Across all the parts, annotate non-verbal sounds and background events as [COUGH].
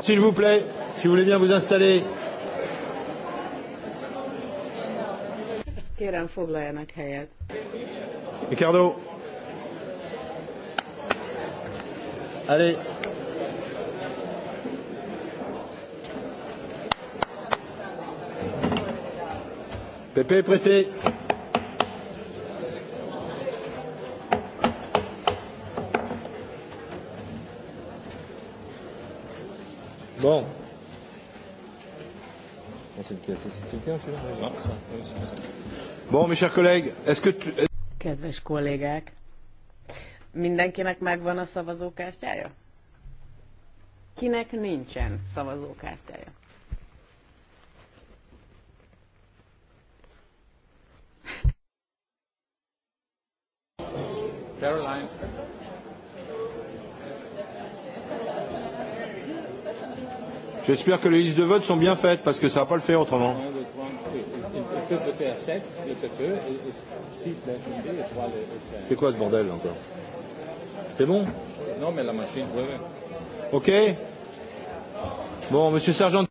S'il vous plaît, si vous voulez bien vous installer. Kérem, foglaljanak helyet. Ricardo. Allez. Pepe pressé. Bon. Ah, bon, mes chers collègues, est-ce que tu... Kedves kollégák, mindenkinek megvan a szavazókártyája? Kinek nincsen szavazókártyája? Caroline. J'espère que les listes de vote sont bien faites parce que ça ne va pas le faire autrement. C'est quoi ce bordel encore C'est bon Non, mais la machine. Ok. Bon, Monsieur Sargent.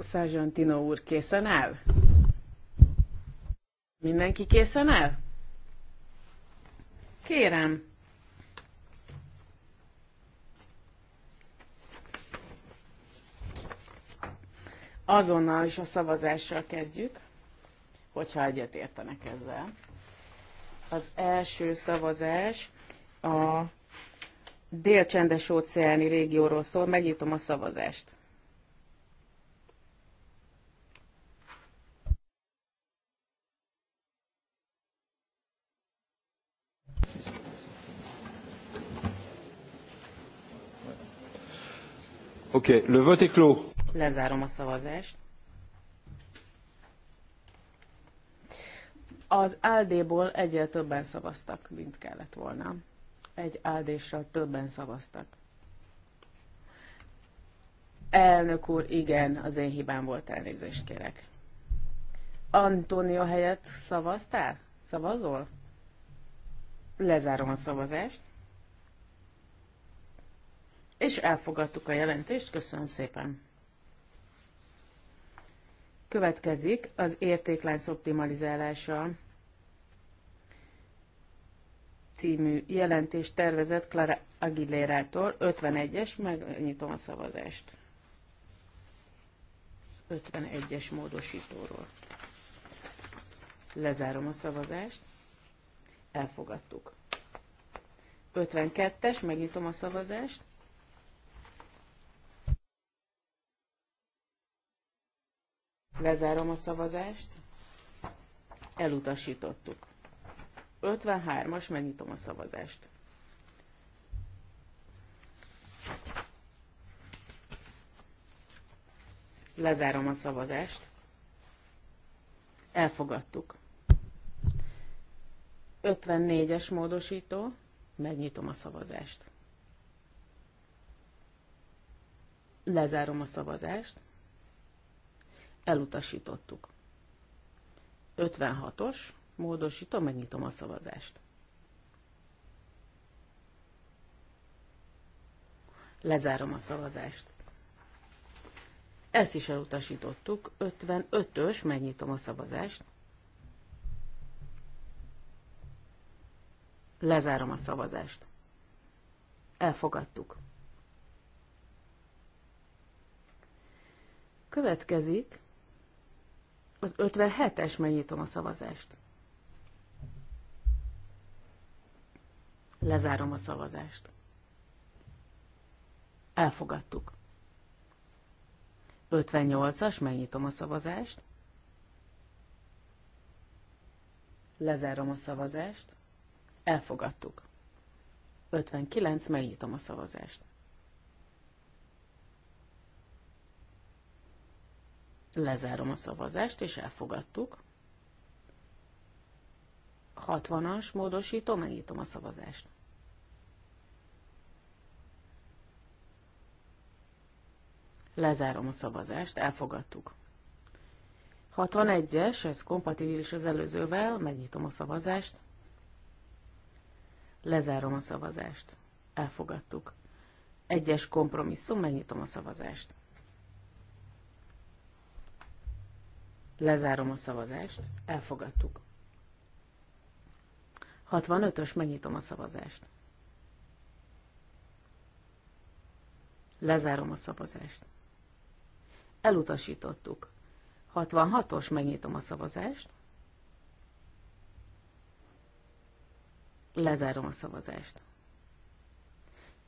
Sargentino úr készen áll? Mindenki készen áll? Kérem. azonnal is a szavazással kezdjük, hogyha egyet értenek ezzel. Az első szavazás a délcsendes óceáni régióról szól, megnyitom a szavazást. okay, le vote est clos. Lezárom a szavazást. Az áldéból egyel többen szavaztak, mint kellett volna. Egy áldéssal többen szavaztak. Elnök úr, igen, az én hibám volt, elnézést kérek. Antonio helyett szavaztál? Szavazol? Lezárom a szavazást. És elfogadtuk a jelentést, köszönöm szépen. Következik az értéklánc optimalizálása című jelentés tervezett Clara Aguilera-tól, 51-es, megnyitom a szavazást. 51-es módosítóról. Lezárom a szavazást. Elfogadtuk. 52-es, megnyitom a szavazást. Lezárom a szavazást. Elutasítottuk. 53-as, megnyitom a szavazást. Lezárom a szavazást. Elfogadtuk. 54-es módosító, megnyitom a szavazást. Lezárom a szavazást. Elutasítottuk. 56-os, módosítom, megnyitom a szavazást. Lezárom a szavazást. Ezt is elutasítottuk. 55-ös, megnyitom a szavazást. Lezárom a szavazást. Elfogadtuk. Következik az 57-es, megnyitom a szavazást. Lezárom a szavazást. Elfogadtuk. 58-as, megnyitom a szavazást. Lezárom a szavazást. Elfogadtuk. 59, megnyitom a szavazást. Lezárom a szavazást, és elfogadtuk. 60-as módosító, megnyitom a szavazást. Lezárom a szavazást, elfogadtuk. 61-es, ez kompatibilis az előzővel, megnyitom a szavazást. Lezárom a szavazást. Elfogadtuk. Egyes kompromisszum, megnyitom a szavazást. Lezárom a szavazást. Elfogadtuk. 65-ös, megnyitom a szavazást. Lezárom a szavazást. Elutasítottuk. 66-os, megnyitom a szavazást. Lezárom a szavazást.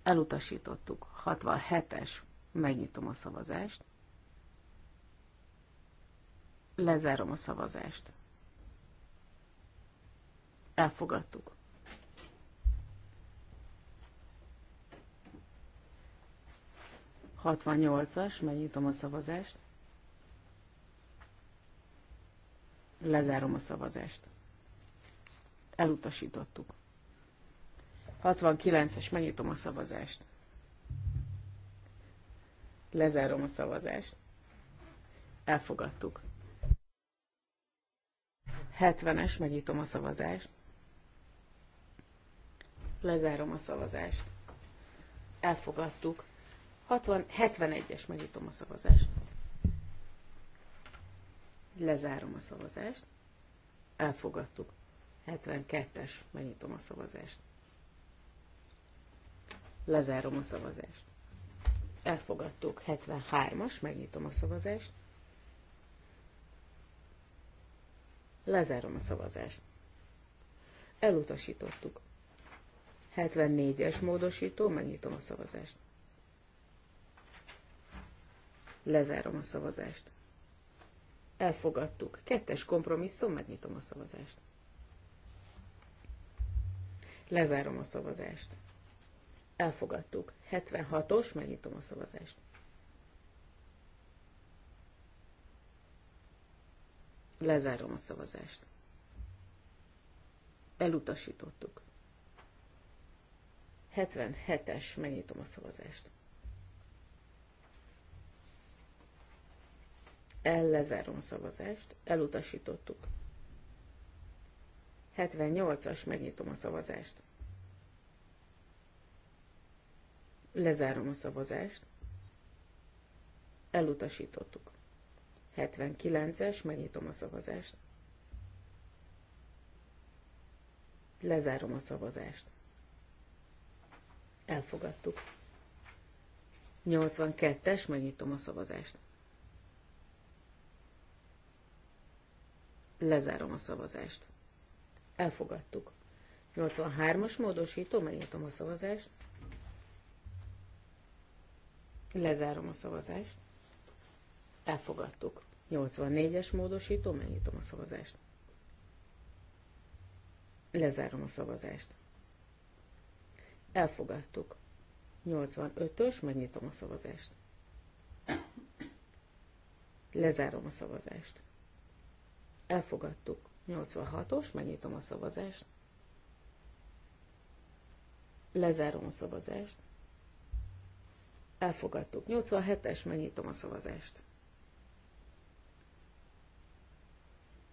Elutasítottuk. 67-es, megnyitom a szavazást. Lezárom a szavazást. Elfogadtuk. Hatvannyolcas, megnyitom a szavazást. Lezárom a szavazást. Elutasítottuk. 69-es, megnyitom a szavazást. Lezárom a szavazást. Elfogadtuk. 70-es, megnyitom a szavazást. Lezárom a szavazást. Elfogadtuk. 60, 71-es, megnyitom a szavazást. Lezárom a szavazást. Elfogadtuk. 72-es, megnyitom a szavazást. Lezárom a szavazást. Elfogadtuk. 73-as, megnyitom a szavazást. Lezárom a szavazást. Elutasítottuk. 74-es módosító, megnyitom a szavazást. Lezárom a szavazást. Elfogadtuk. Kettes kompromisszum, megnyitom a szavazást. Lezárom a szavazást. Elfogadtuk. 76-os, megnyitom a szavazást. Lezárom a szavazást. Elutasítottuk. 77-es, megnyitom a szavazást. Ellezárom szavazást, elutasítottuk. 78-as, megnyitom a szavazást. Lezárom a szavazást. Elutasítottuk. 79-es, megnyitom a szavazást. Lezárom a szavazást. Elfogadtuk. 82-es, megnyitom a szavazást. Lezárom a szavazást. Elfogadtuk. 83-as módosító, megnyitom a szavazást. Lezárom a szavazást. Elfogadtuk. 84-es módosító, megnyitom a szavazást. Lezárom a szavazást. Elfogadtuk. 85-ös, megnyitom a szavazást. Lezárom a szavazást. Elfogadtuk. 86-os, megnyitom a szavazást. Lezárom a szavazást. Elfogadtuk. 87-es, megnyitom a szavazást.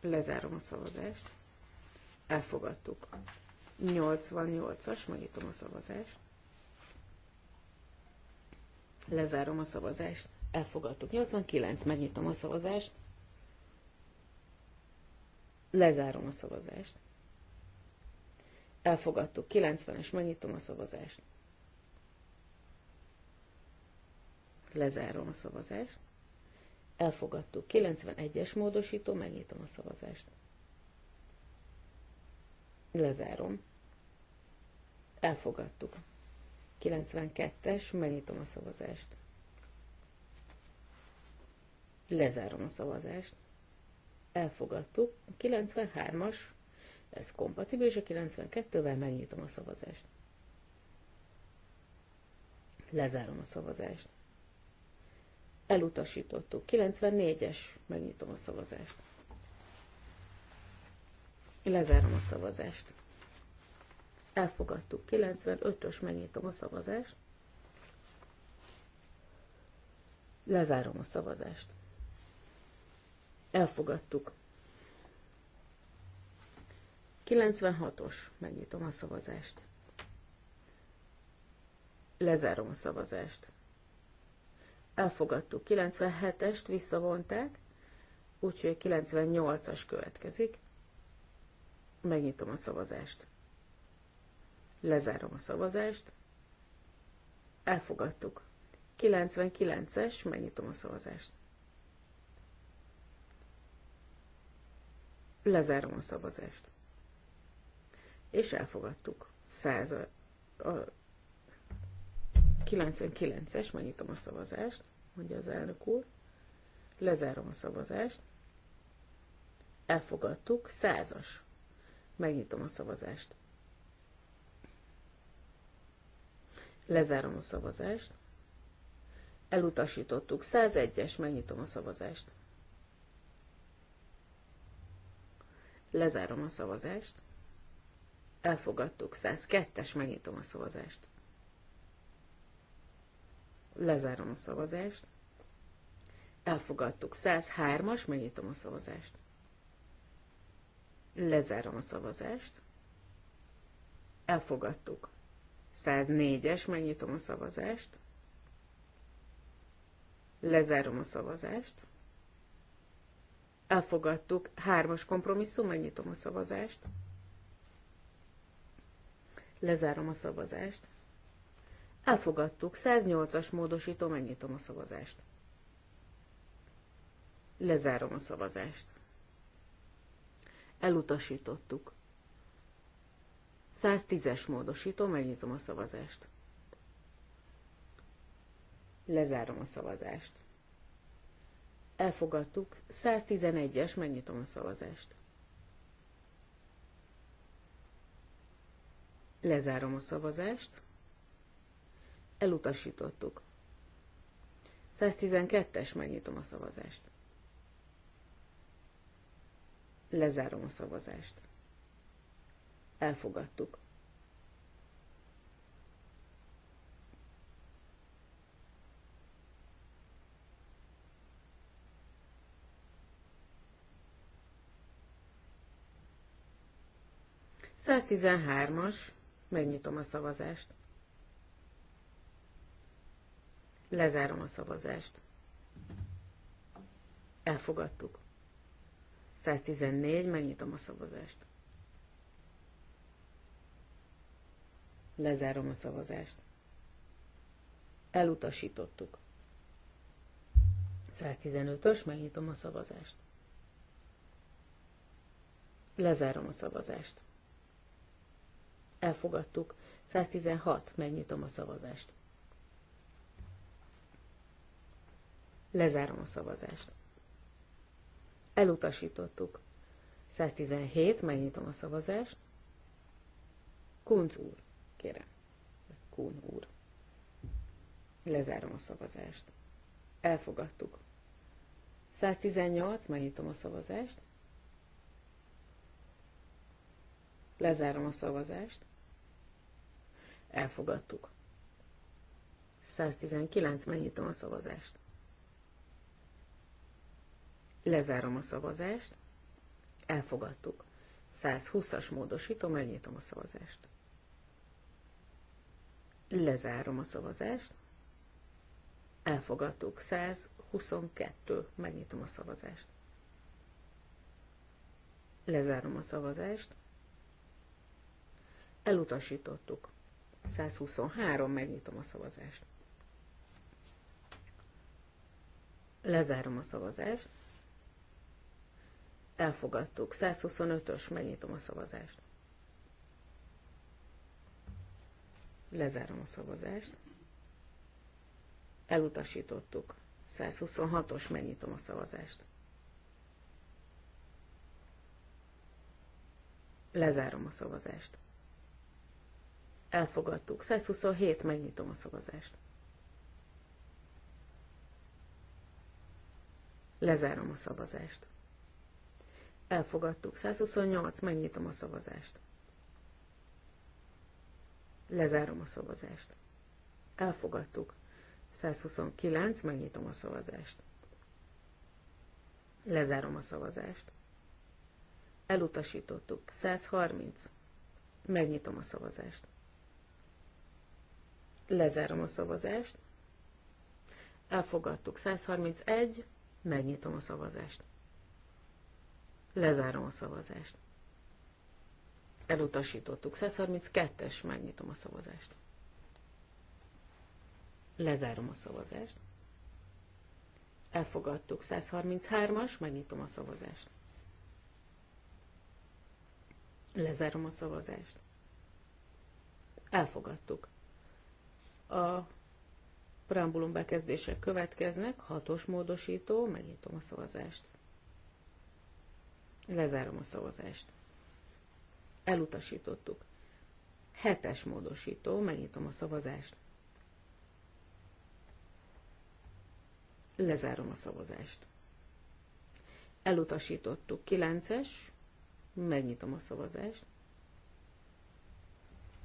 Lezárom a szavazást. Elfogadtuk. 88-as, megnyitom a szavazást. Lezárom a szavazást. Elfogadtuk. 89, megnyitom a szavazást. Lezárom a szavazást. Elfogadtuk. 90-es, megnyitom a szavazást. Lezárom a szavazást. Elfogadtuk. 91-es módosító, megnyitom a szavazást. Lezárom. Elfogadtuk. 92-es, megnyitom a szavazást. Lezárom a szavazást. Elfogadtuk. 93-as, ez kompatibilis a 92-vel, megnyitom a szavazást. Lezárom a szavazást elutasítottuk. 94-es, megnyitom a szavazást. Lezárom a szavazást. Elfogadtuk. 95-ös, megnyitom a szavazást. Lezárom a szavazást. Elfogadtuk. 96-os, megnyitom a szavazást. Lezárom a szavazást elfogadtuk. 97-est visszavonták, úgyhogy 98-as következik. Megnyitom a szavazást. Lezárom a szavazást. Elfogadtuk. 99-es, megnyitom a szavazást. Lezárom a szavazást. És elfogadtuk. 100 a, a 99-es, megnyitom a szavazást mondja az elnök úr. Lezárom a szavazást. Elfogadtuk, százas. Megnyitom a szavazást. Lezárom a szavazást. Elutasítottuk. 101-es, megnyitom a szavazást. Lezárom a szavazást. Elfogadtuk. 102-es, megnyitom a szavazást. Lezárom a szavazást. Elfogadtuk. 103-as, megnyitom a szavazást. Lezárom a szavazást. Elfogadtuk. 104-es, megnyitom a szavazást. Lezárom a szavazást. Elfogadtuk. 3-as kompromisszum, megnyitom a szavazást. Lezárom a szavazást. Elfogadtuk. 108-as módosító, megnyitom a szavazást. Lezárom a szavazást. Elutasítottuk. 110-es módosító, megnyitom a szavazást. Lezárom a szavazást. Elfogadtuk. 111-es, megnyitom a szavazást. Lezárom a szavazást. Elutasítottuk. 112-es, megnyitom a szavazást. Lezárom a szavazást. Elfogadtuk. Száztizenhármas, megnyitom a szavazást. Lezárom a szavazást. Elfogadtuk. 114, megnyitom a szavazást. Lezárom a szavazást. Elutasítottuk. 115-ös, megnyitom a szavazást. Lezárom a szavazást. Elfogadtuk. 116, megnyitom a szavazást. Lezárom a szavazást. Elutasítottuk. 117, megnyitom a szavazást. Kunc úr, kérem. Kun úr. Lezárom a szavazást. Elfogadtuk. 118, megnyitom a szavazást. Lezárom a szavazást. Elfogadtuk. 119, megnyitom a szavazást. Lezárom a szavazást. Elfogadtuk. 120-as módosító, megnyitom a szavazást. Lezárom a szavazást. Elfogadtuk. 122. Megnyitom a szavazást. Lezárom a szavazást. Elutasítottuk. 123. Megnyitom a szavazást. Lezárom a szavazást. Elfogadtuk. 125-ös, megnyitom a szavazást. Lezárom a szavazást. Elutasítottuk. 126-os, megnyitom a szavazást. Lezárom a szavazást. Elfogadtuk. 127, megnyitom a szavazást. Lezárom a szavazást. Elfogadtuk. 128. Megnyitom a szavazást. Lezárom a szavazást. Elfogadtuk. 129. Megnyitom a szavazást. Lezárom a szavazást. Elutasítottuk. 130. Megnyitom a szavazást. Lezárom a szavazást. Elfogadtuk. 131. Megnyitom a szavazást. Lezárom a szavazást. Elutasítottuk. 132-es, megnyitom a szavazást. Lezárom a szavazást. Elfogadtuk. 133-as, megnyitom a szavazást. Lezárom a szavazást. Elfogadtuk. A preambulum bekezdések következnek, hatos módosító, megnyitom a szavazást. Lezárom a szavazást. Elutasítottuk. Hetes módosító, megnyitom a szavazást. Lezárom a szavazást. Elutasítottuk. Kilences, megnyitom a szavazást.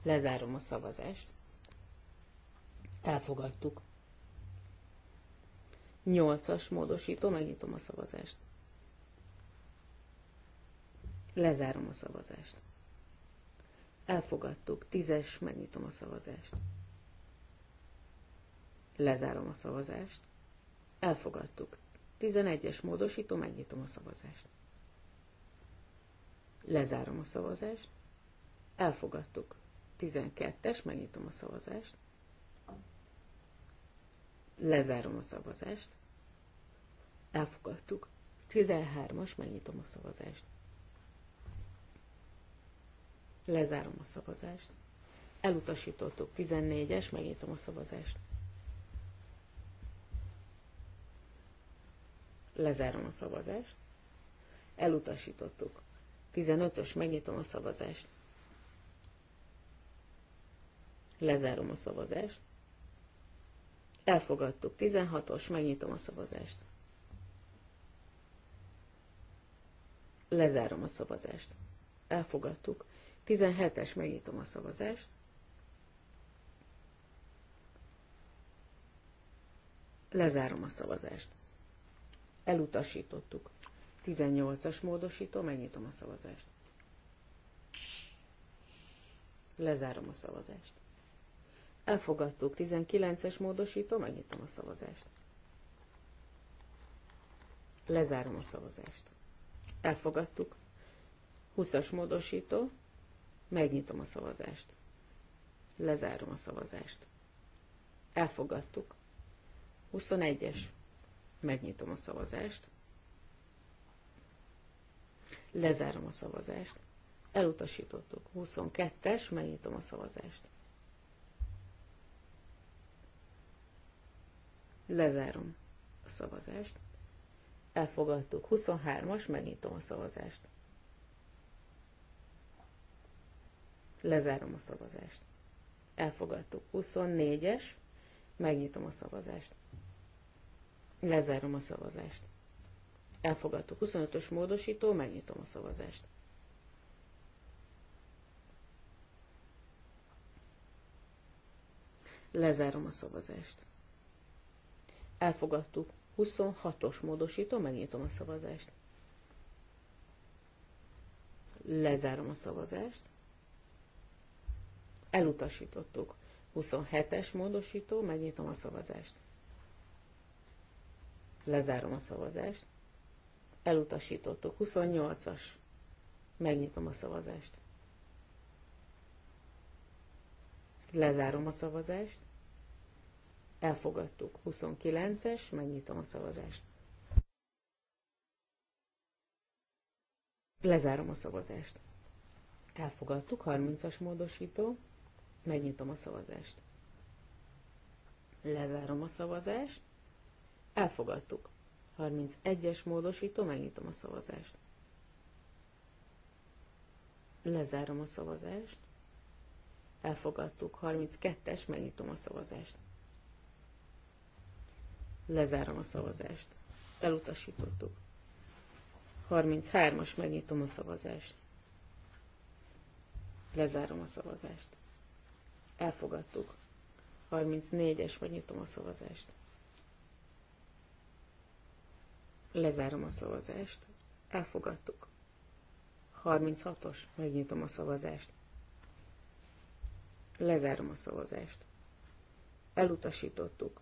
Lezárom a szavazást. Elfogadtuk. Nyolcas módosító, megnyitom a szavazást. Lezárom a szavazást. Elfogadtuk. Tízes, megnyitom a szavazást. Lezárom a szavazást. Elfogadtuk. Tizenegyes módosító, megnyitom a szavazást. Lezárom a szavazást. Elfogadtuk. tizenkettes megnyitom a szavazást. Lezárom a szavazást. Elfogadtuk. tizenhármas megnyitom a szavazást. Lezárom a szavazást. Elutasítottuk 14-es, megnyitom a szavazást. Lezárom a szavazást. Elutasítottuk. 15-ös, megnyitom a szavazást. Lezárom a szavazást. Elfogadtuk. 16-os, megnyitom a szavazást. Lezárom a szavazást. Elfogadtuk. 17-es, megnyitom a szavazást. Lezárom a szavazást. Elutasítottuk. 18-as módosító, megnyitom a szavazást. Lezárom a szavazást. Elfogadtuk. 19-es módosító, megnyitom a szavazást. Lezárom a szavazást. Elfogadtuk. 20-as módosító, Megnyitom a szavazást. Lezárom a szavazást. Elfogadtuk. 21-es. Megnyitom a szavazást. Lezárom a szavazást. Elutasítottuk. 22-es. Megnyitom a szavazást. Lezárom a szavazást. Elfogadtuk. 23-as. Megnyitom a szavazást. Lezárom a szavazást. Elfogadtuk. 24-es. Megnyitom a szavazást. Lezárom a szavazást. Elfogadtuk. 25-ös módosító. Megnyitom a szavazást. Lezárom a szavazást. Elfogadtuk. 26-os módosító, megnyitom a szavazást. Lezárom a szavazást elutasítottuk. 27-es módosító, megnyitom a szavazást. Lezárom a szavazást. Elutasítottuk. 28-as. Megnyitom a szavazást. Lezárom a szavazást. Elfogadtuk. 29-es. Megnyitom a szavazást. Lezárom a szavazást. Elfogadtuk. 30-as módosító. Megnyitom a szavazást. Lezárom a szavazást. Elfogadtuk. 31-es módosító, megnyitom a szavazást. Lezárom a szavazást. Elfogadtuk. 32-es, megnyitom a szavazást. Lezárom a szavazást. Elutasítottuk. 33-as, megnyitom a szavazást. Lezárom a szavazást. Elfogadtuk. 34-es, vagy nyitom a szavazást. Lezárom a szavazást. Elfogadtuk. 36-os, megnyitom a szavazást. Lezárom a szavazást. Elutasítottuk.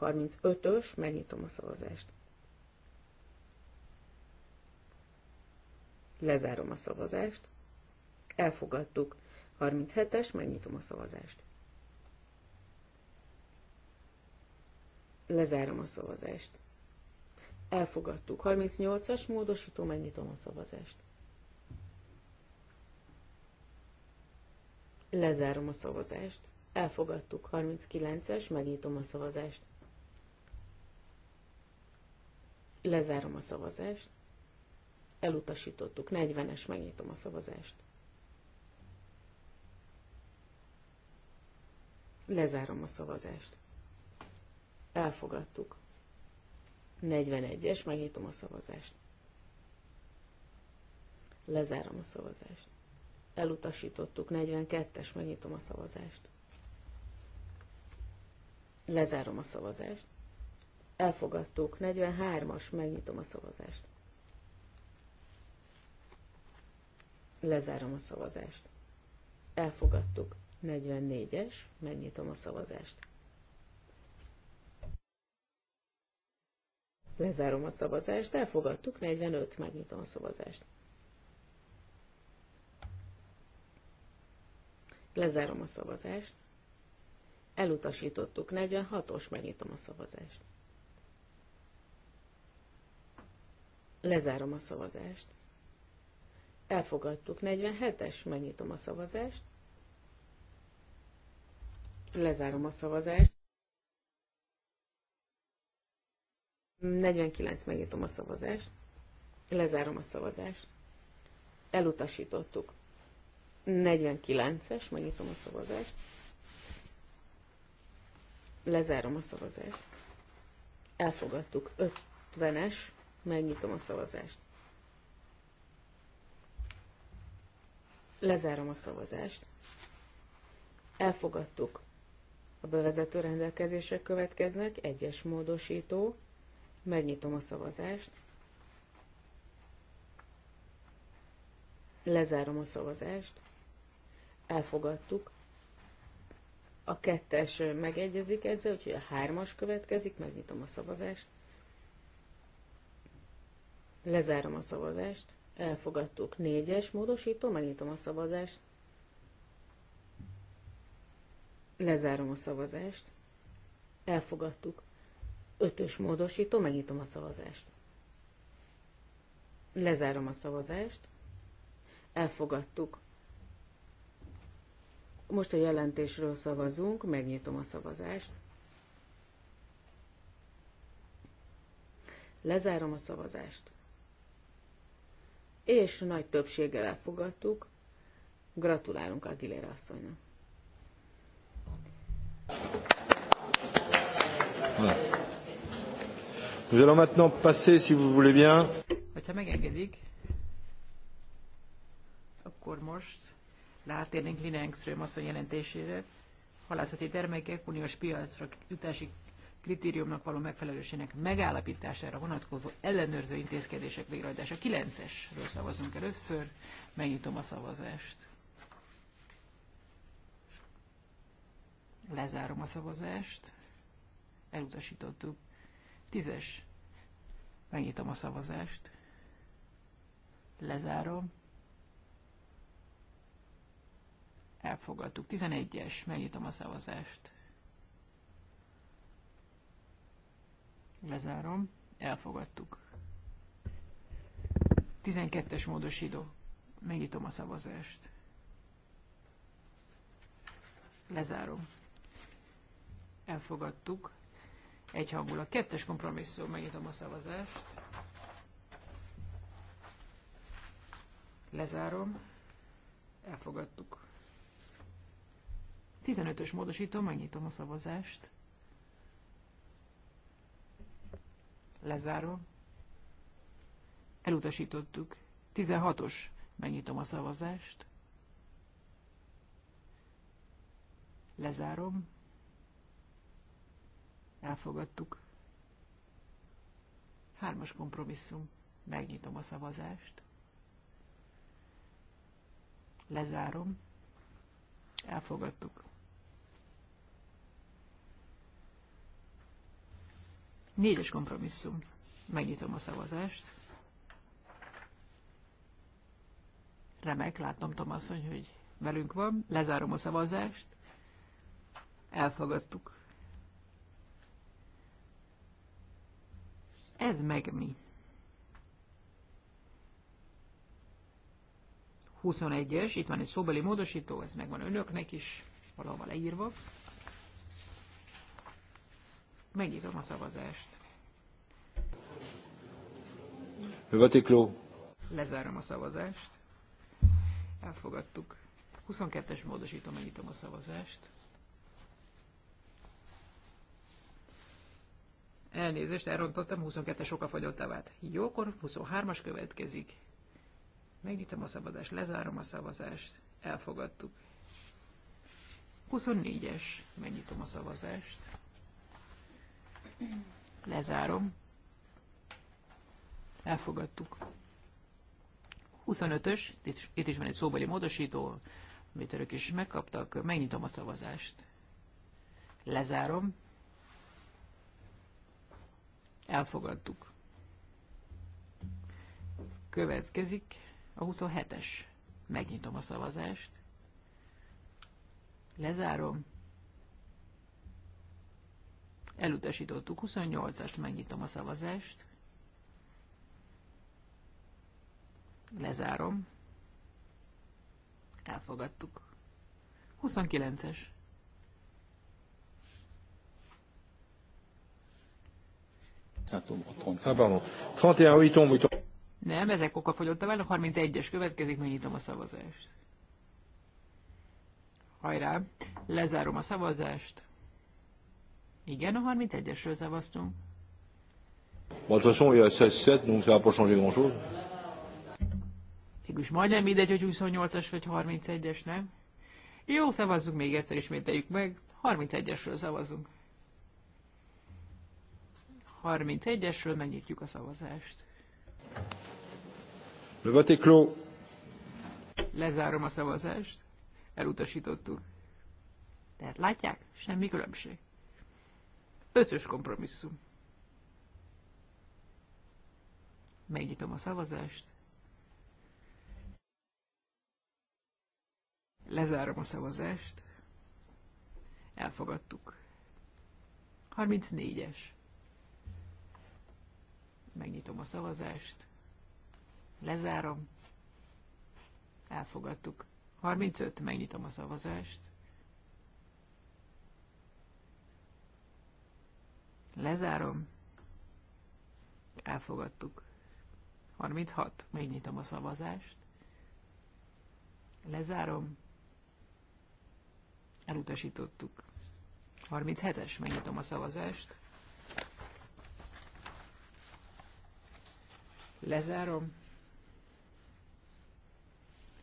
35-ös, megnyitom a szavazást. Lezárom a szavazást. Elfogadtuk. 37-es, megnyitom a szavazást. Lezárom a szavazást. Elfogadtuk. 38-as módosító, megnyitom a szavazást. Lezárom a szavazást. Elfogadtuk. 39-es, megnyitom a szavazást. Lezárom a szavazást. Elutasítottuk. 40-es, megnyitom a szavazást. Lezárom a szavazást. Elfogadtuk. 41-es, megnyitom a szavazást. Lezárom a szavazást. Elutasítottuk. 42-es, megnyitom a szavazást. Lezárom a szavazást. Elfogadtuk. 43-as, megnyitom a szavazást. Lezárom a szavazást. Elfogadtuk. 44-es, megnyitom a szavazást. Lezárom a szavazást, elfogadtuk, 45, megnyitom a szavazást. Lezárom a szavazást. Elutasítottuk, 46-os, megnyitom a szavazást. Lezárom a szavazást. Elfogadtuk, 47-es, megnyitom a szavazást. Lezárom a szavazást. 49 megnyitom a szavazást. Lezárom a szavazást. Elutasítottuk. 49-es, megnyitom a szavazást. Lezárom a szavazást. Elfogadtuk. 50-es, megnyitom a szavazást. Lezárom a szavazást. Elfogadtuk. A bevezető rendelkezések következnek, egyes módosító. Megnyitom a szavazást. Lezárom a szavazást. Elfogadtuk. A kettes megegyezik ezzel, úgyhogy a hármas következik. Megnyitom a szavazást. Lezárom a szavazást. Elfogadtuk. Négyes módosító. Megnyitom a szavazást. Lezárom a szavazást. Elfogadtuk. Ötös módosító, megnyitom a szavazást. Lezárom a szavazást. Elfogadtuk. Most a jelentésről szavazunk, megnyitom a szavazást. Lezárom a szavazást. És nagy többséggel elfogadtuk. Gratulálunk Aguilera asszonynak. Nous allons maintenant passer, si vous voulez bien. akkor most rátérnénk Lina asszony jelentésére. Halászati termékek uniós piacra jutási kritériumnak való megfelelősének megállapítására vonatkozó ellenőrző intézkedések végrehajtása. 9-esről szavazunk először, megnyitom a szavazást. Lezárom a szavazást. Elutasítottuk. Tízes. Megnyitom a szavazást. Lezárom. Elfogadtuk. 11-es. Megnyitom a szavazást. Lezárom. Elfogadtuk. 12-es módosító. Megnyitom a szavazást. Lezárom elfogadtuk egyhangulag. Kettes kompromisszum, megnyitom a szavazást. Lezárom. Elfogadtuk. 15-ös módosító, megnyitom a szavazást. Lezárom. Elutasítottuk. 16-os, megnyitom a szavazást. Lezárom. Elfogadtuk. Hármas kompromisszum. Megnyitom a szavazást. Lezárom. Elfogadtuk. Négyes kompromisszum. Megnyitom a szavazást. Remek, látom Tomasszony, hogy velünk van. Lezárom a szavazást. Elfogadtuk. Ez meg mi? 21-es, itt van egy szóbeli módosító, ez megvan önöknek is, valahol leírva. Megnyitom a szavazást. Hüvetikló. Lezárom a szavazást. Elfogadtuk. 22-es módosítom, megnyitom a szavazást. Elnézést, elrontottam, 22-es a vált. Jó, 23-as következik. Megnyitom a szavazást, lezárom a szavazást. Elfogadtuk. 24-es. Megnyitom a szavazást. Lezárom. Elfogadtuk. 25-ös, itt is van egy szóbeli módosító, amit örök is megkaptak. Megnyitom a szavazást. Lezárom. Elfogadtuk. Következik a 27-es. Megnyitom a szavazást. Lezárom. Elutasítottuk. 28-ast megnyitom a szavazást. Lezárom. Elfogadtuk. 29-es. Nem, ezek okafogyott válnak, 31-es következik, nyitom a szavazást. Hajrá, lezárom a szavazást. Igen, a 31-esről szavaztunk. Bon, de toute façon, il y a 16-7, donc ça va pas changer grand-chose. majdnem mindegy, hogy 28-as vagy 31-es, nem? Jó, szavazzunk még egyszer, ismételjük meg. 31-esről szavazunk. 31-esről megnyitjuk a szavazást. Le vote est clos. Lezárom a szavazást. Elutasítottuk. Tehát látják? Semmi különbség. Ötös kompromisszum. Megnyitom a szavazást. Lezárom a szavazást. Elfogadtuk. 34-es. Megnyitom a szavazást. Lezárom. Elfogadtuk. 35. Megnyitom a szavazást. Lezárom. Elfogadtuk. 36. Megnyitom a szavazást. Lezárom. Elutasítottuk. 37-es. Megnyitom a szavazást. Lezárom.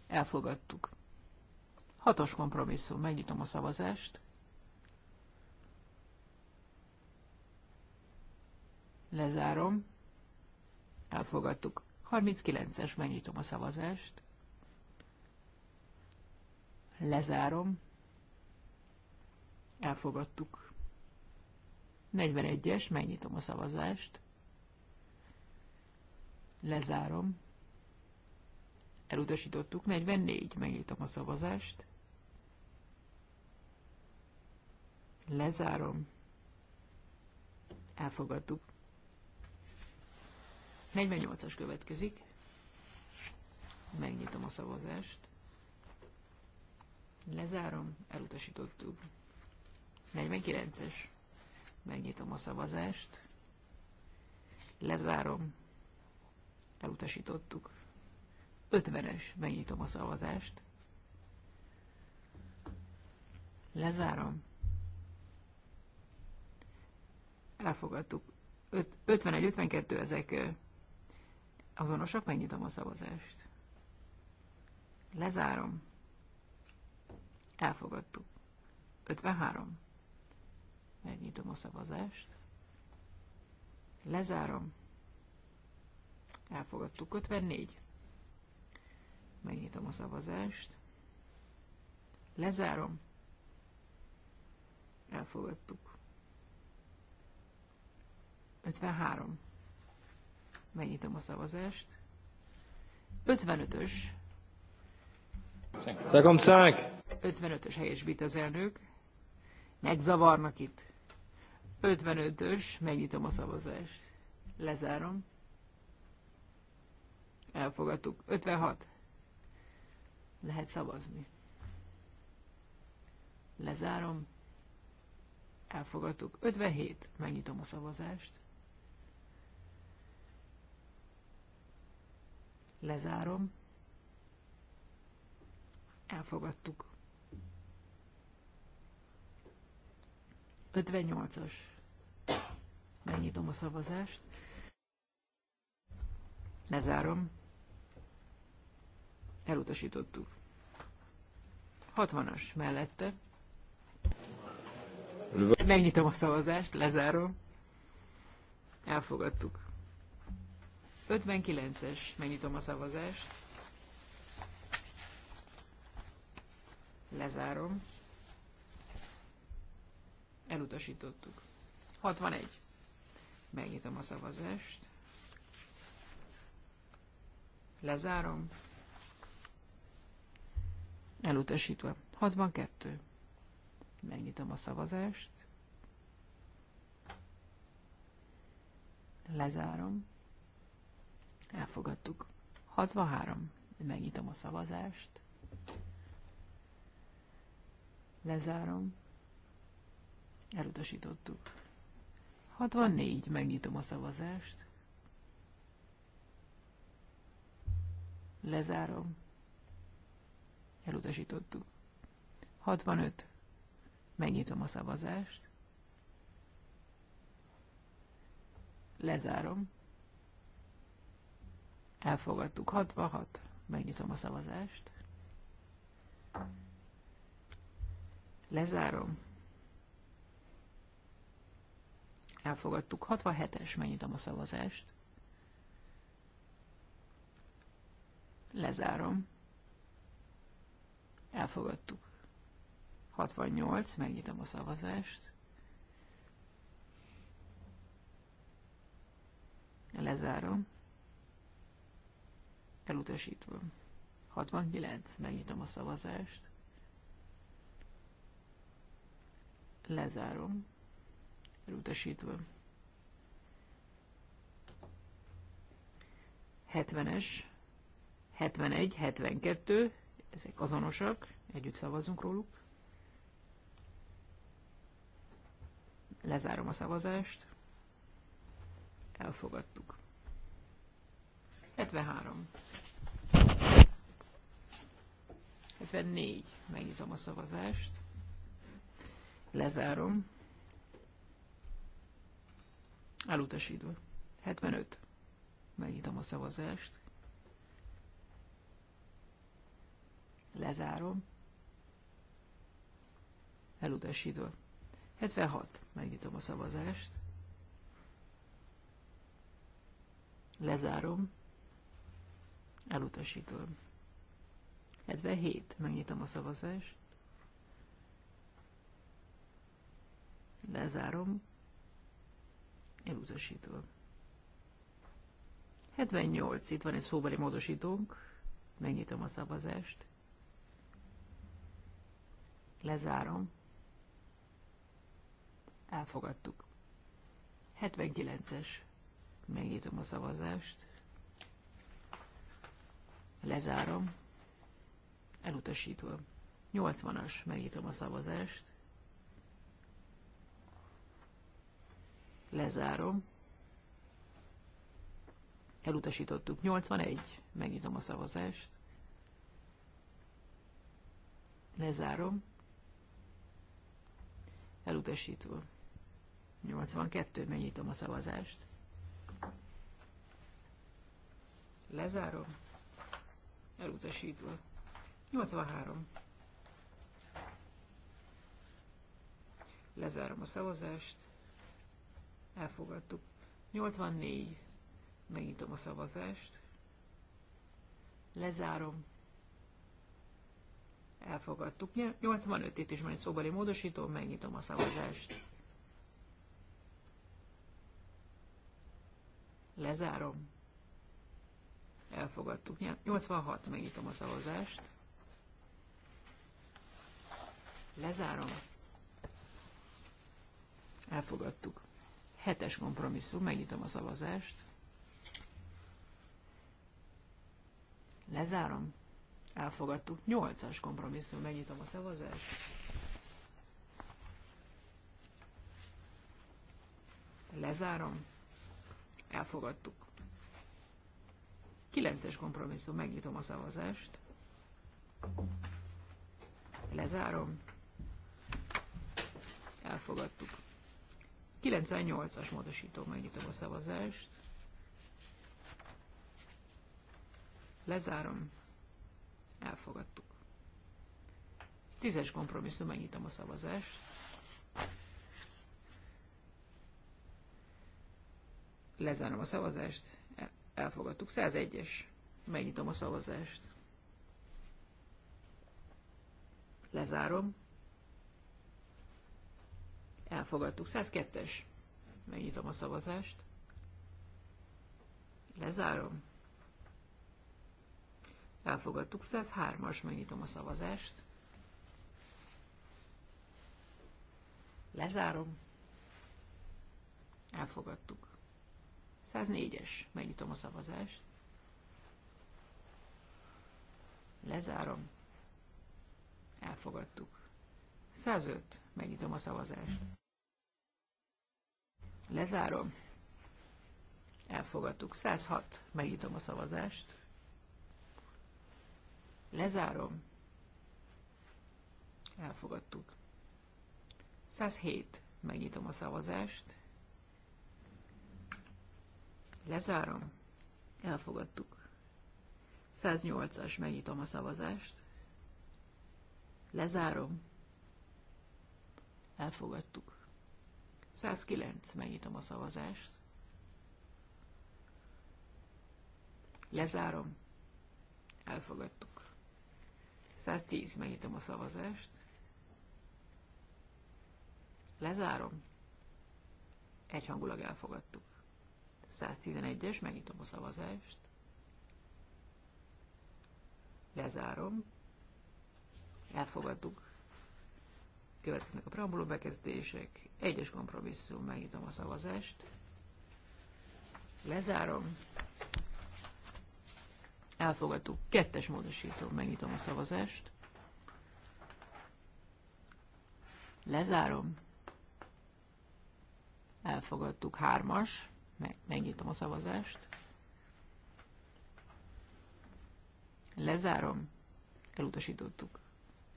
Elfogadtuk. Hatos kompromisszum. Megnyitom a szavazást. Lezárom. Elfogadtuk. 39-es. Megnyitom a szavazást. Lezárom. Elfogadtuk. 41-es. Megnyitom a szavazást. Lezárom. Elutasítottuk. 44. Megnyitom a szavazást. Lezárom. Elfogadtuk. 48-as következik. Megnyitom a szavazást. Lezárom. Elutasítottuk. 49-es. Megnyitom a szavazást. Lezárom elutasítottuk. 50-es, megnyitom a szavazást. Lezárom. Elfogadtuk. 51-52 ezek azonosak, megnyitom a szavazást. Lezárom. Elfogadtuk. 53. Megnyitom a szavazást. Lezárom. Elfogadtuk. 54. Megnyitom a szavazást. Lezárom. Elfogadtuk. 53. Megnyitom a szavazást. 55-ös. 55-ös helyesbít az elnök. Megzavarnak itt. 55-ös, megnyitom a szavazást. Lezárom elfogadtuk. 56. Lehet szavazni. Lezárom. Elfogadtuk. 57. Megnyitom a szavazást. Lezárom. Elfogadtuk. 58-as. Megnyitom a szavazást. Lezárom. Elutasítottuk. 60-as mellette. Megnyitom a szavazást, lezárom. Elfogadtuk. 59-es, megnyitom a szavazást. Lezárom. Elutasítottuk. 61. Megnyitom a szavazást. Lezárom. Elutasítva. 62. Megnyitom a szavazást. Lezárom. Elfogadtuk. 63. Megnyitom a szavazást. Lezárom. Elutasítottuk. 64. Megnyitom a szavazást. Lezárom. Elutasítottuk. 65. Megnyitom a szavazást. Lezárom. Elfogadtuk. 66. Megnyitom a szavazást. Lezárom. Elfogadtuk. 67-es. Megnyitom a szavazást. Lezárom. Elfogadtuk. 68, megnyitom a szavazást. Lezárom. Elutasítva. 69, megnyitom a szavazást. Lezárom. Elutasítva. 70-es, 71, 72, ezek azonosak, együtt szavazunk róluk. Lezárom a szavazást. Elfogadtuk. 73. 74. Megnyitom a szavazást. Lezárom. Elutasítva. 75. Megnyitom a szavazást. Lezárom. Elutasítva. 76. Megnyitom a szavazást. Lezárom. Elutasítva. 77. Megnyitom a szavazást. Lezárom. Elutasítva. 78. Itt van egy szóbeli módosítónk. Megnyitom a szavazást. Lezárom. Elfogadtuk. 79-es. Megnyitom a szavazást. Lezárom. Elutasítva. 80-as. Megnyitom a szavazást. Lezárom. Elutasítottuk. 81. Megnyitom a szavazást. Lezárom elutasítva. 82, megnyitom a szavazást. Lezárom, elutasítva. 83. Lezárom a szavazást. Elfogadtuk. 84. Megnyitom a szavazást. Lezárom elfogadtuk. 85 itt is van egy szóbeli módosító, megnyitom a szavazást. Lezárom. Elfogadtuk. 86, megnyitom a szavazást. Lezárom. Elfogadtuk. Hetes kompromisszum, megnyitom a szavazást. Lezárom elfogadtuk. 8-as kompromisszum, megnyitom a szavazást. Lezárom. Elfogadtuk. 9-es kompromisszum, megnyitom a szavazást. Lezárom. Elfogadtuk. 98-as módosító, megnyitom a szavazást. Lezárom. Elfogadtuk. Tízes kompromisszum, megnyitom a szavazást. Lezárom a szavazást. Elfogadtuk. 101-es. Megnyitom a szavazást. Lezárom. Elfogadtuk. 102-es. Megnyitom a szavazást. Lezárom. Elfogadtuk 103-as, megnyitom a szavazást. Lezárom. Elfogadtuk. 104-es, megnyitom a szavazást. Lezárom. Elfogadtuk. 105, megnyitom a szavazást. Lezárom. Elfogadtuk. 106, megnyitom a szavazást. Lezárom. Elfogadtuk. 107. Megnyitom a szavazást. Lezárom. Elfogadtuk. 108-as. Megnyitom a szavazást. Lezárom. Elfogadtuk. 109. Megnyitom a szavazást. Lezárom. Elfogadtuk. 110. Megnyitom a szavazást. Lezárom. Egyhangulag elfogadtuk. 111-es, megnyitom a szavazást. Lezárom. Elfogadtuk. Következnek a preambuló bekezdések. Egyes kompromisszum, megnyitom a szavazást. Lezárom. Elfogadtuk. Kettes módosító. Megnyitom a szavazást. Lezárom. Elfogadtuk. Hármas. Megnyitom a szavazást. Lezárom. Elutasítottuk.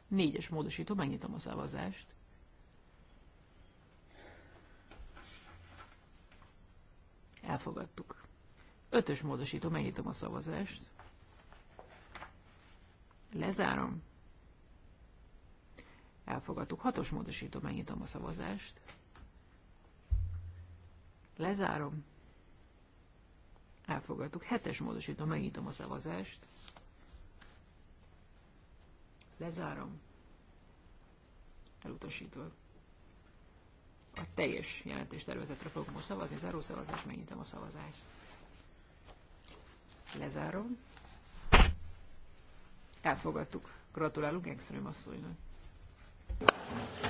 Négyes módosító. Megnyitom a szavazást. Elfogadtuk. Ötös módosító, megnyitom a szavazást. Lezárom. Elfogadtuk. Hatos módosító, megnyitom a szavazást. Lezárom. Elfogadtuk. Hetes módosító, megnyitom a szavazást. Lezárom. Elutasítva. A teljes tervezetre fogunk most szavazni. Zárószavazás, megnyitom a szavazást. Lezárom. Elfogadtuk. Gratulálunk Engström asszonynak.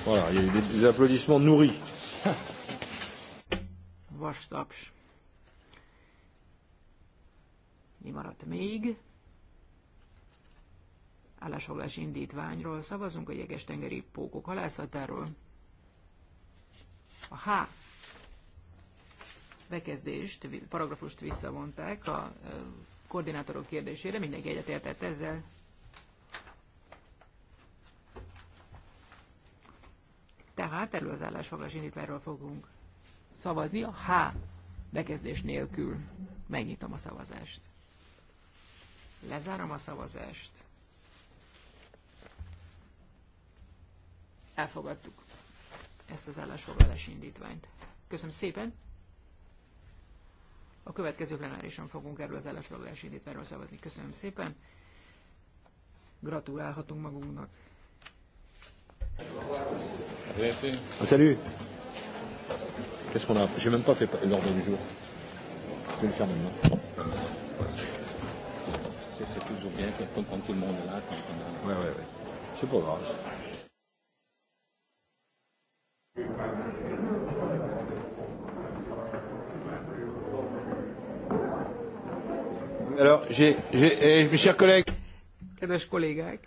Voilà, il y a des, applaudissements nourris. Vastaps. Mi maradt még? Állásfoglalás indítványról szavazunk a jeges tengeri pókok halászatáról. A H bekezdést, paragrafust visszavonták a koordinátorok kérdésére, mindenki egyetértett ezzel, tehát erről az állásfoglalás indítványról fogunk szavazni a H bekezdés nélkül. Megnyitom a szavazást. Lezárom a szavazást. Elfogadtuk ezt az állásfoglalás indítványt. Köszönöm szépen! A következő plenárison fogunk erről az állásfoglalás indítványról szavazni. Köszönöm szépen! Gratulálhatunk magunknak! Ah, salut Qu'est-ce qu'on a J'ai même pas fait l'ordre du jour. Je vais le faire maintenant. C'est, toujours bien quand, quand tout le monde est là. Quand on a... Ouais, ouais, ouais. C'est pas grave. Alors, j'ai, j'ai, eh, mes chers collègues. Kedves kollégák,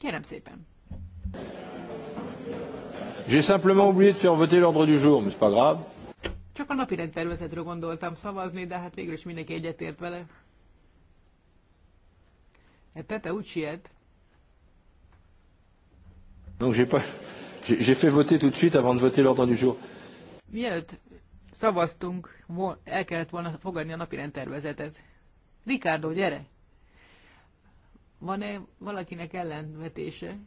Kérem szépen. J'ai simplement oublié de faire voter l'ordre du jour, mais c'est pas grave. Csak a napi rendtervezetről gondoltam szavazni, de hát végül is mindenki egyetért vele. E Pepe úgy siet. Donc j'ai pas... J'ai fait voter tout de suite avant de voter l'ordre du jour. Mielőtt szavaztunk, el kellett volna fogadni a napi rendtervezetet. Ricardo, gyere! Van-e valakinek ellentvetése?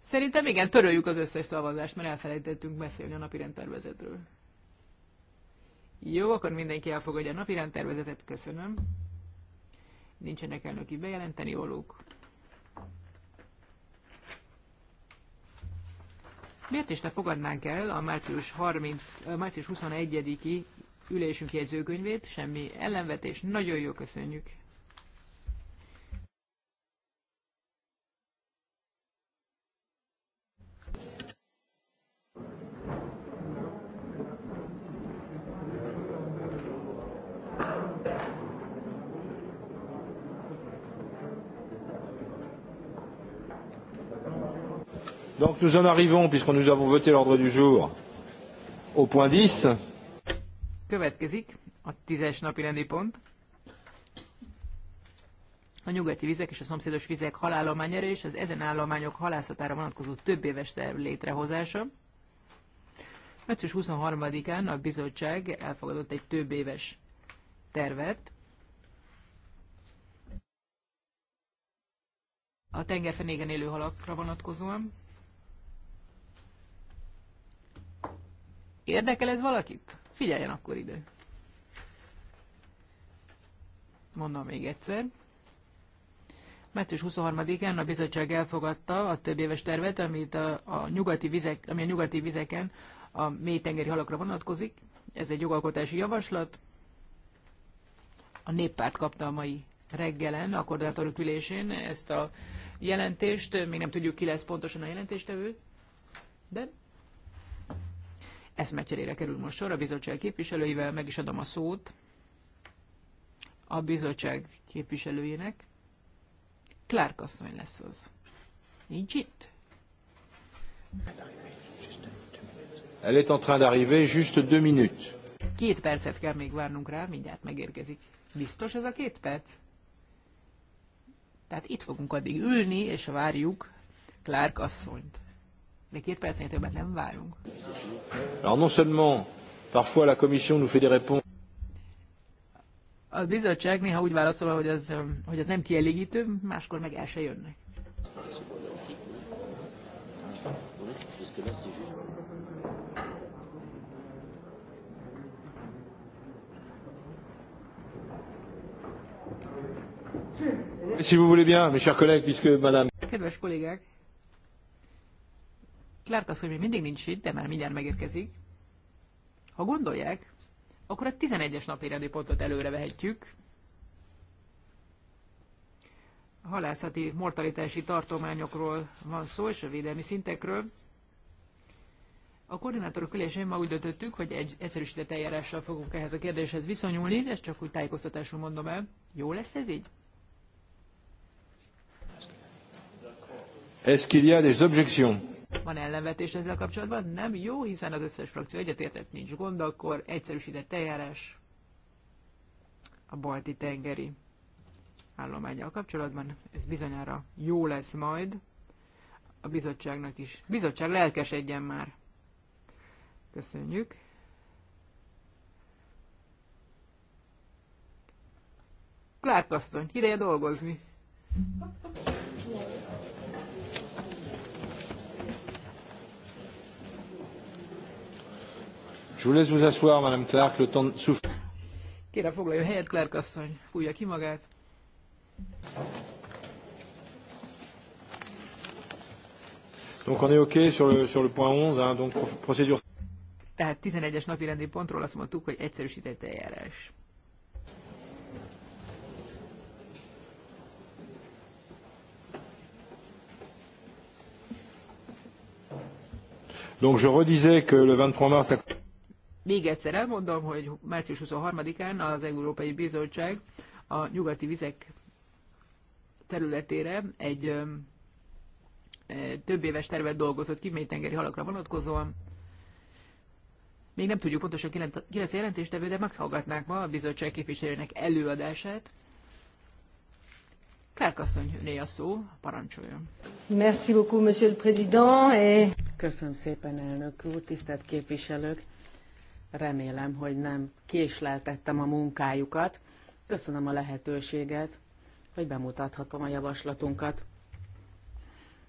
Szerintem igen, töröljük az összes szavazást, mert elfelejtettünk beszélni a napirend rendtervezetről. Jó, akkor mindenki elfogadja a napirend rendtervezetet, köszönöm. Nincsenek elnöki bejelenteni olók. Miért is ne fogadnánk el a március, 30, március 21-i ülésünk jegyzőkönyvét, semmi ellenvetés, nagyon jó, köszönjük. Donc nous en arrivons, puisque nous avons voté l'ordre du jour, au point 10. Következik a tízes napi rendi pont. A nyugati vizek és a szomszédos vizek halállományára és az ezen állományok halászatára vonatkozó több éves terv létrehozása. Március 23-án a bizottság elfogadott egy több éves tervet. A tengerfenéken élő halakra vonatkozóan. Érdekel ez valakit? Figyeljen akkor ide. Mondom még egyszer. Március 23-án a bizottság elfogadta a több éves tervet, amit a, a nyugati vizek, ami a nyugati vizeken a mélytengeri halakra vonatkozik. Ez egy jogalkotási javaslat. A néppárt kapta a mai reggelen a koordinátorok ülésén ezt a jelentést. Még nem tudjuk, ki lesz pontosan a jelentéstevő, de eszmecserére kerül most sor a bizottság képviselőivel, meg is adom a szót a bizottság képviselőjének. Clark asszony lesz az. Nincs itt? Elle est en train d'arriver, juste deux minutes. Két percet kell még várnunk rá, mindjárt megérkezik. Biztos ez a két perc? Tehát itt fogunk addig ülni, és várjuk Clark asszonyt de két percnél többet nem várunk. Alors non seulement parfois la commission nous fait des réponses a bizottság néha úgy válaszol, hogy ez, um, hogy ez nem kielégítő, máskor meg el se jönnek. Si vous voulez bien, mes chers collègues, puisque madame... Kedves kollégák, Clark azt, hogy mindig nincs itt, de már mindjárt megérkezik. Ha gondolják, akkor a 11-es napi pontot előre vehetjük. A halászati mortalitási tartományokról van szó, és a védelmi szintekről. A koordinátorok ülésén ma úgy döntöttük, hogy egy egyszerűsített eljárással fogunk ehhez a kérdéshez viszonyulni, ezt csak úgy tájékoztatásul mondom el. Jó lesz ez így? Est-ce qu'il y a des objections? Van ellenvetés ezzel kapcsolatban? Nem jó, hiszen az összes frakció egyetértett, nincs gond, akkor egyszerűsített eljárás a balti tengeri állományjal kapcsolatban. Ez bizonyára jó lesz majd a bizottságnak is. Bizottság lelkesedjen már! Köszönjük! Clark asszony, ideje dolgozni! Je vous laisse Kérem foglaljon helyet, Clark asszony, fújja ki magát. Donc on est OK sur le, sur le point 11, hein, donc procédure. Tehát 11-es napi rendi pontról azt mondtuk, hogy egyszerűsített eljárás. Donc je redisais que le 23 mars... Még egyszer elmondom, hogy március 23-án az Európai Bizottság a nyugati vizek területére egy több éves tervet dolgozott ki tengeri halakra vonatkozóan. Még nem tudjuk pontosan ki lesz a jelentéstevő, de meghallgatnák ma a bizottság képviselőnek előadását. Kárkasszony, öné a szó, parancsoljon. Merci beaucoup, monsieur le président. Et... Köszönöm szépen, elnök úr, tisztelt képviselők. Remélem, hogy nem késleltettem a munkájukat. Köszönöm a lehetőséget, hogy bemutathatom a javaslatunkat.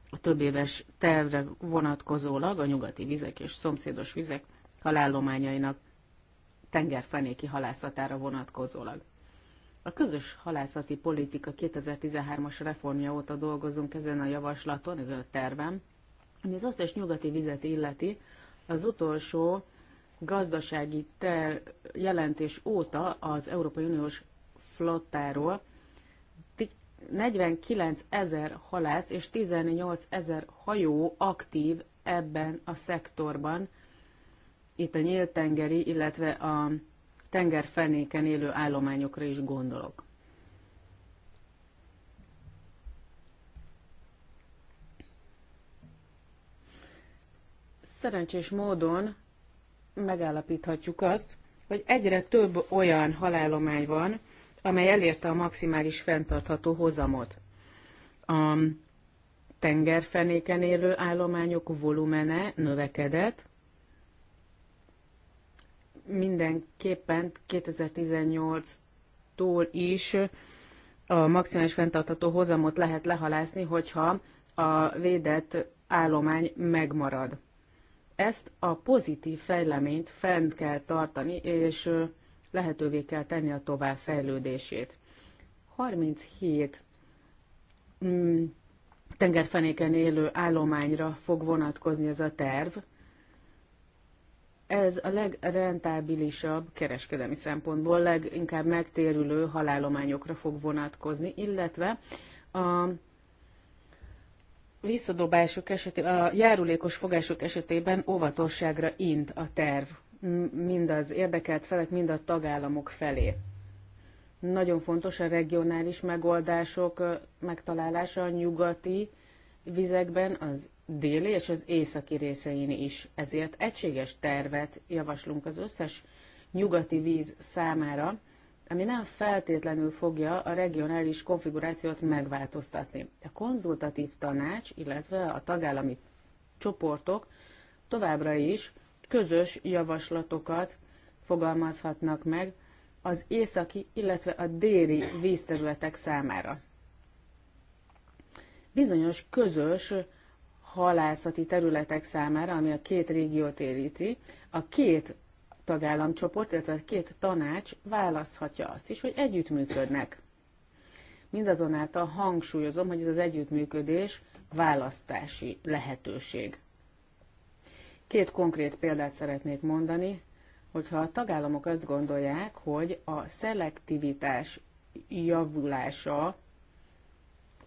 A több éves tervre vonatkozólag a nyugati vizek és szomszédos vizek halállományainak tengerfenéki halászatára vonatkozólag. A közös halászati politika 2013-as reformja óta dolgozunk ezen a javaslaton, ezen a terven, ami az összes nyugati vizet illeti, az utolsó gazdasági ter jelentés óta az Európai Uniós flottáról 49 ezer halász és 18 ezer hajó aktív ebben a szektorban, itt a nyíltengeri, illetve a tengerfenéken élő állományokra is gondolok. Szerencsés módon megállapíthatjuk azt, hogy egyre több olyan halálomány van, amely elérte a maximális fenntartható hozamot. A tengerfenéken élő állományok volumene növekedett, mindenképpen 2018-tól is a maximális fenntartható hozamot lehet lehalászni, hogyha a védett állomány megmarad ezt a pozitív fejleményt fent kell tartani, és lehetővé kell tenni a továbbfejlődését. 37 mm, tengerfenéken élő állományra fog vonatkozni ez a terv. Ez a legrentábilisabb kereskedelmi szempontból, leginkább megtérülő halállományokra fog vonatkozni, illetve a visszadobások esetében, a járulékos fogások esetében óvatosságra int a terv, mind az érdekelt felek, mind a tagállamok felé. Nagyon fontos a regionális megoldások megtalálása a nyugati vizekben, az déli és az északi részein is. Ezért egységes tervet javaslunk az összes nyugati víz számára, ami nem feltétlenül fogja a regionális konfigurációt megváltoztatni. A konzultatív tanács, illetve a tagállami csoportok továbbra is közös javaslatokat fogalmazhatnak meg az északi, illetve a déli vízterületek számára. Bizonyos közös halászati területek számára, ami a két régiót éríti, a két tagállamcsoport, illetve a két tanács választhatja azt is, hogy együttműködnek. Mindazonáltal hangsúlyozom, hogy ez az együttműködés választási lehetőség. Két konkrét példát szeretnék mondani, hogyha a tagállamok azt gondolják, hogy a szelektivitás javulása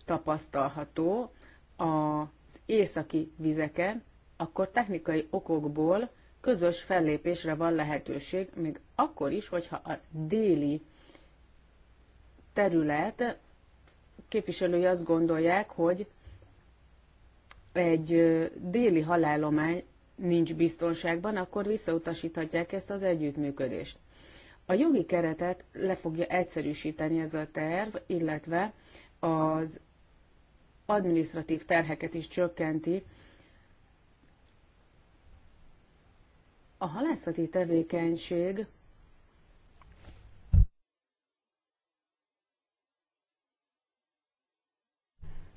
tapasztalható az északi vizeken, akkor technikai okokból közös fellépésre van lehetőség, még akkor is, hogyha a déli terület képviselői azt gondolják, hogy egy déli halálomány nincs biztonságban, akkor visszautasíthatják ezt az együttműködést. A jogi keretet le fogja egyszerűsíteni ez a terv, illetve az administratív terheket is csökkenti A halászati tevékenység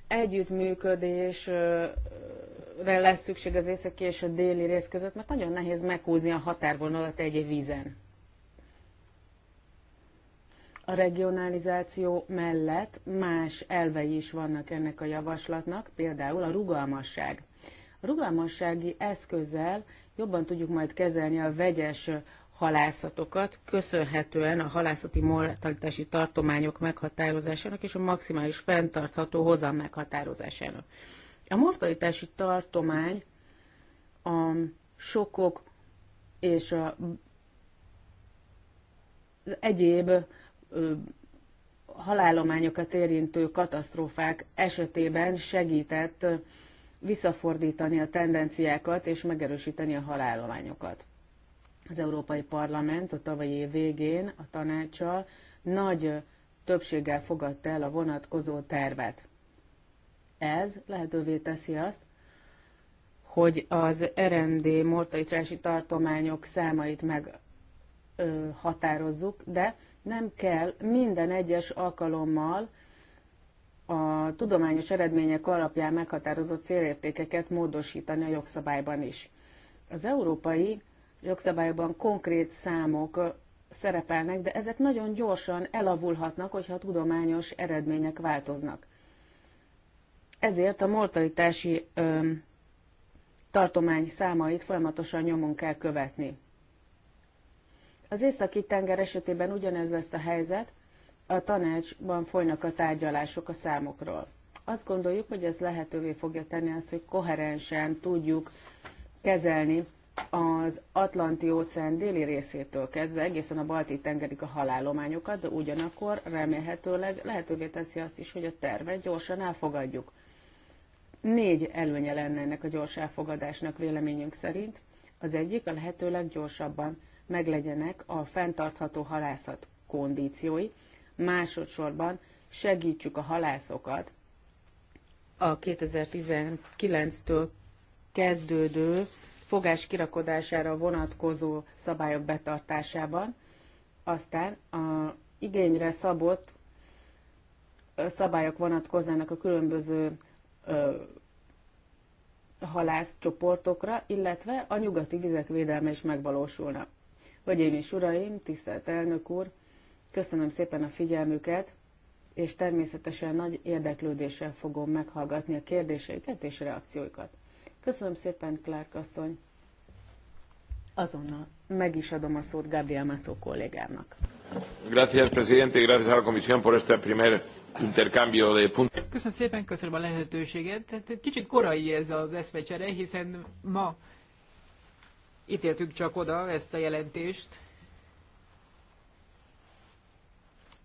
együttműködésre lesz szükség az északi és a déli rész között, mert nagyon nehéz meghúzni a határvonalat egy vízen. A regionalizáció mellett más elvei is vannak ennek a javaslatnak, például a rugalmasság. A rugalmassági eszközzel jobban tudjuk majd kezelni a vegyes halászatokat, köszönhetően a halászati mortalitási tartományok meghatározásának és a maximális fenntartható hozam meghatározásának. A mortalitási tartomány a sokok és a, az egyéb ö, halálományokat érintő katasztrófák esetében segített visszafordítani a tendenciákat és megerősíteni a halállományokat. Az Európai Parlament a tavalyi év végén a tanácssal nagy többséggel fogadta el a vonatkozó tervet. Ez lehetővé teszi azt, hogy az RMD mortalitási tartományok számait meghatározzuk, de nem kell minden egyes alkalommal a tudományos eredmények alapján meghatározott célértékeket módosítani a jogszabályban is. Az európai jogszabályban konkrét számok szerepelnek, de ezek nagyon gyorsan elavulhatnak, hogyha a tudományos eredmények változnak. Ezért a mortalitási ö, tartomány számait folyamatosan nyomon kell követni. Az északi tenger esetében ugyanez lesz a helyzet, a tanácsban folynak a tárgyalások a számokról. Azt gondoljuk, hogy ez lehetővé fogja tenni azt, hogy koherensen tudjuk kezelni az Atlanti óceán déli részétől kezdve egészen a balti tengerig a halálományokat, de ugyanakkor remélhetőleg lehetővé teszi azt is, hogy a tervet gyorsan elfogadjuk. Négy előnye lenne ennek a gyors elfogadásnak véleményünk szerint. Az egyik a lehetőleg gyorsabban meglegyenek a fenntartható halászat kondíciói, másodszorban segítsük a halászokat a 2019-től kezdődő fogás kirakodására vonatkozó szabályok betartásában, aztán a igényre szabott szabályok vonatkozzanak a különböző ö, csoportokra, illetve a nyugati vizek védelme is megvalósulna. Hölgyeim és uraim, tisztelt elnök úr, Köszönöm szépen a figyelmüket, és természetesen nagy érdeklődéssel fogom meghallgatni a kérdéseiket és reakcióikat. Köszönöm szépen, Clark asszony. Azonnal meg is adom a szót Gabriel Mató kollégámnak. Gracias, presidente, gracias a la comisión por este primer intercambio de puntos. Köszönöm szépen, köszönöm a lehetőséget. Hát kicsit korai ez az eszmecsere, hiszen ma ítéltük csak oda ezt a jelentést,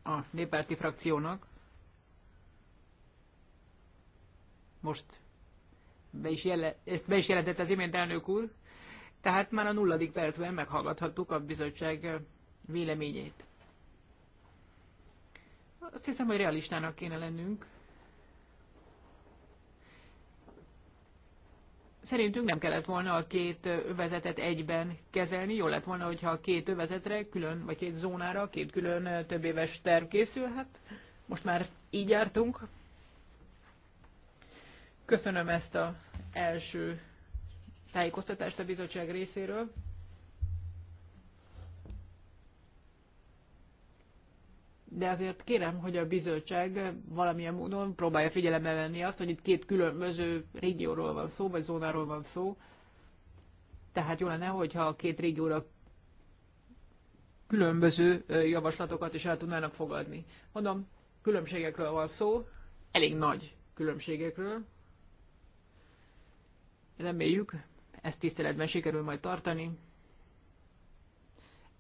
a néppárti frakciónak. Most be is jele, ezt be is jelentett az imént elnök úr, tehát már a nulladik percben meghallgathattuk a bizottság véleményét. Azt hiszem, hogy realistának kéne lennünk, Szerintünk nem kellett volna a két övezetet egyben kezelni, jó lett volna, hogyha a két övezetre, külön, vagy két zónára, két külön több éves terv készülhet. Most már így jártunk. Köszönöm ezt az első tájékoztatást a bizottság részéről. de azért kérem, hogy a bizottság valamilyen módon próbálja figyelembe venni azt, hogy itt két különböző régióról van szó, vagy zónáról van szó. Tehát jó lenne, hogyha a két régióra különböző javaslatokat is el tudnának fogadni. Mondom, különbségekről van szó, elég nagy különbségekről. Reméljük, ezt tiszteletben sikerül majd tartani.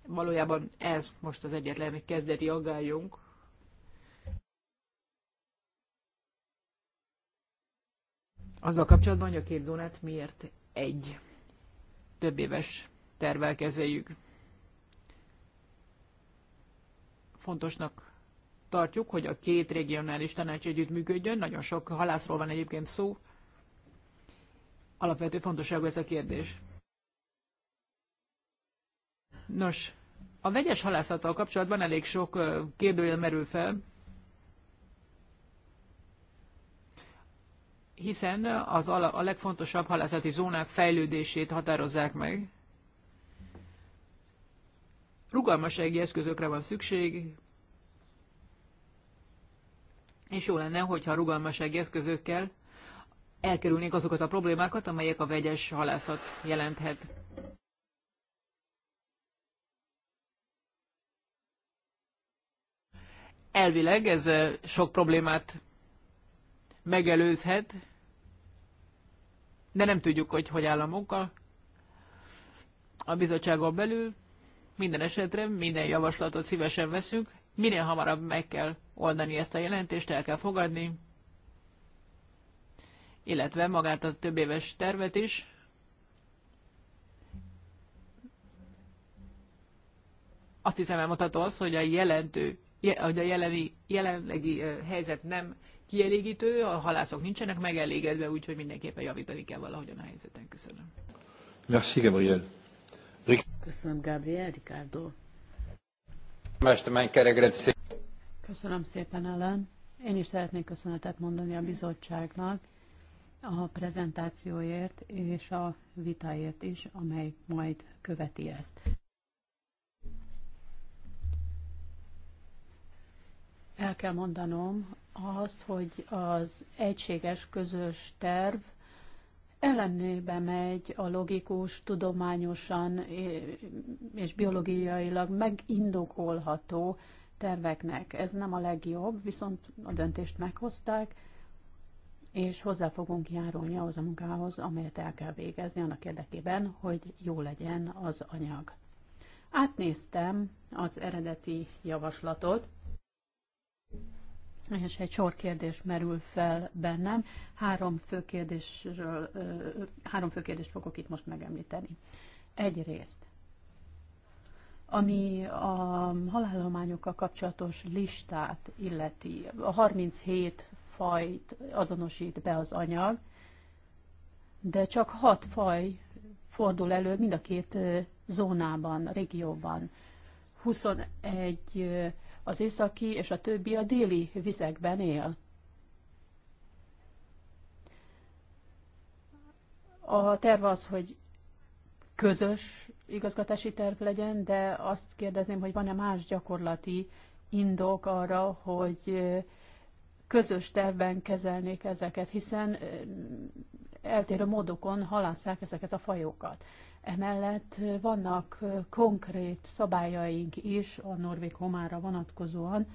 Valójában ez most az egyetlen kezdeti aggályunk, Azzal kapcsolatban, hogy a két zónát miért egy több éves tervel kezeljük. Fontosnak tartjuk, hogy a két regionális tanács együttműködjön. Nagyon sok halászról van egyébként szó. Alapvető fontosságú ez a kérdés. Nos, a vegyes halászattal kapcsolatban elég sok kérdőjel merül fel, hiszen az a legfontosabb halászati zónák fejlődését határozzák meg. Rugalmasági eszközökre van szükség, és jó lenne, hogyha rugalmasági eszközökkel elkerülnék azokat a problémákat, amelyek a vegyes halászat jelenthet. Elvileg ez sok problémát megelőzhet, de nem tudjuk, hogy hogy áll a munka. A bizottságon belül minden esetre minden javaslatot szívesen veszünk, minél hamarabb meg kell oldani ezt a jelentést, el kell fogadni, illetve magát a több éves tervet is. Azt hiszem elmutató az, hogy a jelentő hogy a jelenlegi, jelenlegi helyzet nem kielégítő, a halászok nincsenek megelégedve, úgyhogy mindenképpen javítani kell valahogyan a helyzeten. Köszönöm. Merci, Gabriel. Rick. Köszönöm, Gabriel. Ricardo. Köszönöm szépen, Ellen. Én is szeretnék köszönetet mondani a bizottságnak a prezentációért és a vitáért is, amely majd követi ezt. el kell mondanom azt, hogy az egységes közös terv ellenébe megy a logikus, tudományosan és biológiailag megindokolható terveknek. Ez nem a legjobb, viszont a döntést meghozták, és hozzá fogunk járulni ahhoz a munkához, amelyet el kell végezni annak érdekében, hogy jó legyen az anyag. Átnéztem az eredeti javaslatot, és egy sor kérdés merül fel bennem. Három fő, kérdésről, három fő kérdést fogok itt most megemlíteni. Egyrészt, ami a halállományokkal kapcsolatos listát illeti, a 37 fajt azonosít be az anyag, de csak hat faj fordul elő mind a két zónában, régióban. 21 az északi és a többi a déli vizekben él. A terv az, hogy közös igazgatási terv legyen, de azt kérdezném, hogy van-e más gyakorlati indok arra, hogy közös tervben kezelnék ezeket, hiszen eltérő módokon halásszák ezeket a fajokat. Emellett vannak konkrét szabályaink is a norvég homára vonatkozóan.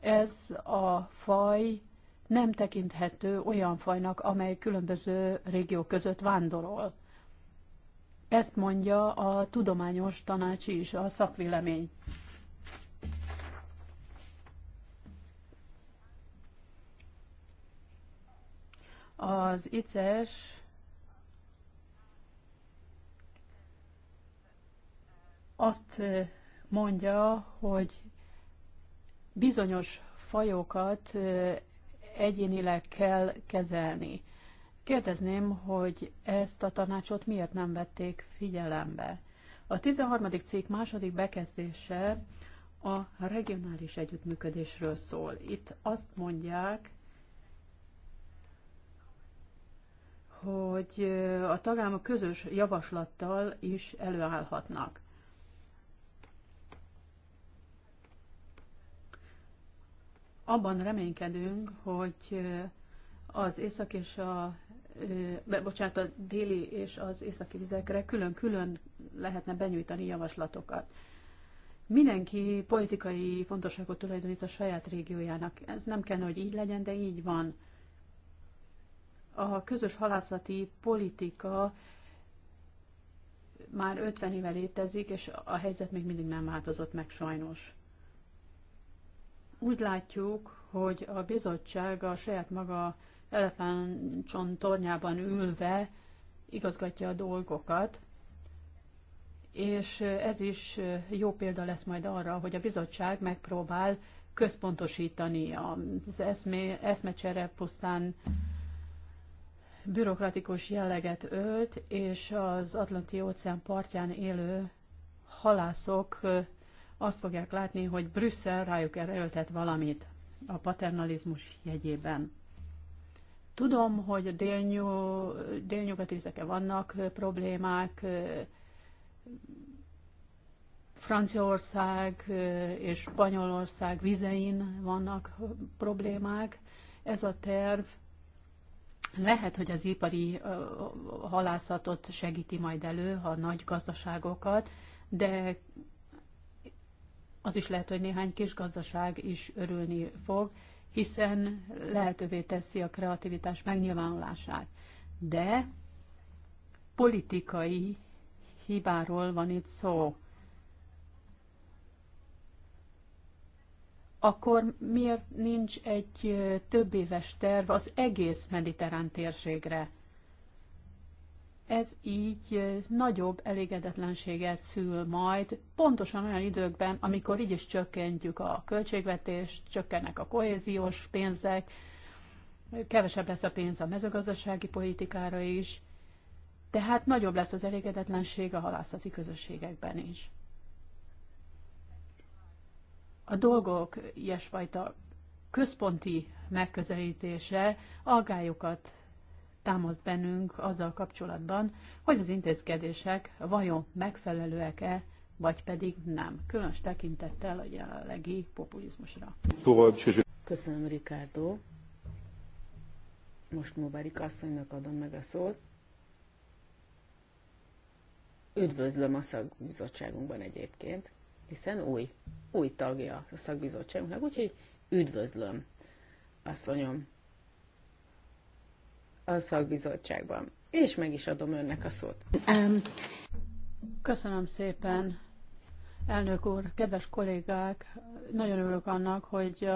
Ez a faj nem tekinthető olyan fajnak, amely különböző régiók között vándorol. Ezt mondja a tudományos tanács is, a szakvélemény. Az ICES azt mondja, hogy bizonyos fajokat egyénileg kell kezelni. Kérdezném, hogy ezt a tanácsot miért nem vették figyelembe. A 13. cikk második bekezdése a regionális együttműködésről szól. Itt azt mondják, hogy a tagállamok közös javaslattal is előállhatnak. abban reménykedünk, hogy az észak és a bocsánat, a déli és az északi vizekre külön-külön lehetne benyújtani javaslatokat. Mindenki politikai fontosságot tulajdonít a saját régiójának. Ez nem kell, hogy így legyen, de így van. A közös halászati politika már 50 éve létezik, és a helyzet még mindig nem változott meg sajnos. Úgy látjuk, hogy a bizottság a saját maga elefántcsont tornyában ülve igazgatja a dolgokat, és ez is jó példa lesz majd arra, hogy a bizottság megpróbál központosítani az eszmé, eszmecsere pusztán bürokratikus jelleget ölt, és az Atlanti óceán partján élő halászok azt fogják látni, hogy Brüsszel rájuk erőltet valamit a paternalizmus jegyében. Tudom, hogy délnyú, délnyugati észake vannak problémák, Franciaország és Spanyolország vizein vannak problémák. Ez a terv lehet, hogy az ipari halászatot segíti majd elő, a nagy gazdaságokat, de az is lehet, hogy néhány kis gazdaság is örülni fog, hiszen lehetővé teszi a kreativitás megnyilvánulását. De politikai hibáról van itt szó. Akkor miért nincs egy több éves terv az egész mediterrán térségre? ez így nagyobb elégedetlenséget szül majd, pontosan olyan időkben, amikor így is csökkentjük a költségvetést, csökkennek a kohéziós pénzek, kevesebb lesz a pénz a mezőgazdasági politikára is, tehát nagyobb lesz az elégedetlenség a halászati közösségekben is. A dolgok ilyesfajta központi megközelítése aggályokat támaszt bennünk azzal kapcsolatban, hogy az intézkedések vajon megfelelőek-e, vagy pedig nem, különös tekintettel a jelenlegi populizmusra. Köszönöm, Ricardo. Most Móberik asszonynak adom meg a szót. Üdvözlöm a szakbizottságunkban egyébként, hiszen új, új tagja a szakbizottságunknak, úgyhogy üdvözlöm, asszonyom a szakbizottságban. És meg is adom önnek a szót. Um, Köszönöm szépen, elnök úr, kedves kollégák! Nagyon örülök annak, hogy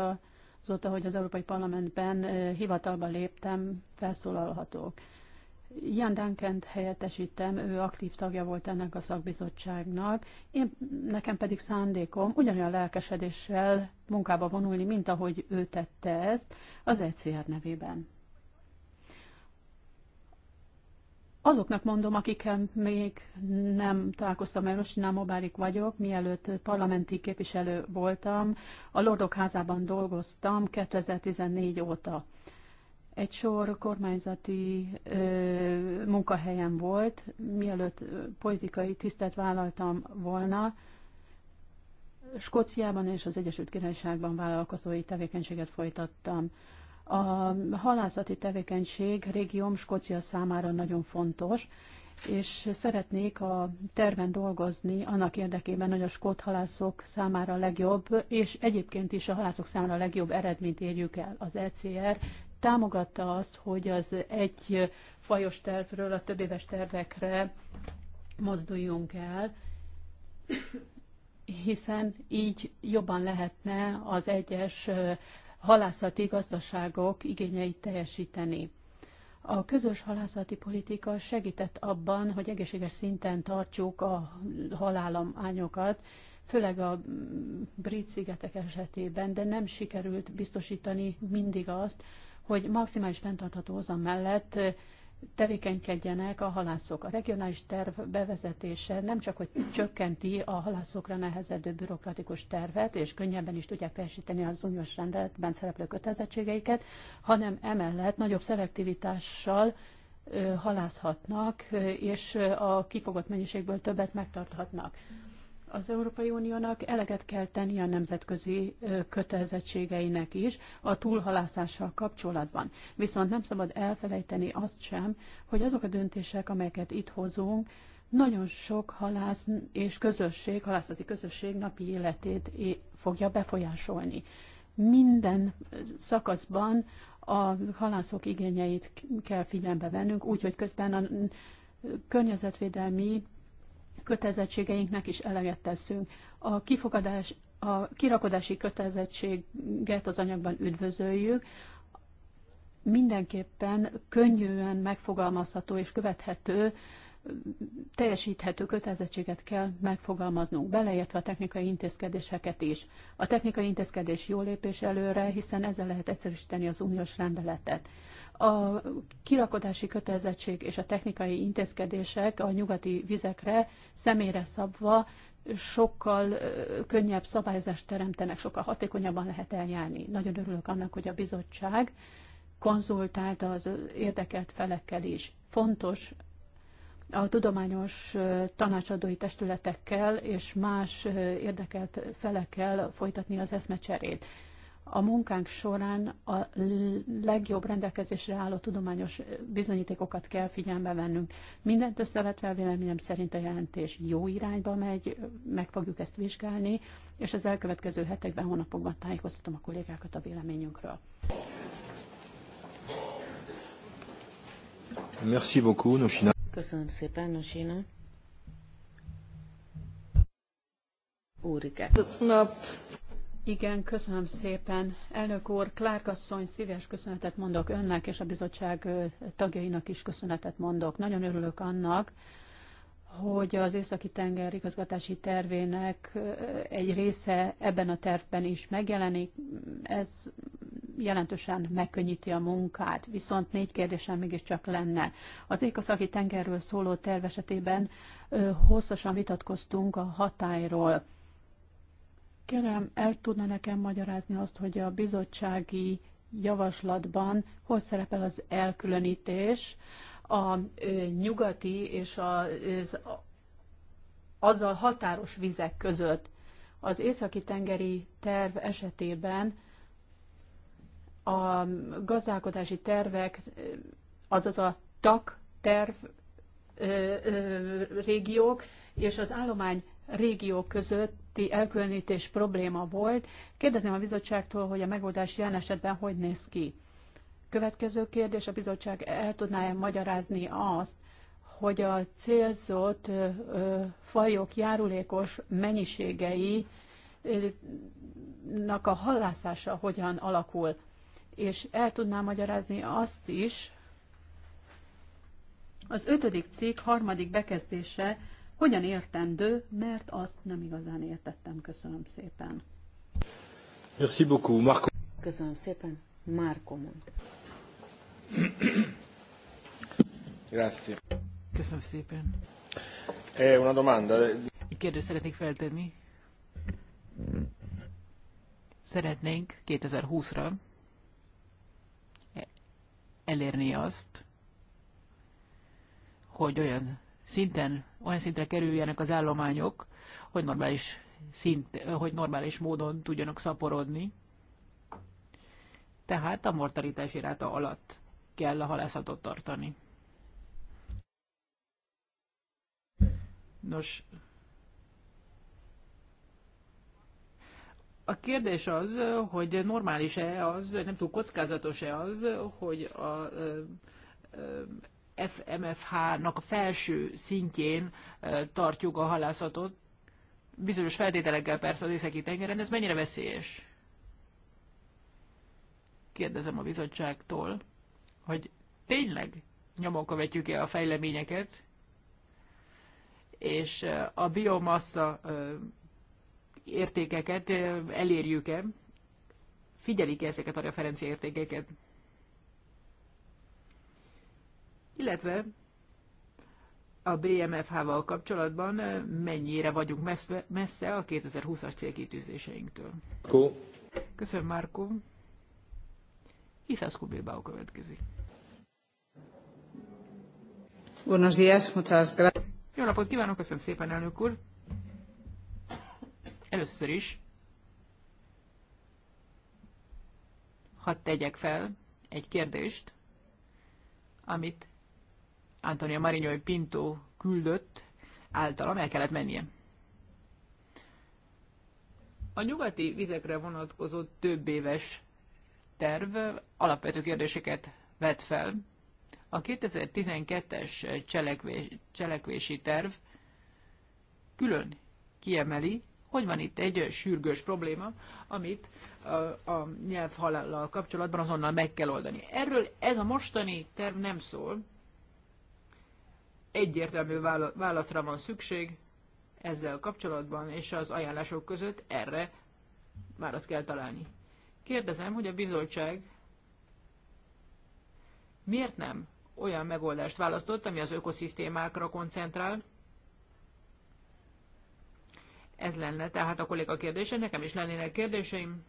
azóta, hogy az Európai Parlamentben hivatalba léptem, felszólalhatok. Jan Duncant helyettesítem, ő aktív tagja volt ennek a szakbizottságnak, én, nekem pedig szándékom ugyanolyan lelkesedéssel munkába vonulni, mint ahogy ő tette ezt az ECR nevében. Azoknak mondom, akikkel még nem találkoztam, Erosina Mobárik vagyok, mielőtt parlamenti képviselő voltam, a Lordok házában dolgoztam 2014 óta. Egy sor kormányzati ö, munkahelyen volt, mielőtt politikai tisztet vállaltam volna, Skóciában és az Egyesült Királyságban vállalkozói tevékenységet folytattam. A halászati tevékenység régióm Skócia számára nagyon fontos, és szeretnék a terven dolgozni annak érdekében, hogy a skót halászok számára a legjobb, és egyébként is a halászok számára a legjobb eredményt érjük el. Az ECR támogatta azt, hogy az egy fajos tervről a több éves tervekre mozduljunk el, hiszen így jobban lehetne az egyes halászati gazdaságok igényeit teljesíteni. A közös halászati politika segített abban, hogy egészséges szinten tartsuk a halálományokat, főleg a brit szigetek esetében, de nem sikerült biztosítani mindig azt, hogy maximális fenntartható hozam mellett tevékenykedjenek a halászok. A regionális terv bevezetése nem csak, hogy csökkenti a halászokra nehezedő bürokratikus tervet, és könnyebben is tudják teljesíteni az uniós rendeletben szereplő kötelezettségeiket, hanem emellett nagyobb szelektivitással halászhatnak, és a kifogott mennyiségből többet megtarthatnak. Az Európai Uniónak eleget kell tenni a nemzetközi kötelezettségeinek is a túlhalászással kapcsolatban. Viszont nem szabad elfelejteni azt sem, hogy azok a döntések, amelyeket itt hozunk, nagyon sok halász és közösség, halászati közösség napi életét fogja befolyásolni. Minden szakaszban a halászok igényeit kell figyelembe vennünk, úgyhogy közben a környezetvédelmi kötelezettségeinknek is eleget teszünk. A, kifogadás, a kirakodási kötelezettséget az anyagban üdvözöljük, mindenképpen könnyűen megfogalmazható és követhető teljesíthető kötelezettséget kell megfogalmaznunk, beleértve a technikai intézkedéseket is. A technikai intézkedés jó lépés előre, hiszen ezzel lehet egyszerűsíteni az uniós rendeletet. A kirakodási kötelezettség és a technikai intézkedések a nyugati vizekre személyre szabva sokkal könnyebb szabályozást teremtenek, sokkal hatékonyabban lehet eljárni. Nagyon örülök annak, hogy a bizottság konzultálta az érdekelt felekkel is. Fontos a tudományos tanácsadói testületekkel és más érdekelt felekkel folytatni az eszmecserét. A munkánk során a legjobb rendelkezésre álló tudományos bizonyítékokat kell figyelembe vennünk. Mindent összevetve véleményem szerint a jelentés jó irányba megy, meg fogjuk ezt vizsgálni, és az elkövetkező hetekben, hónapokban tájékoztatom a kollégákat a véleményünkről. Merci beaucoup, Köszönöm szépen, Nusina. Úrike. Igen, köszönöm szépen. Elnök úr, Klárk asszony, szíves köszönetet mondok önnek, és a bizottság tagjainak is köszönetet mondok. Nagyon örülök annak, hogy az északi tenger igazgatási tervének egy része ebben a tervben is megjelenik. Ez jelentősen megkönnyíti a munkát. Viszont négy kérdésem mégiscsak lenne. Az ékoszaki tengerről szóló terv esetében hosszasan vitatkoztunk a hatályról. Kérem, el tudna nekem magyarázni azt, hogy a bizottsági javaslatban hol szerepel az elkülönítés a nyugati és az azzal határos vizek között. Az északi tengeri terv esetében a gazdálkodási tervek, azaz a TAK terv régiók és az állomány régiók közötti elkülönítés probléma volt. Kérdezném a bizottságtól, hogy a megoldás jelen esetben hogy néz ki. Következő kérdés, a bizottság el tudná -e magyarázni azt, hogy a célzott fajok járulékos mennyiségei nak a hallászása hogyan alakul és el tudnám magyarázni azt is, az ötödik cikk harmadik bekezdése hogyan értendő, mert azt nem igazán értettem. Köszönöm szépen. Merci beaucoup, Marco. Köszönöm szépen. Marco. Grazie. Köszönöm szépen. Eh, una domanda. Egy kérdést szeretnék feltenni. Szeretnénk 2020-ra elérni azt, hogy olyan szinten, olyan szintre kerüljenek az állományok, hogy normális, szint, hogy normális módon tudjanak szaporodni. Tehát a mortalitási ráta alatt kell a halászatot tartani. Nos, A kérdés az, hogy normális-e az, nem túl kockázatos-e az, hogy a FMFH-nak a felső szintjén tartjuk a halászatot, bizonyos feltételekkel persze az északi tengeren, ez mennyire veszélyes? Kérdezem a bizottságtól, hogy tényleg nyomon követjük-e a fejleményeket, és a biomassa értékeket elérjük-e, figyelik -e ezeket a referencia értékeket. Illetve a BMFH-val kapcsolatban mennyire vagyunk messze, messze a 2020-as célkitűzéseinktől. Kó. Köszönöm, Márko. Izászkó Bilbao következik. Buenos días, muchas gracias. Jó napot kívánok, köszönöm szépen, elnök úr. Először is hadd tegyek fel egy kérdést, amit Antonia Marinyoi Pinto küldött általam, el kellett mennie. A nyugati vizekre vonatkozó több éves terv alapvető kérdéseket vet fel. A 2012-es cselekvési terv külön kiemeli hogy van itt egy sürgős probléma, amit a, a nyelvhalállal kapcsolatban azonnal meg kell oldani. Erről ez a mostani terv nem szól. Egyértelmű válaszra van szükség ezzel kapcsolatban, és az ajánlások között erre választ kell találni. Kérdezem, hogy a bizottság miért nem olyan megoldást választott, ami az ökoszisztémákra koncentrál, ez lenne tehát a kolléga kérdése, nekem is lennének kérdéseim.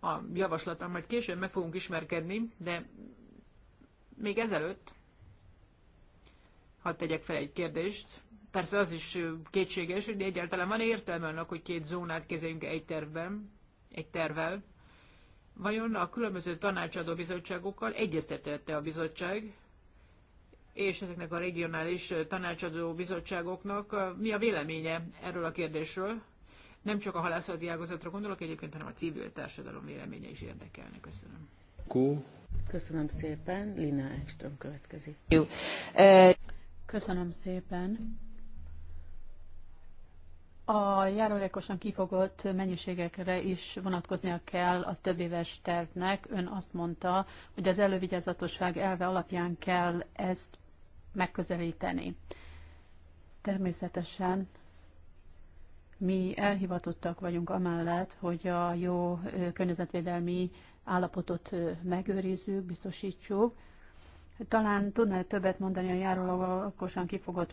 A javaslatom majd később meg fogunk ismerkedni, de még ezelőtt hadd tegyek fel egy kérdést. Persze az is kétséges, hogy egyáltalán van értelme annak, hogy két zónát kezeljünk egy tervben, egy tervel. Vajon a különböző tanácsadó bizottságokkal egyeztetette a bizottság, és ezeknek a regionális tanácsadó bizottságoknak mi a véleménye erről a kérdésről. Nem csak a halászati ágazatra gondolok, egyébként, hanem a civil társadalom véleménye is érdekelne. Köszönöm. Kó. Köszönöm szépen. Lina Ashton következik. Jó. Köszönöm szépen a járulékosan kifogott mennyiségekre is vonatkoznia kell a több éves tervnek. Ön azt mondta, hogy az elővigyázatosság elve alapján kell ezt megközelíteni. Természetesen mi elhivatottak vagyunk amellett, hogy a jó környezetvédelmi állapotot megőrizzük, biztosítsuk, talán tudna többet mondani a járólagosan kifogott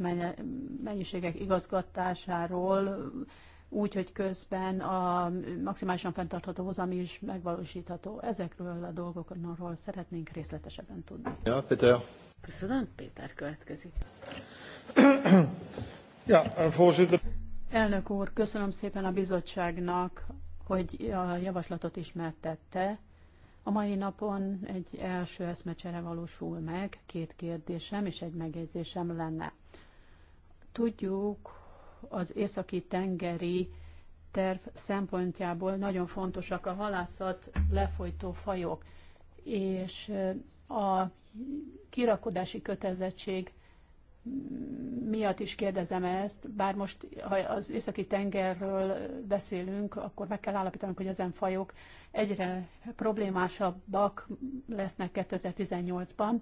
mennyiségek igazgatásáról, úgy, hogy közben a maximálisan fenntartható hozam is megvalósítható. Ezekről a dolgokról szeretnénk részletesebben tudni. Ja, Péter. Köszönöm, Péter következik. [CLEARS THROAT] ja, voorzitter. Elnök úr, köszönöm szépen a bizottságnak, hogy a javaslatot ismertette. A mai napon egy első eszmecsere valósul meg, két kérdésem és egy megjegyzésem lenne. Tudjuk, az északi tengeri terv szempontjából nagyon fontosak a halászat lefolytó fajok, és a kirakodási kötelezettség miatt is kérdezem ezt, bár most, ha az északi tengerről beszélünk, akkor meg kell állapítanunk, hogy ezen fajok egyre problémásabbak lesznek 2018-ban.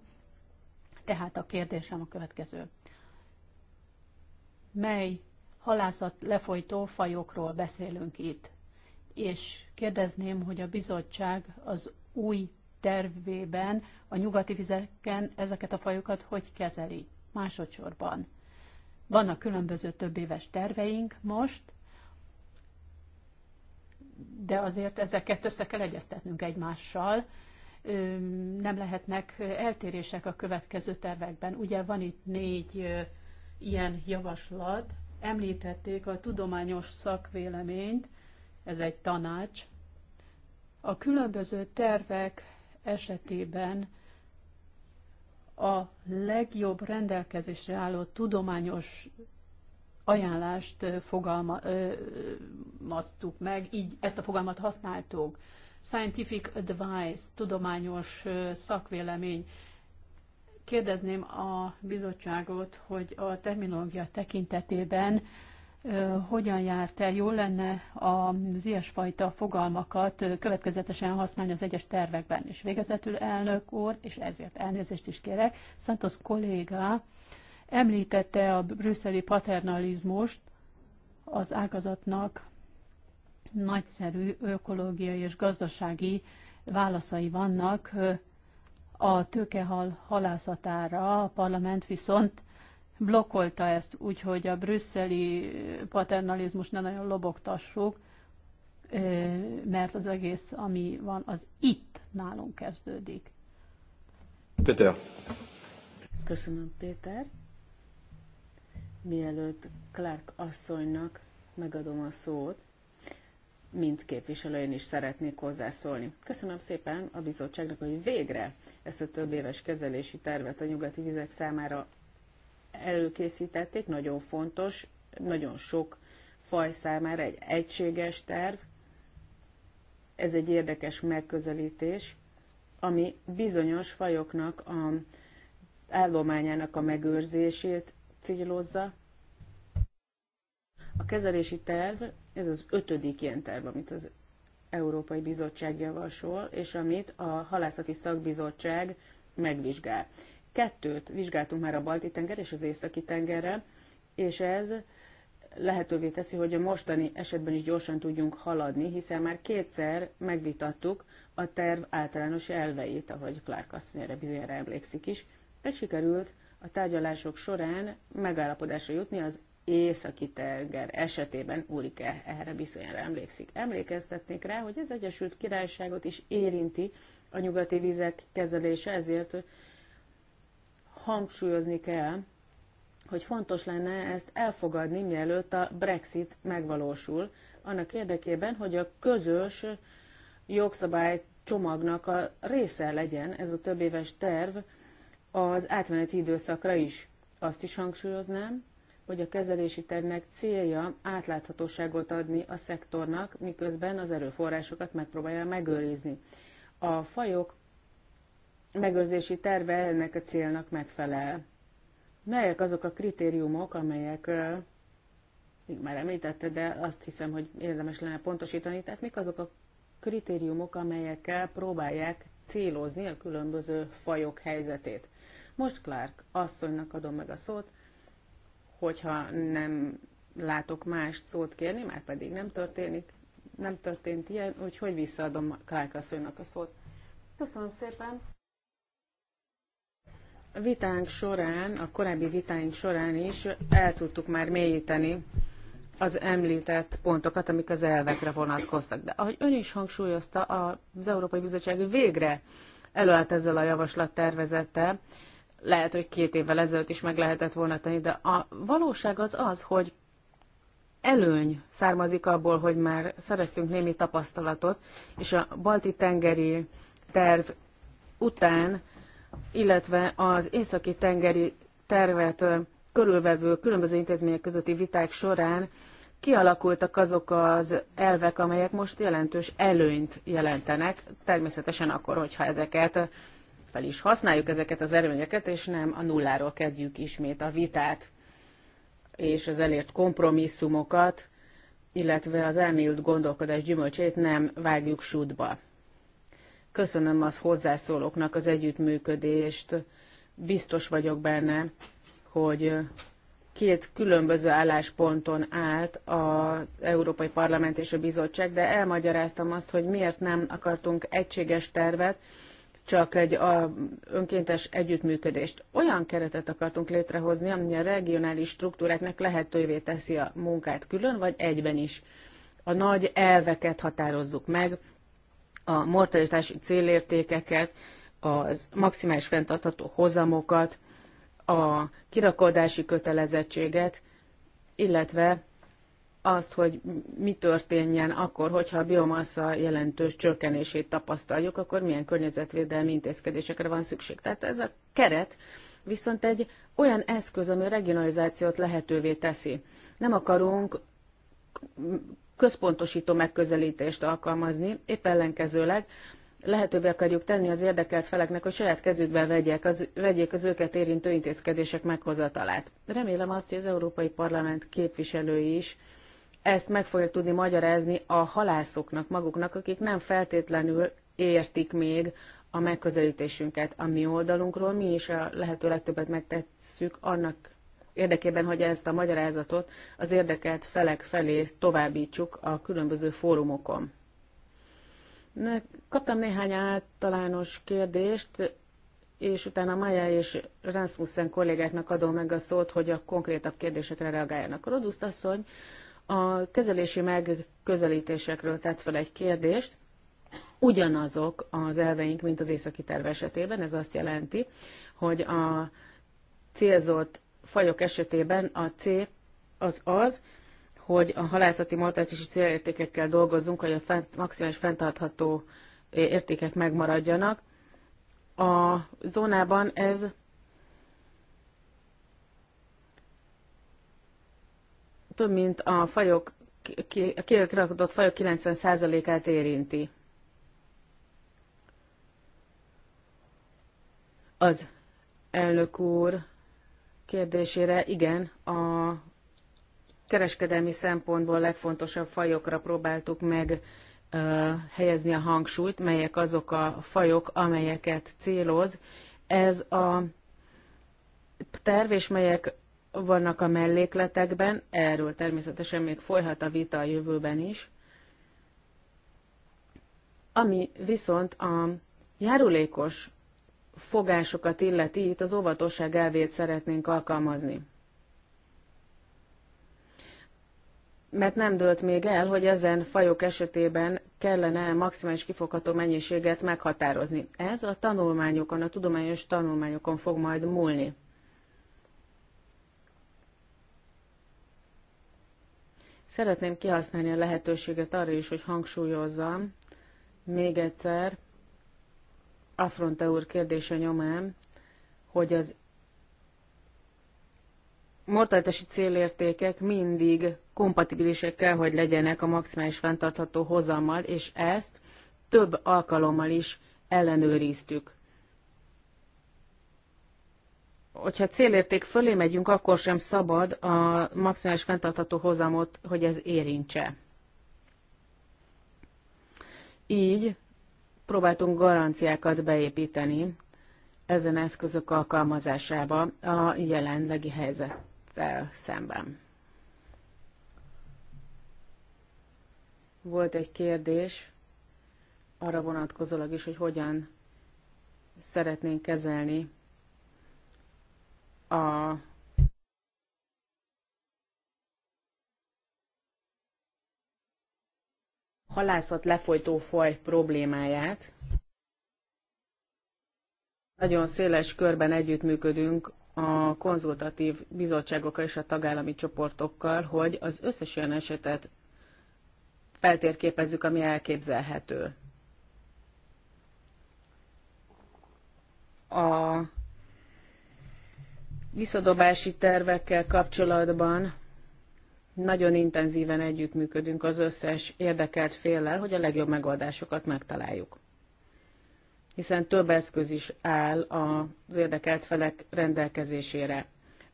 Tehát a kérdésem a következő. Mely halászat lefolytó fajokról beszélünk itt? És kérdezném, hogy a bizottság az új tervében a nyugati vizeken ezeket a fajokat hogy kezeli? Másodszorban vannak különböző több éves terveink most, de azért ezeket össze kell egyeztetnünk egymással. Nem lehetnek eltérések a következő tervekben. Ugye van itt négy ilyen javaslat. Említették a tudományos szakvéleményt, ez egy tanács. A különböző tervek esetében a legjobb rendelkezésre álló tudományos ajánlást fogalmaztuk meg, így ezt a fogalmat használtuk. Scientific advice, tudományos szakvélemény. Kérdezném a bizottságot, hogy a terminológia tekintetében hogyan járt el, jól lenne az ilyesfajta fogalmakat következetesen használni az egyes tervekben. És végezetül elnök úr, és ezért elnézést is kérek, Santos kolléga említette a brüsszeli paternalizmust az ágazatnak nagyszerű ökológiai és gazdasági válaszai vannak a tőkehal halászatára, a parlament viszont blokkolta ezt, úgyhogy a brüsszeli paternalizmus ne nagyon lobogtassuk, mert az egész, ami van, az itt nálunk kezdődik. Péter. Köszönöm, Péter. Mielőtt Clark asszonynak megadom a szót, mint képviselő én is szeretnék hozzászólni. Köszönöm szépen a bizottságnak, hogy végre ezt a több éves kezelési tervet a nyugati vizek számára előkészítették, nagyon fontos, nagyon sok faj számára egy egységes terv. Ez egy érdekes megközelítés, ami bizonyos fajoknak a állományának a megőrzését célozza. A kezelési terv, ez az ötödik ilyen terv, amit az Európai Bizottság javasol, és amit a Halászati Szakbizottság megvizsgál. Kettőt vizsgáltunk már a Balti-tenger és az Északi-tengerrel, és ez lehetővé teszi, hogy a mostani esetben is gyorsan tudjunk haladni, hiszen már kétszer megvitattuk a terv általános elveit, ahogy Clark azt erre bizonyára emlékszik is, Egy sikerült a tárgyalások során megállapodásra jutni az északi tenger esetében, Ulrike erre bizonyára emlékszik. Emlékeztetnék rá, hogy az Egyesült Királyságot is érinti a nyugati vizek kezelése, ezért hangsúlyozni kell, hogy fontos lenne ezt elfogadni, mielőtt a Brexit megvalósul, annak érdekében, hogy a közös jogszabály csomagnak a része legyen ez a több éves terv az átmeneti időszakra is. Azt is hangsúlyoznám, hogy a kezelési tervnek célja átláthatóságot adni a szektornak, miközben az erőforrásokat megpróbálja megőrizni. A fajok megőrzési terve ennek a célnak megfelel. Melyek azok a kritériumok, amelyek, még már említette, de azt hiszem, hogy érdemes lenne pontosítani, tehát mik azok a kritériumok, amelyekkel próbálják célozni a különböző fajok helyzetét. Most Clark asszonynak adom meg a szót, hogyha nem látok más szót kérni, már pedig nem történik, nem történt ilyen, úgyhogy visszaadom Clark asszonynak a szót. Köszönöm szépen! vitánk során, a korábbi vitáink során is el tudtuk már mélyíteni az említett pontokat, amik az elvekre vonatkoztak. De ahogy ön is hangsúlyozta, az Európai Bizottság végre előállt ezzel a javaslat tervezette, Lehet, hogy két évvel ezelőtt is meg lehetett volna tenni, de a valóság az az, hogy előny származik abból, hogy már szereztünk némi tapasztalatot, és a balti tengeri terv után illetve az északi tengeri tervet körülvevő különböző intézmények közötti viták során kialakultak azok az elvek, amelyek most jelentős előnyt jelentenek, természetesen akkor, hogyha ezeket fel is használjuk ezeket az előnyeket, és nem a nulláról kezdjük ismét a vitát, és az elért kompromisszumokat, illetve az elmélyült gondolkodás gyümölcsét nem vágjuk sútba. Köszönöm a hozzászólóknak az együttműködést. Biztos vagyok benne, hogy két különböző állásponton állt az Európai Parlament és a Bizottság, de elmagyaráztam azt, hogy miért nem akartunk egységes tervet, csak egy a, önkéntes együttműködést. Olyan keretet akartunk létrehozni, ami a regionális struktúráknak lehetővé teszi a munkát külön, vagy egyben is. A nagy elveket határozzuk meg, a mortalitási célértékeket, az maximális fenntartható hozamokat, a kirakodási kötelezettséget, illetve azt, hogy mi történjen akkor, hogyha a biomassa jelentős csökkenését tapasztaljuk, akkor milyen környezetvédelmi intézkedésekre van szükség. Tehát ez a keret viszont egy olyan eszköz, ami a regionalizációt lehetővé teszi. Nem akarunk központosító megközelítést alkalmazni, épp ellenkezőleg lehetővé akarjuk tenni az érdekelt feleknek, hogy saját kezükbe vegyék az, vegyék az őket érintő intézkedések meghozatalát. Remélem azt, hogy az Európai Parlament képviselői is ezt meg fogják tudni magyarázni a halászoknak maguknak, akik nem feltétlenül értik még a megközelítésünket a mi oldalunkról. Mi is a lehető legtöbbet megtesszük annak érdekében, hogy ezt a magyarázatot az érdekelt felek felé továbbítsuk a különböző fórumokon. Kaptam néhány általános kérdést, és utána Maja és Rasmussen kollégáknak adom meg a szót, hogy a konkrétabb kérdésekre reagáljanak. Roduszt asszony a kezelési megközelítésekről tett fel egy kérdést. Ugyanazok az elveink, mint az északi terv esetében. Ez azt jelenti, hogy a célzott fajok esetében a C az az, hogy a halászati mortációs célértékekkel dolgozzunk, hogy a fent, maximális fenntartható értékek megmaradjanak. A zónában ez több mint a fajok, a kirakodott fajok 90%-át érinti. Az elnök úr kérdésére, igen, a kereskedelmi szempontból legfontosabb fajokra próbáltuk meg helyezni a hangsúlyt, melyek azok a fajok, amelyeket céloz. Ez a terv, és melyek vannak a mellékletekben, erről természetesen még folyhat a vita a jövőben is. Ami viszont a járulékos fogásokat illeti, itt az óvatosság elvét szeretnénk alkalmazni. Mert nem dőlt még el, hogy ezen fajok esetében kellene maximális kifogható mennyiséget meghatározni. Ez a tanulmányokon, a tudományos tanulmányokon fog majd múlni. Szeretném kihasználni a lehetőséget arra is, hogy hangsúlyozzam még egyszer, Afronta úr kérdése nyomán, hogy az mortalitási célértékek mindig kompatibilisek kell, hogy legyenek a maximális fenntartható hozammal, és ezt több alkalommal is ellenőriztük. Hogyha célérték fölé megyünk, akkor sem szabad a maximális fenntartható hozamot, hogy ez érintse. Így próbáltunk garanciákat beépíteni ezen eszközök alkalmazásába a jelenlegi helyzettel szemben. Volt egy kérdés arra vonatkozólag is, hogy hogyan szeretnénk kezelni a halászat lefolytó faj problémáját. Nagyon széles körben együttműködünk a konzultatív bizottságokkal és a tagállami csoportokkal, hogy az összes olyan esetet feltérképezzük, ami elképzelhető. A visszadobási tervekkel kapcsolatban nagyon intenzíven együttműködünk az összes érdekelt féllel, hogy a legjobb megoldásokat megtaláljuk. Hiszen több eszköz is áll az érdekelt felek rendelkezésére.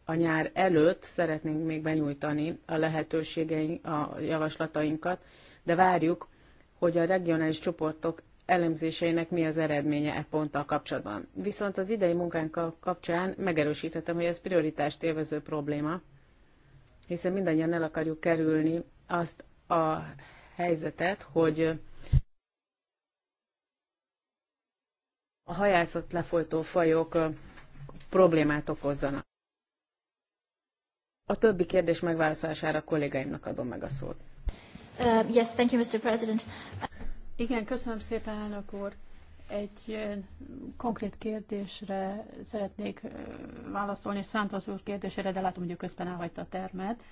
A nyár előtt szeretnénk még benyújtani a lehetőségeink, a javaslatainkat, de várjuk, hogy a regionális csoportok elemzéseinek mi az eredménye e ponttal kapcsolatban. Viszont az idei munkánk kapcsán megerősíthetem, hogy ez prioritást élvező probléma, hiszen mindannyian el akarjuk kerülni azt a helyzetet, hogy a hajászat lefolytó fajok problémát okozzanak. A többi kérdés megválaszolására a kollégáimnak adom meg a szót. Uh, yes, thank you, Mr. President. Igen, köszönöm szépen, elnök úr. Egy konkrét kérdésre szeretnék válaszolni, Szántos úr kérdésére, de látom, hogy ő közben elhagyta a termet.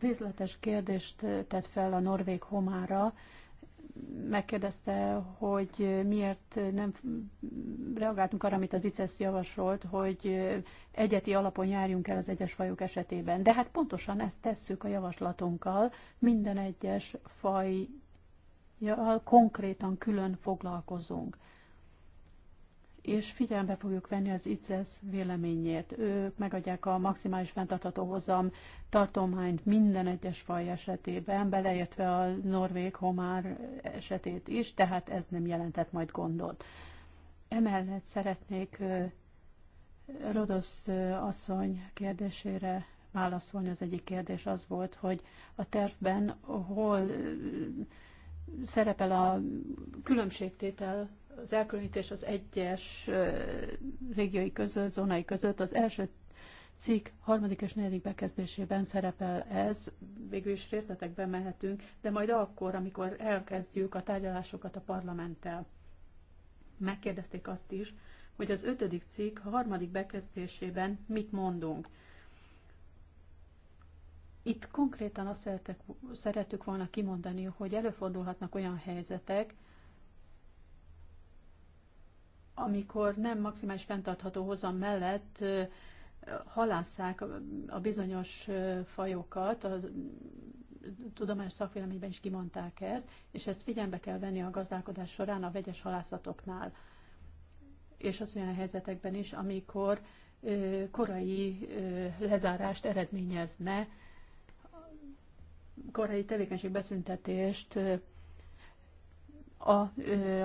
Részletes kérdést tett fel a norvég homára, megkérdezte, hogy miért nem reagáltunk arra, amit az ICESZ javasolt, hogy egyeti alapon járjunk el az egyes fajok esetében. De hát pontosan ezt tesszük a javaslatunkkal, minden egyes fajjal konkrétan külön foglalkozunk és figyelembe fogjuk venni az ICES véleményét. Ők megadják a maximális fenntartható hozam tartományt minden egyes faj esetében, beleértve a norvég homár esetét is, tehát ez nem jelentett majd gondot. Emellett szeretnék Rodosz asszony kérdésére válaszolni. Az egyik kérdés az volt, hogy a tervben hol szerepel a különbségtétel az elkülönítés az egyes régiói között, zónai között. Az első cikk harmadik és negyedik bekezdésében szerepel ez, végül is részletekben mehetünk, de majd akkor, amikor elkezdjük a tárgyalásokat a parlamenttel. Megkérdezték azt is, hogy az ötödik cikk harmadik bekezdésében mit mondunk. Itt konkrétan azt szeretek, szerettük volna kimondani, hogy előfordulhatnak olyan helyzetek, amikor nem maximális fenntartható hozam mellett halásszák a bizonyos fajokat, a tudományos szakvéleményben is kimondták ezt, és ezt figyelembe kell venni a gazdálkodás során a vegyes halászatoknál, és az olyan helyzetekben is, amikor korai lezárást eredményezne, korai tevékenység beszüntetést a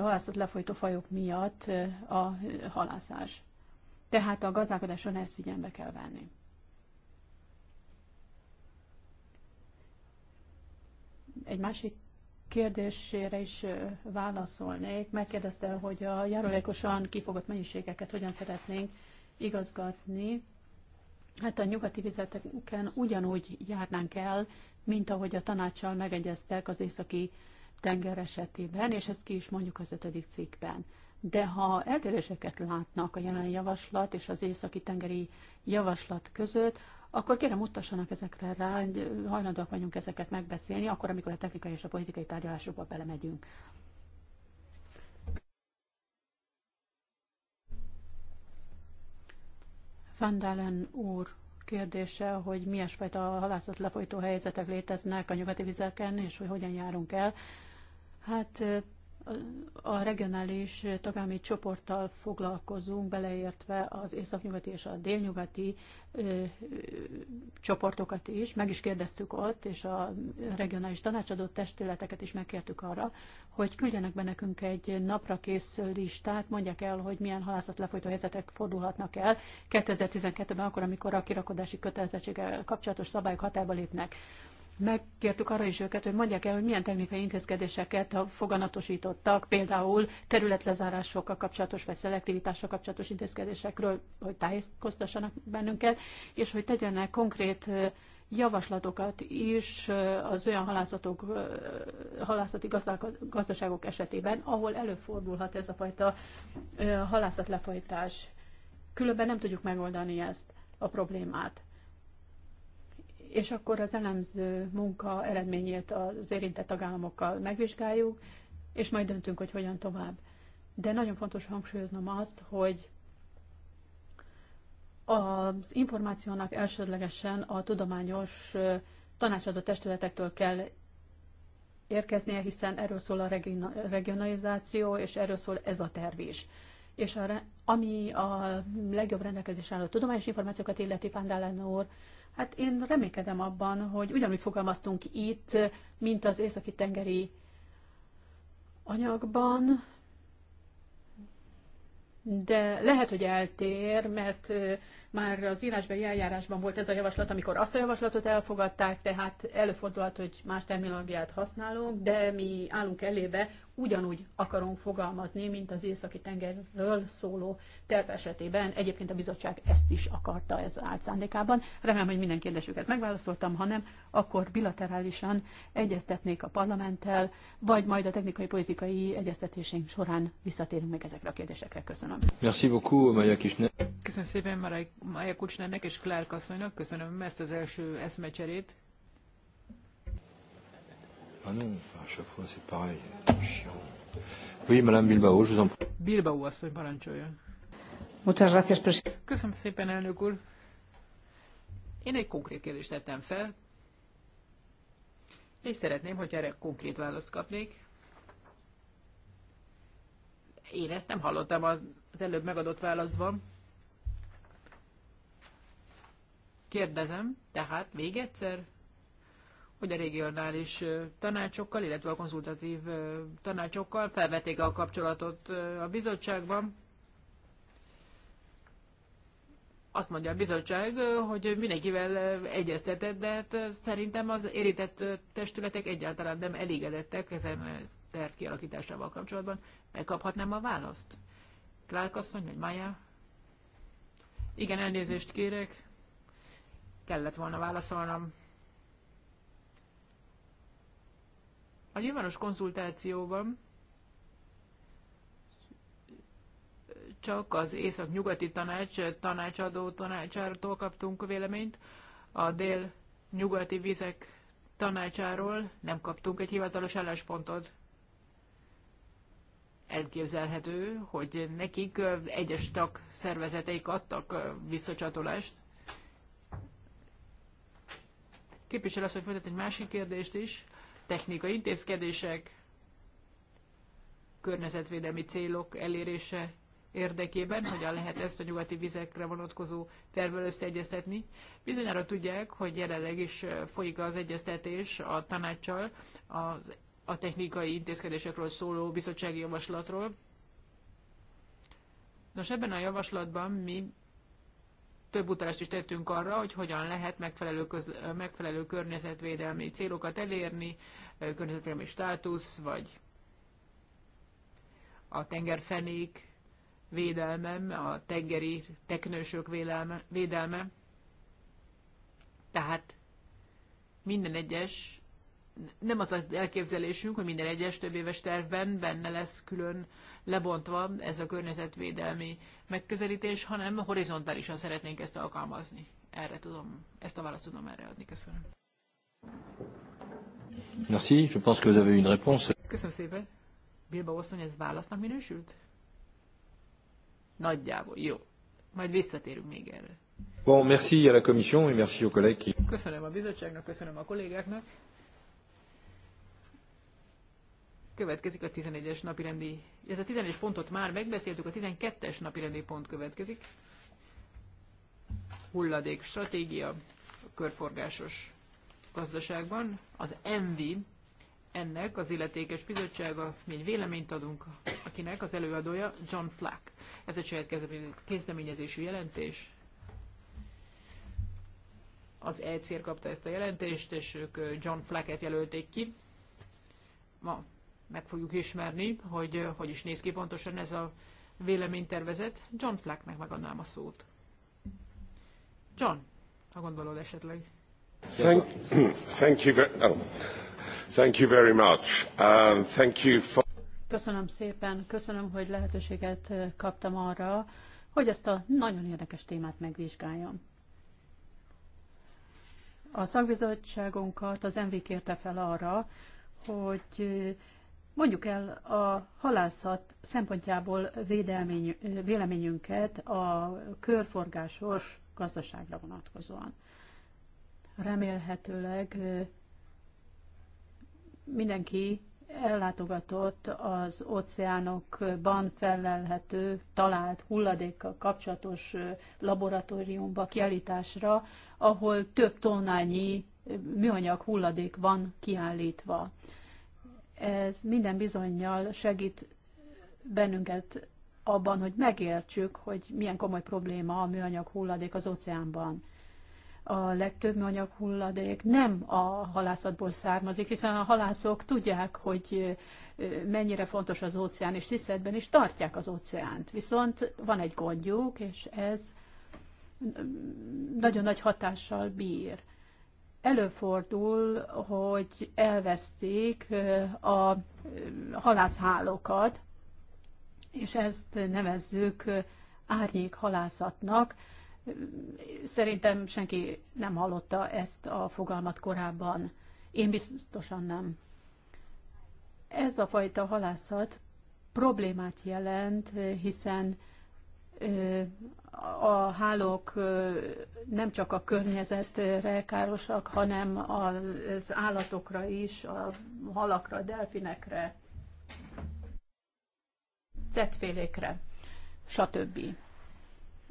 halászat lefolytó fajok miatt a halászás. Tehát a gazdálkodáson ezt figyelembe kell venni. Egy másik kérdésére is válaszolnék. Megkérdezte, hogy a járulékosan kifogott mennyiségeket hogyan szeretnénk igazgatni. Hát a nyugati vizeteken ugyanúgy járnánk el, mint ahogy a tanácssal megegyeztek az északi tenger esetében, és ezt ki is mondjuk az ötödik cikkben. De ha eltéréseket látnak a jelen javaslat és az északi tengeri javaslat között, akkor kérem mutassanak ezekre rá, hajlandóak vagyunk ezeket megbeszélni, akkor, amikor a technikai és a politikai tárgyalásokba belemegyünk. Van Dalen úr kérdése, hogy milyen fajta halászat lefolytó helyzetek léteznek a nyugati vizeken, és hogy hogyan járunk el. Hát a regionális tagállami csoporttal foglalkozunk, beleértve az északnyugati és a délnyugati ö, csoportokat is. Meg is kérdeztük ott, és a regionális tanácsadó testületeket is megkértük arra, hogy küldjenek be nekünk egy napra kész listát, mondják el, hogy milyen halászat lefolytó helyzetek fordulhatnak el 2012-ben, akkor, amikor a kirakodási kötelezettséggel kapcsolatos szabályok hatályba lépnek megkértük arra is őket, hogy mondják el, hogy milyen technikai intézkedéseket foganatosítottak, például területlezárásokkal kapcsolatos vagy szelektivitással kapcsolatos intézkedésekről, hogy tájékoztassanak bennünket, és hogy tegyenek konkrét javaslatokat is az olyan halászatok, halászati gazdaságok esetében, ahol előfordulhat ez a fajta halászatlefolytás. Különben nem tudjuk megoldani ezt a problémát és akkor az elemző munka eredményét az érintett tagállamokkal megvizsgáljuk, és majd döntünk, hogy hogyan tovább. De nagyon fontos hangsúlyoznom azt, hogy az információnak elsődlegesen a tudományos tanácsadó testületektől kell érkeznie, hiszen erről szól a regionalizáció, és erről szól ez a terv is. És a, ami a legjobb rendelkezésre álló tudományos információkat illeti, Fandálán úr Hát én remékedem abban, hogy ugyanúgy fogalmaztunk itt, mint az északi tengeri anyagban, de lehet, hogy eltér, mert már az írásbeli eljárásban volt ez a javaslat, amikor azt a javaslatot elfogadták, tehát előfordulhat, hogy más terminológiát használunk, de mi állunk elébe ugyanúgy akarunk fogalmazni, mint az északi tengerről szóló terv esetében. Egyébként a bizottság ezt is akarta, ez állt szándékában. Remélem, hogy minden kérdésüket megválaszoltam, ha nem, akkor bilaterálisan egyeztetnék a parlamenttel, vagy majd a technikai politikai egyeztetésünk során visszatérünk meg ezekre a kérdésekre. Köszönöm. Merci beaucoup, Maya Kisner. Köszönöm szépen Maja Kucsnernek és Klárk asszonynak. Köszönöm ezt az első eszmecserét. Ah non, à chaque fois c'est pareil. Chiant. Oui, Madame Bilbao, je vous en prie. Bilbao Muchas gracias, presidente. Köszönöm szépen, elnök úr. Én egy konkrét kérdést tettem fel, és szeretném, hogy erre konkrét választ kapnék. Én ezt nem hallottam az előbb megadott válaszban. Kérdezem, tehát még egyszer, hogy a regionális tanácsokkal, illetve a konzultatív tanácsokkal felvették a kapcsolatot a bizottságban. Azt mondja a bizottság, hogy mindenkivel egyeztetett, de hát szerintem az érintett testületek egyáltalán nem elégedettek ezen terv kialakításával kapcsolatban. Megkaphatnám a választ? Clark asszony, vagy Maja? Igen, elnézést kérek. Kellett volna válaszolnom. A nyilvános konzultációban csak az észak-nyugati tanács tanácsadó tanácsától kaptunk véleményt, a dél-nyugati vizek tanácsáról nem kaptunk egy hivatalos álláspontot. Elképzelhető, hogy nekik egyes tag szervezeteik adtak visszacsatolást. Képviselő azt, hogy folytat egy másik kérdést is technikai intézkedések, környezetvédelmi célok elérése érdekében, hogyan lehet ezt a nyugati vizekre vonatkozó tervvel összeegyeztetni. Bizonyára tudják, hogy jelenleg is folyik az egyeztetés a tanácssal a, a technikai intézkedésekről szóló bizottsági javaslatról. Nos, ebben a javaslatban mi több utalást is tettünk arra, hogy hogyan lehet megfelelő, közle, megfelelő környezetvédelmi célokat elérni, környezetvédelmi státusz, vagy a tengerfenék védelme, a tengeri teknősök védelme. védelme. Tehát minden egyes nem az az elképzelésünk, hogy minden egyes több éves tervben benne lesz külön lebontva ez a környezetvédelmi megközelítés, hanem horizontálisan szeretnénk ezt alkalmazni. Erre tudom, ezt a választ tudom erre adni. Köszönöm. Merci, je pense que vous avez une réponse. Köszönöm szépen. Bilba asszony, ez válasznak minősült? Nagyjából, jó. Majd visszatérünk még erre. Bon, merci à la commission et merci aux collègues qui... Köszönöm a bizottságnak, köszönöm a kollégáknak következik a 11-es napirendi, illetve a 11-es pontot már megbeszéltük, a 12-es napirendi pont következik. Hulladék stratégia a körforgásos gazdaságban. Az ENVI, ennek az illetékes bizottsága, mi egy véleményt adunk, akinek az előadója John Flack. Ez egy saját kezdeményezésű jelentés. Az ECR kapta ezt a jelentést, és ők John Flacket jelölték ki. Ma meg fogjuk ismerni, hogy hogy is néz ki pontosan ez a véleménytervezet. John Flacknek megadnám a szót. John, ha gondolod esetleg. Thank, thank, you, very, oh, thank you very much. Um, thank you for... Köszönöm szépen, köszönöm, hogy lehetőséget kaptam arra, hogy ezt a nagyon érdekes témát megvizsgáljam. A szakbizottságunkat az MV kérte fel arra, hogy Mondjuk el a halászat szempontjából védelmény, véleményünket a körforgásos gazdaságra vonatkozóan. Remélhetőleg mindenki ellátogatott az óceánokban felelhető, talált hulladékkal kapcsolatos laboratóriumba, kiállításra, ahol több tonnányi műanyag hulladék van kiállítva. Ez minden bizonyal segít bennünket abban, hogy megértsük, hogy milyen komoly probléma a műanyag hulladék az óceánban. A legtöbb műanyag hulladék nem a halászatból származik, hiszen a halászok tudják, hogy mennyire fontos az óceán, és tiszteletben is tartják az óceánt. Viszont van egy gondjuk, és ez nagyon nagy hatással bír előfordul, hogy elveszték a halászhálókat, és ezt nevezzük árnyék halászatnak. Szerintem senki nem hallotta ezt a fogalmat korábban. Én biztosan nem. Ez a fajta halászat problémát jelent, hiszen a hálók nem csak a környezetre károsak, hanem az állatokra is, a halakra, delfinekre, cetfélékre, stb.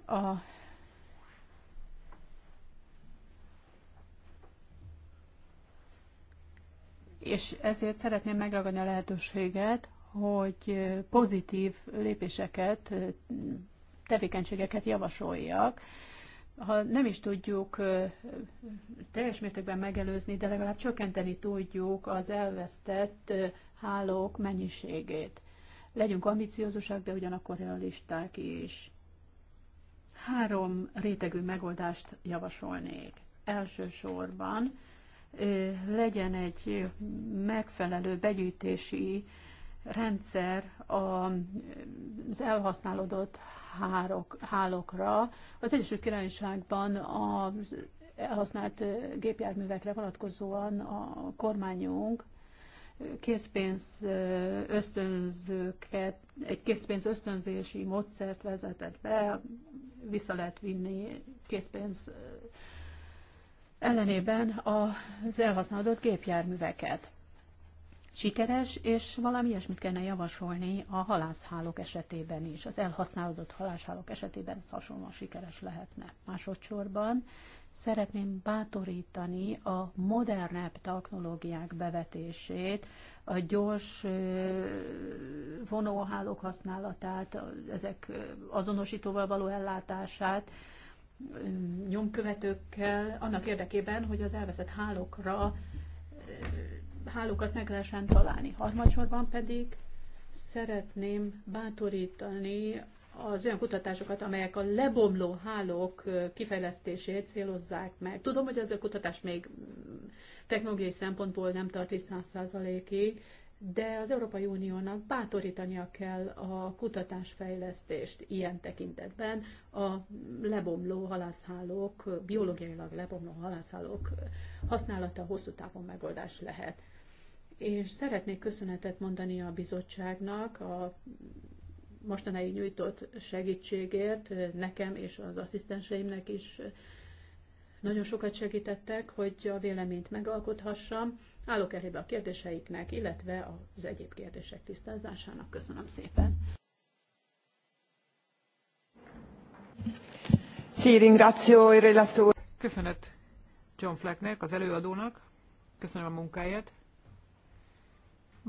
A És ezért szeretném megragadni a lehetőséget, hogy pozitív lépéseket tevékenységeket javasoljak. Ha nem is tudjuk teljes mértékben megelőzni, de legalább csökkenteni tudjuk az elvesztett hálók mennyiségét. Legyünk ambiciózusak, de ugyanakkor realisták is. Három rétegű megoldást javasolnék. Elsősorban legyen egy megfelelő begyűjtési rendszer az elhasználódott hárok, hálókra. Az Egyesült Királyságban az elhasznált gépjárművekre vonatkozóan a kormányunk készpénz ösztönzőket, egy készpénz ösztönzési módszert vezetett be, vissza lehet vinni készpénz ellenében az elhasználódott gépjárműveket sikeres, és valami ilyesmit kellene javasolni a halászhálók esetében is. Az elhasználódott halászhálók esetében ez hasonlóan sikeres lehetne. Másodszorban szeretném bátorítani a modernebb technológiák bevetését, a gyors vonóhálók használatát, ezek azonosítóval való ellátását, nyomkövetőkkel, annak érdekében, hogy az elveszett hálókra hálókat meg lehessen találni. Harmadsorban pedig szeretném bátorítani az olyan kutatásokat, amelyek a lebomló hálók kifejlesztését célozzák meg. Tudom, hogy ez a kutatás még mm, technológiai szempontból nem tart itt 100 de az Európai Uniónak bátorítania kell a kutatásfejlesztést ilyen tekintetben a lebomló halászhálók, biológiailag lebomló halászhálók használata hosszú távon megoldás lehet és szeretnék köszönetet mondani a bizottságnak a mostanáig nyújtott segítségért, nekem és az asszisztenseimnek is nagyon sokat segítettek, hogy a véleményt megalkothassam. Állok elébe a kérdéseiknek, illetve az egyéb kérdések tisztázásának. Köszönöm szépen. Köszönet John Flecknek, az előadónak. Köszönöm a munkáját.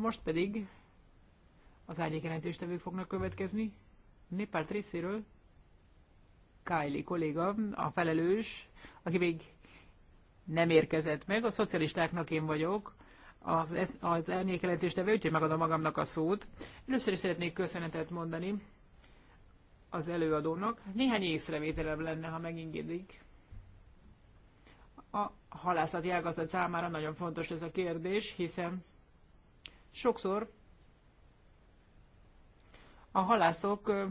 Most pedig az árnyékjelentéstevők fognak következni. Népárt részéről Kylie kolléga, a felelős, aki még nem érkezett meg. A szocialistáknak én vagyok, az, az árnyékjelentéstevő, úgyhogy megadom magamnak a szót. Először is szeretnék köszönetet mondani az előadónak. Néhány észrevételem lenne, ha megingedik. A halászati ágazat számára nagyon fontos ez a kérdés, hiszen Sokszor a halászok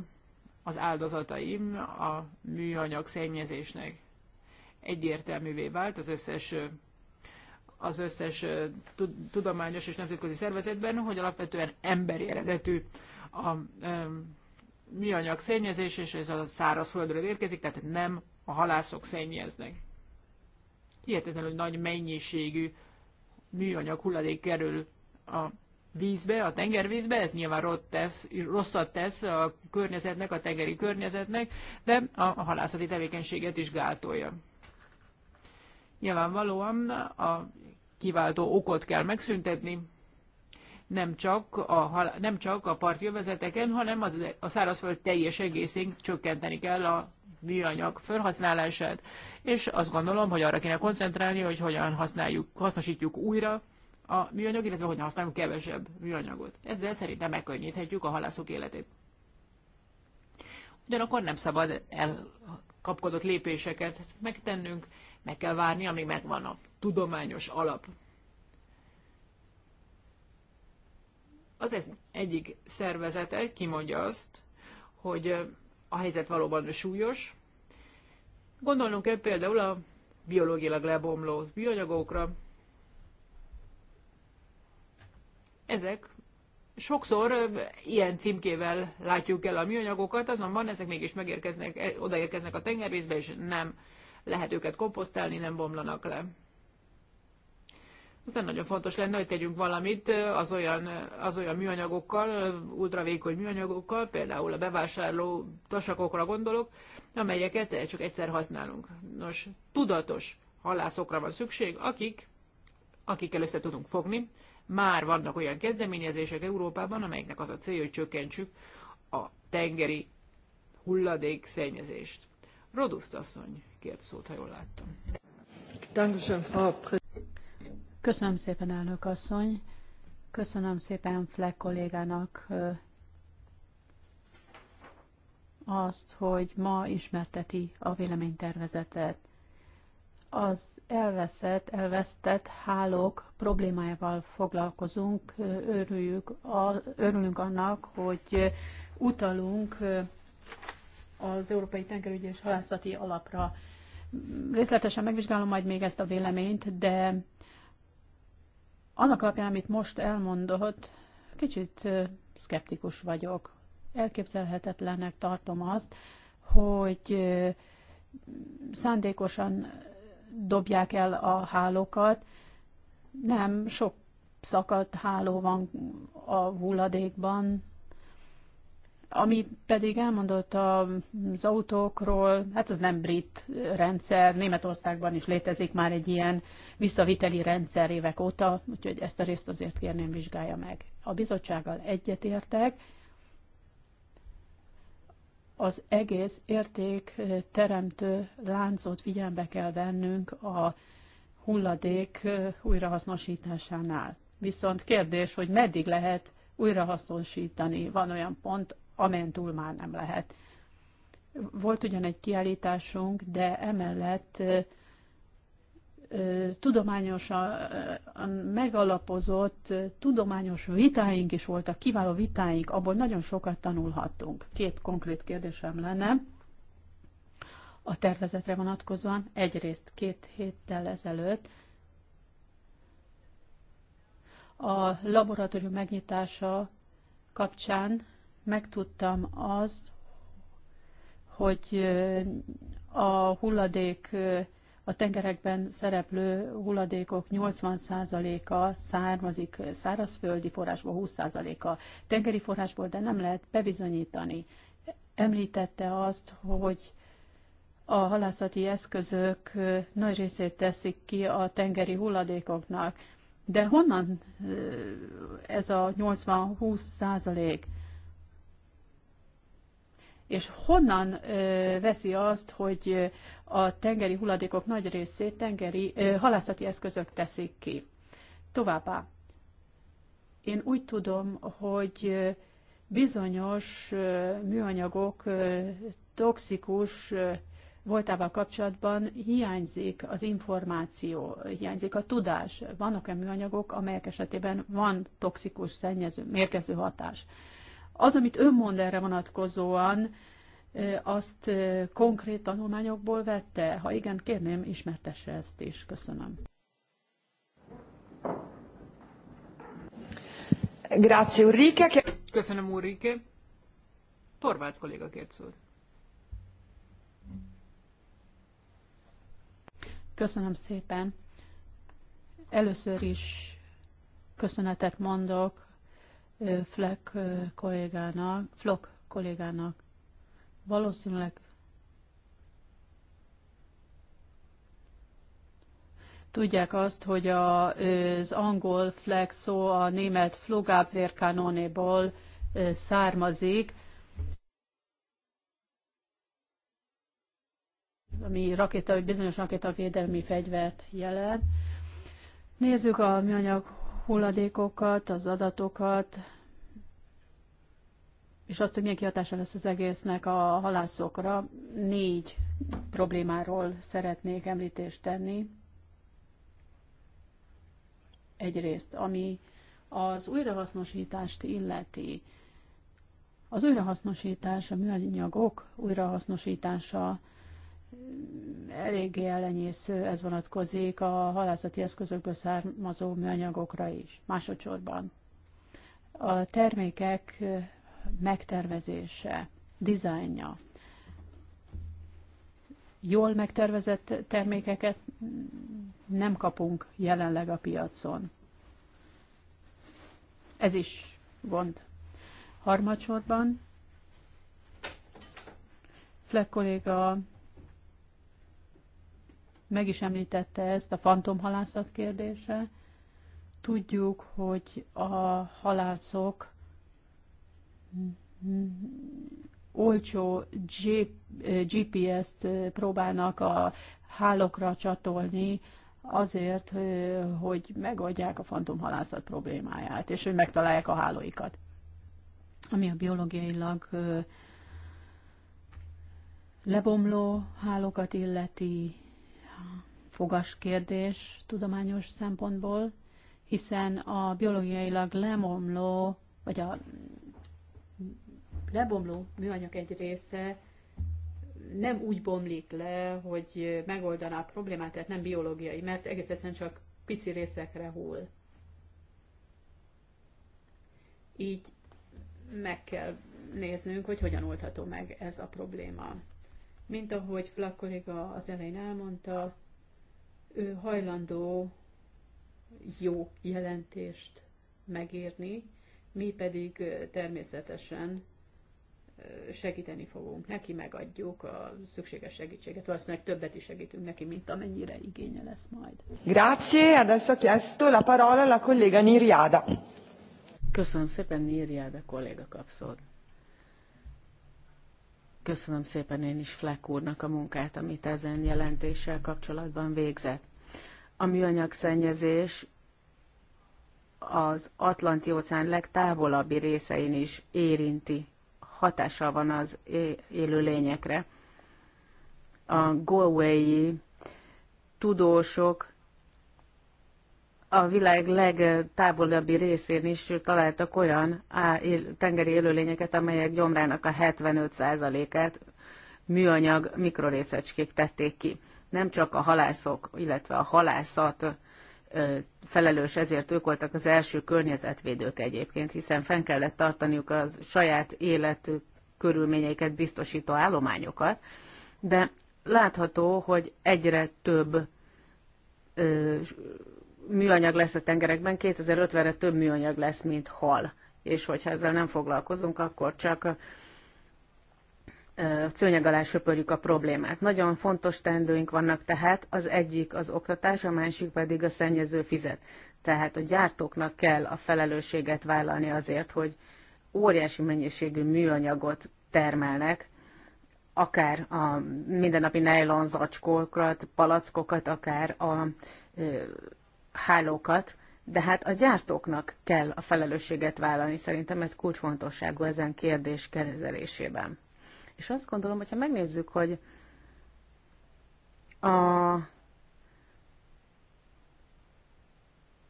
az áldozataim a műanyag szennyezésnek. Egyértelművé vált az összes az összes tudományos és nemzetközi szervezetben, hogy alapvetően emberi eredetű a műanyag szennyezés, és ez a szárazföldről érkezik, tehát nem a halászok szennyeznek. Hihetetlenül nagy mennyiségű műanyag hulladék kerül a vízbe, a tengervízbe, ez nyilván rossz tesz, rosszat tesz a környezetnek, a tengeri környezetnek, de a, a halászati tevékenységet is gátolja. Nyilvánvalóan a kiváltó okot kell megszüntetni, nem csak a, nem csak a partjövezeteken, hanem az, a szárazföld teljes egészén csökkenteni kell a műanyag felhasználását, és azt gondolom, hogy arra kéne koncentrálni, hogy hogyan használjuk, hasznosítjuk újra a műanyag, illetve hogyan használunk kevesebb műanyagot. Ezzel szerintem megkönnyíthetjük a halászok életét. Ugyanakkor nem szabad elkapkodott lépéseket megtennünk, meg kell várni, amíg megvan a tudományos alap. Az ez egyik szervezete kimondja azt, hogy a helyzet valóban súlyos. Gondolnunk kell például a biológilag lebomló műanyagokra, Ezek sokszor ilyen címkével látjuk el a műanyagokat, azonban ezek mégis megérkeznek, e, odaérkeznek a tengervízbe, és nem lehet őket komposztálni, nem bomlanak le. Ez nagyon fontos lenne, hogy tegyünk valamit az olyan, az olyan műanyagokkal, ultravékony műanyagokkal, például a bevásárló tasakokra gondolok, amelyeket csak egyszer használunk. Nos, tudatos halászokra van szükség, akik, akikkel össze tudunk fogni, már vannak olyan kezdeményezések Európában, amelyeknek az a célja, hogy csökkentsük a tengeri hulladék szennyezést. Roduszt asszony kért szót, ha jól láttam. Köszönöm szépen, elnök asszony. Köszönöm szépen Fleck kollégának azt, hogy ma ismerteti a véleménytervezetet az elveszett, elvesztett hálók problémájával foglalkozunk. Örüljük, örülünk annak, hogy utalunk az Európai Tengerügyi és Halászati Alapra. Részletesen megvizsgálom majd még ezt a véleményt, de annak alapján, amit most elmondott, kicsit szkeptikus vagyok. Elképzelhetetlennek tartom azt, hogy szándékosan dobják el a hálókat, nem, sok szakadt háló van a hulladékban, ami pedig elmondott az autókról, hát az nem brit rendszer, Németországban is létezik már egy ilyen visszaviteli rendszer évek óta, úgyhogy ezt a részt azért kérném vizsgálja meg. A bizottsággal egyetértek, az egész érték teremtő láncot figyelme kell vennünk a hulladék újrahasznosításánál. Viszont kérdés, hogy meddig lehet újrahasznosítani. Van olyan pont, amelyen túl már nem lehet. Volt ugyan egy kiállításunk, de emellett tudományosan megalapozott tudományos vitáink is voltak, kiváló vitáink, abból nagyon sokat tanulhattunk. Két konkrét kérdésem lenne a tervezetre vonatkozóan. Egyrészt két héttel ezelőtt a laboratórium megnyitása kapcsán megtudtam azt, hogy a hulladék a tengerekben szereplő hulladékok 80%-a származik szárazföldi forrásból, 20%-a tengeri forrásból, de nem lehet bebizonyítani. Említette azt, hogy a halászati eszközök nagy részét teszik ki a tengeri hulladékoknak. De honnan ez a 80-20 százalék? és honnan veszi azt, hogy a tengeri hulladékok nagy részét tengeri halászati eszközök teszik ki. Továbbá, én úgy tudom, hogy bizonyos műanyagok toxikus voltával kapcsolatban hiányzik az információ, hiányzik a tudás. Vannak-e műanyagok, amelyek esetében van toxikus, szennyező, mérgező hatás? Az, amit ön mond erre vonatkozóan, azt konkrét tanulmányokból vette? Ha igen, kérném, ismertesse ezt is. Köszönöm. Grazie, Ulrike. Köszönöm, Ulrike. Torvács kolléga kért szót. Köszönöm szépen. Először is köszönetet mondok Fleck kollégának, Flock kollégának. Valószínűleg tudják azt, hogy a, az angol flag szó a német Flugabwehrkanonéból származik, ami rakéta, bizonyos védelmi fegyvert jelent. Nézzük a műanyag hulladékokat, az adatokat, és azt, hogy milyen kihatása lesz az egésznek a halászokra, négy problémáról szeretnék említést tenni. Egyrészt, ami az újrahasznosítást illeti. Az újrahasznosítás, a műanyagok újrahasznosítása eléggé elenyésző, ez vonatkozik a halászati eszközökből származó műanyagokra is, másodszorban. A termékek megtervezése, dizájnja. Jól megtervezett termékeket nem kapunk jelenleg a piacon. Ez is gond. Harmadsorban Fleck kolléga meg is említette ezt a fantomhalászat kérdése. Tudjuk, hogy a halászok olcsó GPS-t próbálnak a hálokra csatolni, azért, hogy megoldják a fantomhalászat problémáját, és hogy megtalálják a hálóikat. Ami a biológiailag lebomló hálókat illeti, fogas kérdés tudományos szempontból, hiszen a biológiailag lemomló, vagy a lebomló műanyag egy része nem úgy bomlik le, hogy megoldaná a problémát, tehát nem biológiai, mert egész egyszerűen csak pici részekre hull. Így meg kell néznünk, hogy hogyan oldható meg ez a probléma. Mint ahogy Flak kolléga az elején elmondta, ő hajlandó jó jelentést megírni, mi pedig természetesen segíteni fogunk neki, megadjuk a szükséges segítséget. Valószínűleg többet is segítünk neki, mint amennyire igénye lesz majd. Grazie, adesso chiesto la parola alla collega Niriada. Köszönöm szépen, Niriada kolléga kapszót. Köszönöm szépen én is Fleck úrnak a munkát, amit ezen jelentéssel kapcsolatban végzett. A műanyagszennyezés az Atlanti-óceán legtávolabbi részein is érinti, hatással van az élőlényekre. A Galway tudósok a világ legtávolabbi részén is találtak olyan á, él, tengeri élőlényeket, amelyek gyomrának a 75%-át műanyag mikrorészecskék tették ki. Nem csak a halászok, illetve a halászat ö, felelős, ezért ők voltak az első környezetvédők egyébként, hiszen fenn kellett tartaniuk a saját életük körülményeiket biztosító állományokat, de látható, hogy egyre több ö, műanyag lesz a tengerekben, 2050-re több műanyag lesz, mint hal. És hogyha ezzel nem foglalkozunk, akkor csak szőnyeg alá söpörjük a problémát. Nagyon fontos tendőink vannak tehát, az egyik az oktatás, a másik pedig a szennyező fizet. Tehát a gyártóknak kell a felelősséget vállalni azért, hogy óriási mennyiségű műanyagot termelnek, akár a mindennapi nylon zacskókat, palackokat, akár a hálókat, de hát a gyártóknak kell a felelősséget vállalni. Szerintem ez kulcsfontosságú ezen kérdés kezelésében. És azt gondolom, hogyha megnézzük, hogy a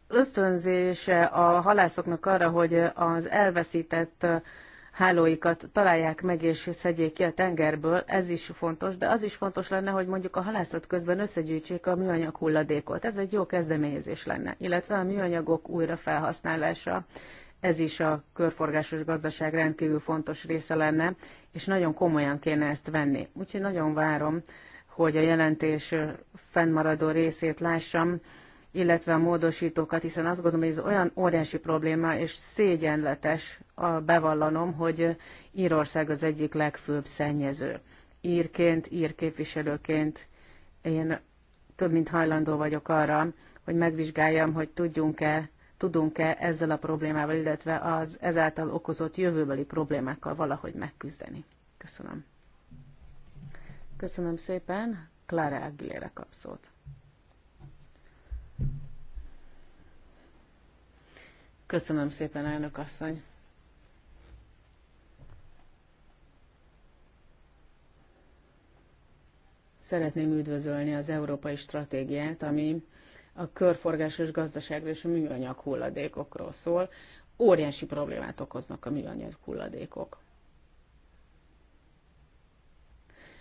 ösztönzése a halászoknak arra, hogy az elveszített hálóikat találják meg és szedjék ki a tengerből, ez is fontos, de az is fontos lenne, hogy mondjuk a halászat közben összegyűjtsék a műanyag hulladékot. Ez egy jó kezdeményezés lenne, illetve a műanyagok újrafelhasználása, ez is a körforgásos gazdaság rendkívül fontos része lenne, és nagyon komolyan kéne ezt venni. Úgyhogy nagyon várom, hogy a jelentés fennmaradó részét lássam, illetve a módosítókat, hiszen azt gondolom, hogy ez olyan óriási probléma, és szégyenletes a bevallanom, hogy Írország az egyik legfőbb szennyező. Írként, írképviselőként én több mint hajlandó vagyok arra, hogy megvizsgáljam, hogy tudjunk-e tudunk-e ezzel a problémával, illetve az ezáltal okozott jövőbeli problémákkal valahogy megküzdeni. Köszönöm. Köszönöm szépen. Clara Aguilera kapszót. Köszönöm szépen, elnök asszony. Szeretném üdvözölni az európai stratégiát, ami a körforgásos gazdaságról és a műanyag hulladékokról szól. Óriási problémát okoznak a műanyag hulladékok.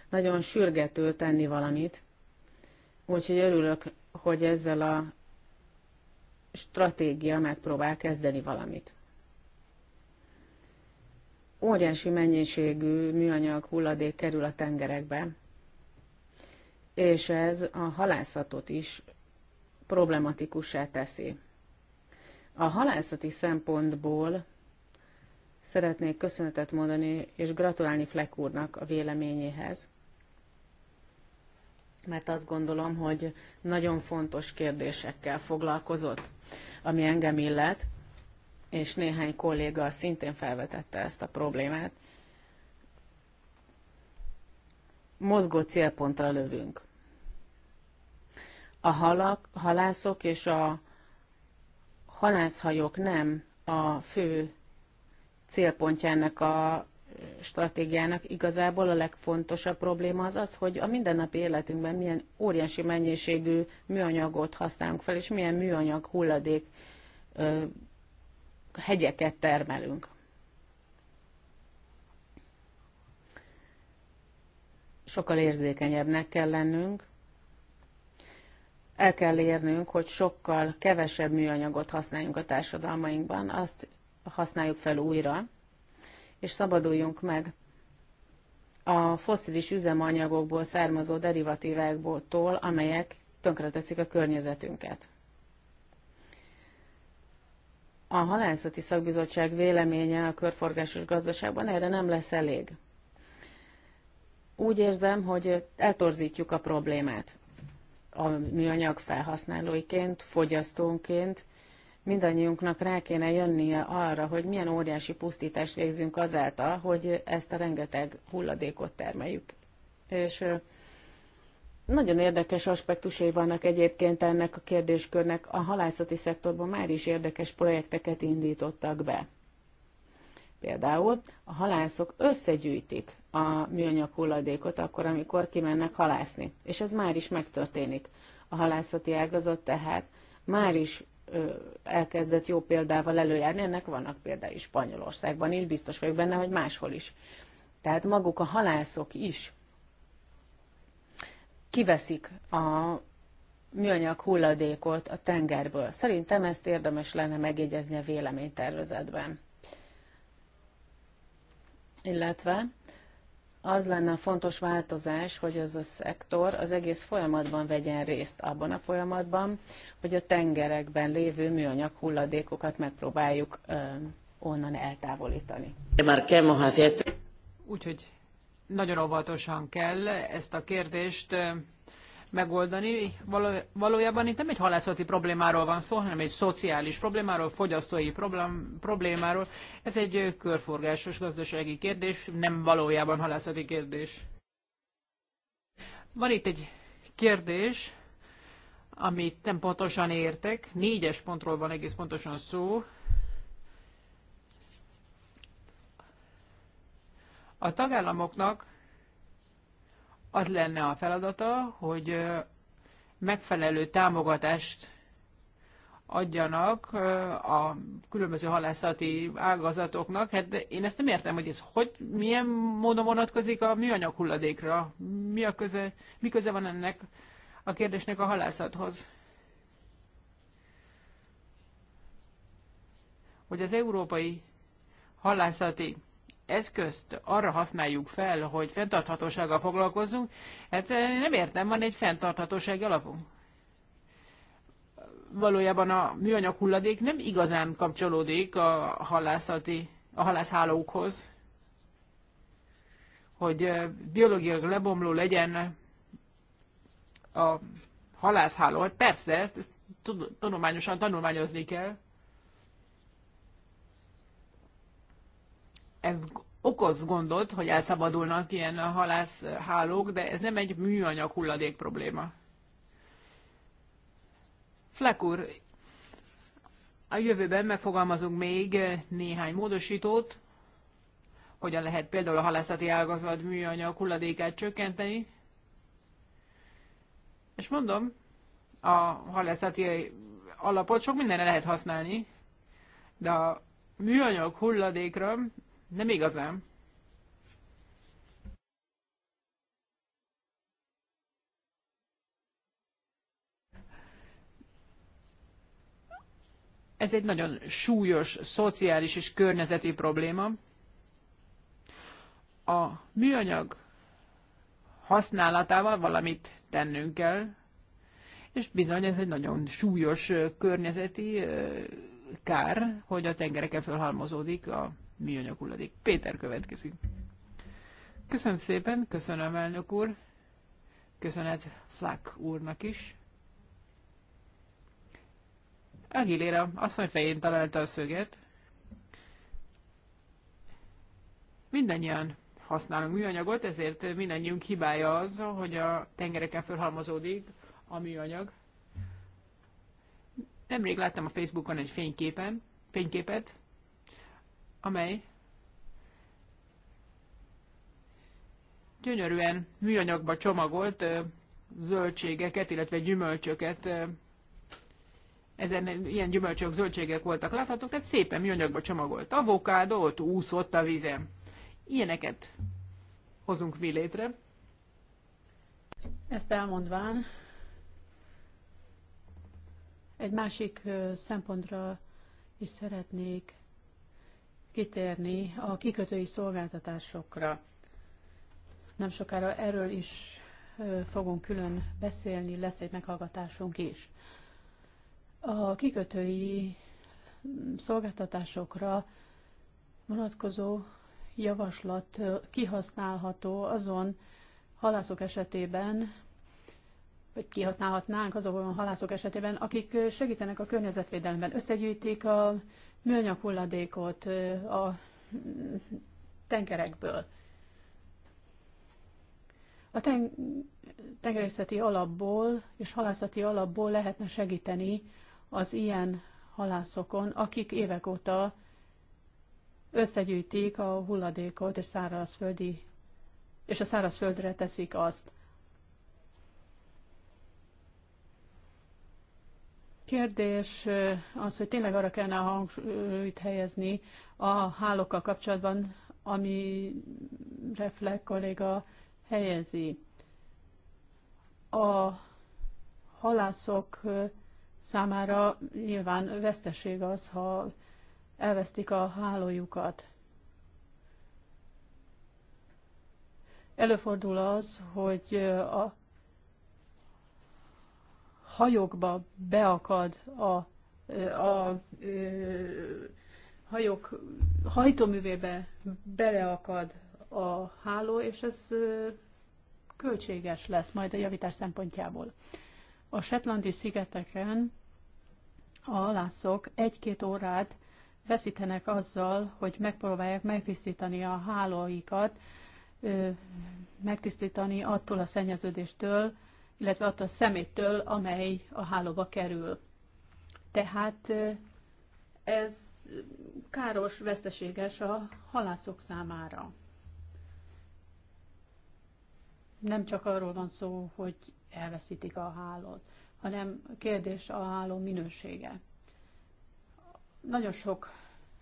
Nagyon sürgető tenni valamit, úgyhogy örülök hogy ezzel a stratégia megpróbál kezdeni valamit. Óriási mennyiségű műanyag hulladék kerül a tengerekbe, és ez a halászatot is problematikussá teszi. A halászati szempontból szeretnék köszönetet mondani és gratulálni Fleck úrnak a véleményéhez, mert azt gondolom, hogy nagyon fontos kérdésekkel foglalkozott, ami engem illet, és néhány kolléga szintén felvetette ezt a problémát. Mozgó célpontra lövünk. A halak, halászok és a halászhajók nem a fő célpontjának a stratégiának igazából a legfontosabb probléma az az, hogy a mindennapi életünkben milyen óriási mennyiségű műanyagot használunk fel, és milyen műanyag hulladék ö, hegyeket termelünk. Sokkal érzékenyebbnek kell lennünk, el kell érnünk, hogy sokkal kevesebb műanyagot használjunk a társadalmainkban, azt használjuk fel újra, és szabaduljunk meg a foszilis üzemanyagokból származó derivatíváktól, amelyek tönkreteszik a környezetünket. A halászati szakbizottság véleménye a körforgásos gazdaságban erre nem lesz elég. Úgy érzem, hogy eltorzítjuk a problémát a műanyag felhasználóiként, fogyasztónként, mindannyiunknak rá kéne jönnie arra, hogy milyen óriási pusztítást végzünk azáltal, hogy ezt a rengeteg hulladékot termeljük. És nagyon érdekes aspektusai vannak egyébként ennek a kérdéskörnek. A halászati szektorban már is érdekes projekteket indítottak be. Például a halászok összegyűjtik a műanyag hulladékot akkor, amikor kimennek halászni. És ez már is megtörténik. A halászati ágazat tehát már is elkezdett jó példával előjárni, ennek vannak példái Spanyolországban is, biztos vagyok benne, hogy máshol is. Tehát maguk a halászok is kiveszik a műanyag hulladékot a tengerből. Szerintem ezt érdemes lenne megjegyezni a véleménytervezetben. Illetve az lenne a fontos változás, hogy az a szektor az egész folyamatban vegyen részt abban a folyamatban, hogy a tengerekben lévő műanyag hulladékokat megpróbáljuk ö, onnan eltávolítani. Úgyhogy nagyon óvatosan kell ezt a kérdést megoldani. Valójában itt nem egy halászati problémáról van szó, hanem egy szociális problémáról, fogyasztói problémáról. Ez egy körforgásos gazdasági kérdés, nem valójában halászati kérdés. Van itt egy kérdés, amit nem pontosan értek. Négyes pontról van egész pontosan szó. A tagállamoknak az lenne a feladata, hogy megfelelő támogatást adjanak a különböző halászati ágazatoknak. Hát én ezt nem értem, hogy ez hogy, milyen módon vonatkozik a műanyag hulladékra. Mi, a köze, mi köze van ennek a kérdésnek a halászathoz? Hogy az európai halászati eszközt arra használjuk fel, hogy fenntarthatósággal foglalkozzunk, hát eh, nem értem, van egy fenntarthatósági alapunk. Valójában a műanyag hulladék nem igazán kapcsolódik a halászati, a halászhálókhoz, hogy eh, biológiai lebomló legyen a halászháló. Hát persze, tudományosan tanulmányozni kell, ez okoz gondot, hogy elszabadulnak ilyen halászhálók, de ez nem egy műanyag hulladék probléma. Fleck úr, a jövőben megfogalmazunk még néhány módosítót, hogyan lehet például a halászati ágazat műanyag hulladékát csökkenteni. És mondom, a halászati alapot sok mindenre lehet használni, de a műanyag hulladékra nem igazán. Ez egy nagyon súlyos, szociális és környezeti probléma. A műanyag használatával valamit tennünk kell, és bizony ez egy nagyon súlyos környezeti kár, hogy a tengereken fölhalmozódik a műanyag hulladék. Péter következik. Köszönöm szépen, köszönöm elnök úr, köszönet Flack úrnak is. azt asszony fején találta a szöget. Mindennyian használunk műanyagot, ezért mindannyiunk hibája az, hogy a tengereken fölhalmozódik a műanyag. Nemrég láttam a Facebookon egy fényképen, fényképet, amely gyönyörűen műanyagba csomagolt zöldségeket, illetve gyümölcsöket ezen ilyen gyümölcsök, zöldségek voltak láthatók, tehát szépen műanyagba csomagolt avokádó, ott úszott a vizem. Ilyeneket hozunk mi létre. Ezt elmondván egy másik szempontra is szeretnék kitérni a kikötői szolgáltatásokra. Nem sokára erről is fogunk külön beszélni, lesz egy meghallgatásunk is. A kikötői mm, szolgáltatásokra vonatkozó javaslat kihasználható azon halászok esetében, vagy kihasználhatnánk azokon halászok esetében, akik segítenek a környezetvédelemben, összegyűjtik a műanyag hulladékot a tengerekből. A ten tengerészeti alapból és halászati alapból lehetne segíteni az ilyen halászokon, akik évek óta összegyűjtik a hulladékot és szárazföldi és a szárazföldre teszik azt. Kérdés az, hogy tényleg arra kellene a hangsúlyt helyezni a hálókkal kapcsolatban, ami Reflek kolléga helyezi. A halászok számára nyilván veszteség az, ha elvesztik a hálójukat. Előfordul az, hogy a hajokba beakad a, a, a hajok hajtóművébe beleakad a háló, és ez költséges lesz majd a javítás szempontjából. A Shetlandi szigeteken a halászok egy-két órát veszítenek azzal, hogy megpróbálják megtisztítani a hálóikat, megtisztítani attól a szennyeződéstől, illetve attól a szeméttől, amely a hálóba kerül. Tehát ez káros, veszteséges a halászok számára. Nem csak arról van szó, hogy elveszítik a hálót, hanem kérdés a háló minősége. Nagyon sok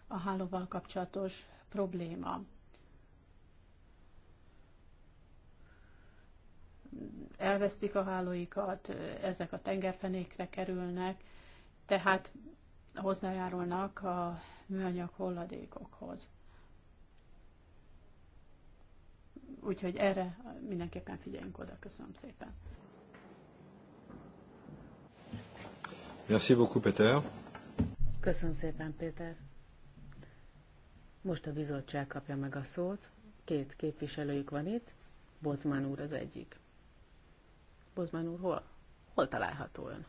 a hálóval kapcsolatos probléma. elvesztik a hálóikat, ezek a tengerfenékre kerülnek, tehát hozzájárulnak a műanyag hulladékokhoz. Úgyhogy erre mindenképpen figyeljünk oda. Köszönöm szépen. Merci beaucoup, Peter. Köszönöm szépen, Péter. Most a bizottság kapja meg a szót. Két képviselőjük van itt, Bozman úr az egyik. Bozman úr, hol, hol található ön?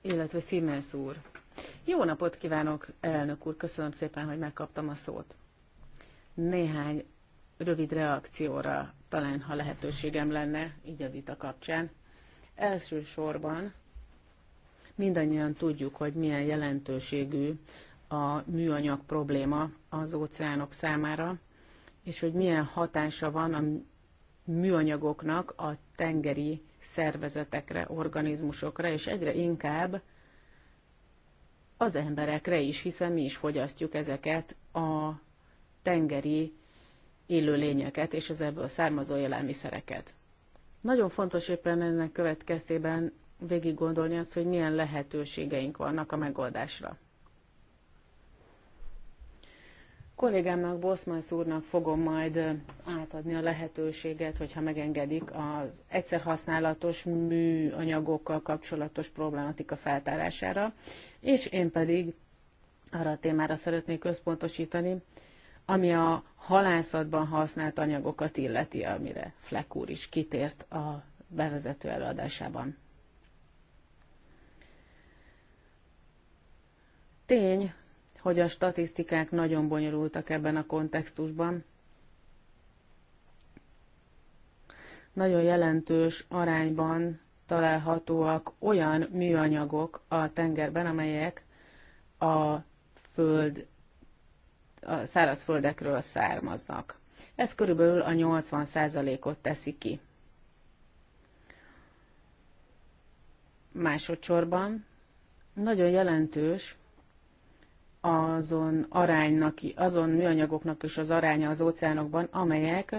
Illetve Siemens úr. Jó napot kívánok, elnök úr, köszönöm szépen, hogy megkaptam a szót. Néhány rövid reakcióra talán, ha lehetőségem lenne, így a vita kapcsán. Elsősorban mindannyian tudjuk, hogy milyen jelentőségű a műanyag probléma az óceánok számára, és hogy milyen hatása van műanyagoknak a tengeri szervezetekre, organizmusokra, és egyre inkább az emberekre is, hiszen mi is fogyasztjuk ezeket a tengeri élőlényeket és az ebből származó élelmiszereket. Nagyon fontos éppen ennek következtében végig gondolni azt, hogy milyen lehetőségeink vannak a megoldásra. kollégámnak, Boszmansz úrnak fogom majd átadni a lehetőséget, hogyha megengedik az egyszer használatos műanyagokkal kapcsolatos problematika feltárására, és én pedig arra a témára szeretnék központosítani, ami a halászatban használt anyagokat illeti, amire Fleck úr is kitért a bevezető előadásában. Tény, hogy a statisztikák nagyon bonyolultak ebben a kontextusban. Nagyon jelentős arányban találhatóak olyan műanyagok a tengerben, amelyek a föld, a szárazföldekről származnak. Ez körülbelül a 80%-ot teszi ki. Másodszorban nagyon jelentős azon aránynak, azon műanyagoknak is az aránya az óceánokban, amelyek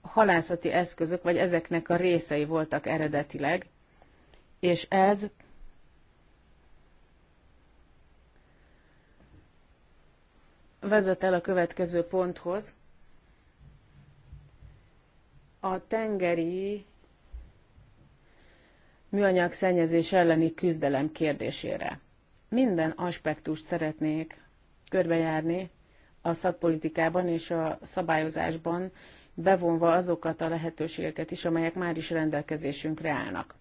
halászati eszközök, vagy ezeknek a részei voltak eredetileg, és ez vezet el a következő ponthoz. A tengeri műanyag szennyezés elleni küzdelem kérdésére. Minden aspektust szeretnék körbejárni a szakpolitikában és a szabályozásban, bevonva azokat a lehetőségeket is, amelyek már is rendelkezésünkre állnak.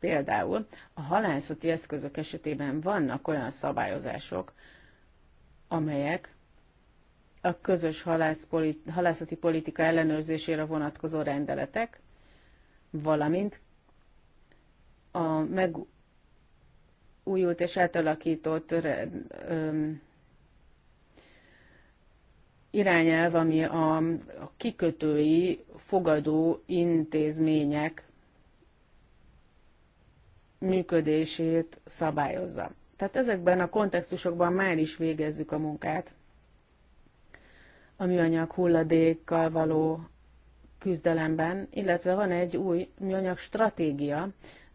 Például a halászati eszközök esetében vannak olyan szabályozások, amelyek a közös halászati politika ellenőrzésére vonatkozó rendeletek, valamint a megújult és átalakított irányelv, ami a kikötői fogadó intézmények működését szabályozza. Tehát ezekben a kontextusokban már is végezzük a munkát. A műanyag hulladékkal való küzdelemben, illetve van egy új műanyag stratégia,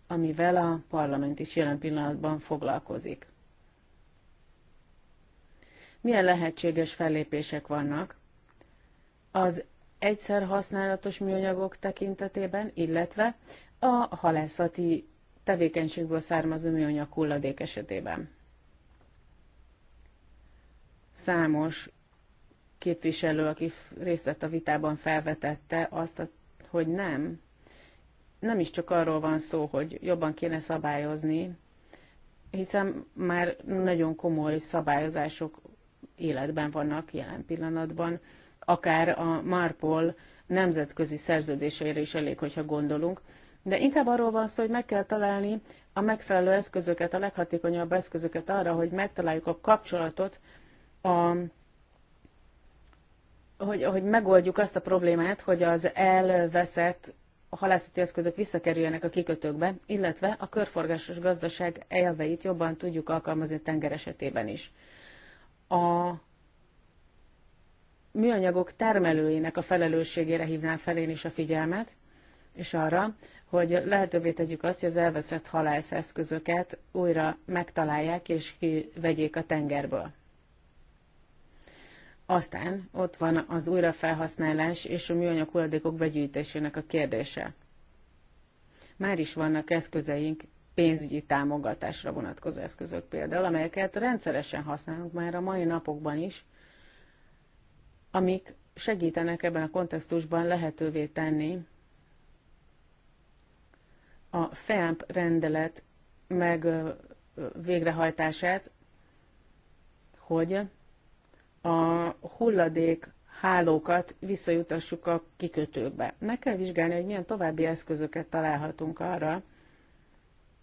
amivel a parlament is jelen pillanatban foglalkozik. Milyen lehetséges fellépések vannak az egyszer használatos műanyagok tekintetében, illetve a halászati tevékenységből származó műanyag hulladék esetében? Számos képviselő, aki részt vett a vitában, felvetette azt, hogy nem nem is csak arról van szó, hogy jobban kéne szabályozni, hiszen már nagyon komoly szabályozások életben vannak jelen pillanatban, akár a Marpol nemzetközi szerződéseire is elég, hogyha gondolunk, de inkább arról van szó, hogy meg kell találni a megfelelő eszközöket, a leghatékonyabb eszközöket arra, hogy megtaláljuk a kapcsolatot, a, hogy, hogy megoldjuk azt a problémát, hogy az elveszett a halászati eszközök visszakerüljenek a kikötőkbe, illetve a körforgásos gazdaság elveit jobban tudjuk alkalmazni a tenger esetében is. A műanyagok termelőinek a felelősségére hívnám fel én is a figyelmet, és arra, hogy lehetővé tegyük azt, hogy az elveszett halászeszközöket újra megtalálják és kivegyék a tengerből. Aztán ott van az újrafelhasználás és a műanyag hulladékok begyűjtésének a kérdése. Már is vannak eszközeink pénzügyi támogatásra vonatkozó eszközök például, amelyeket rendszeresen használunk már a mai napokban is, amik segítenek ebben a kontextusban lehetővé tenni a FEAMP rendelet meg végrehajtását, hogy a hulladék hálókat visszajutassuk a kikötőkbe. Meg kell vizsgálni, hogy milyen további eszközöket találhatunk arra,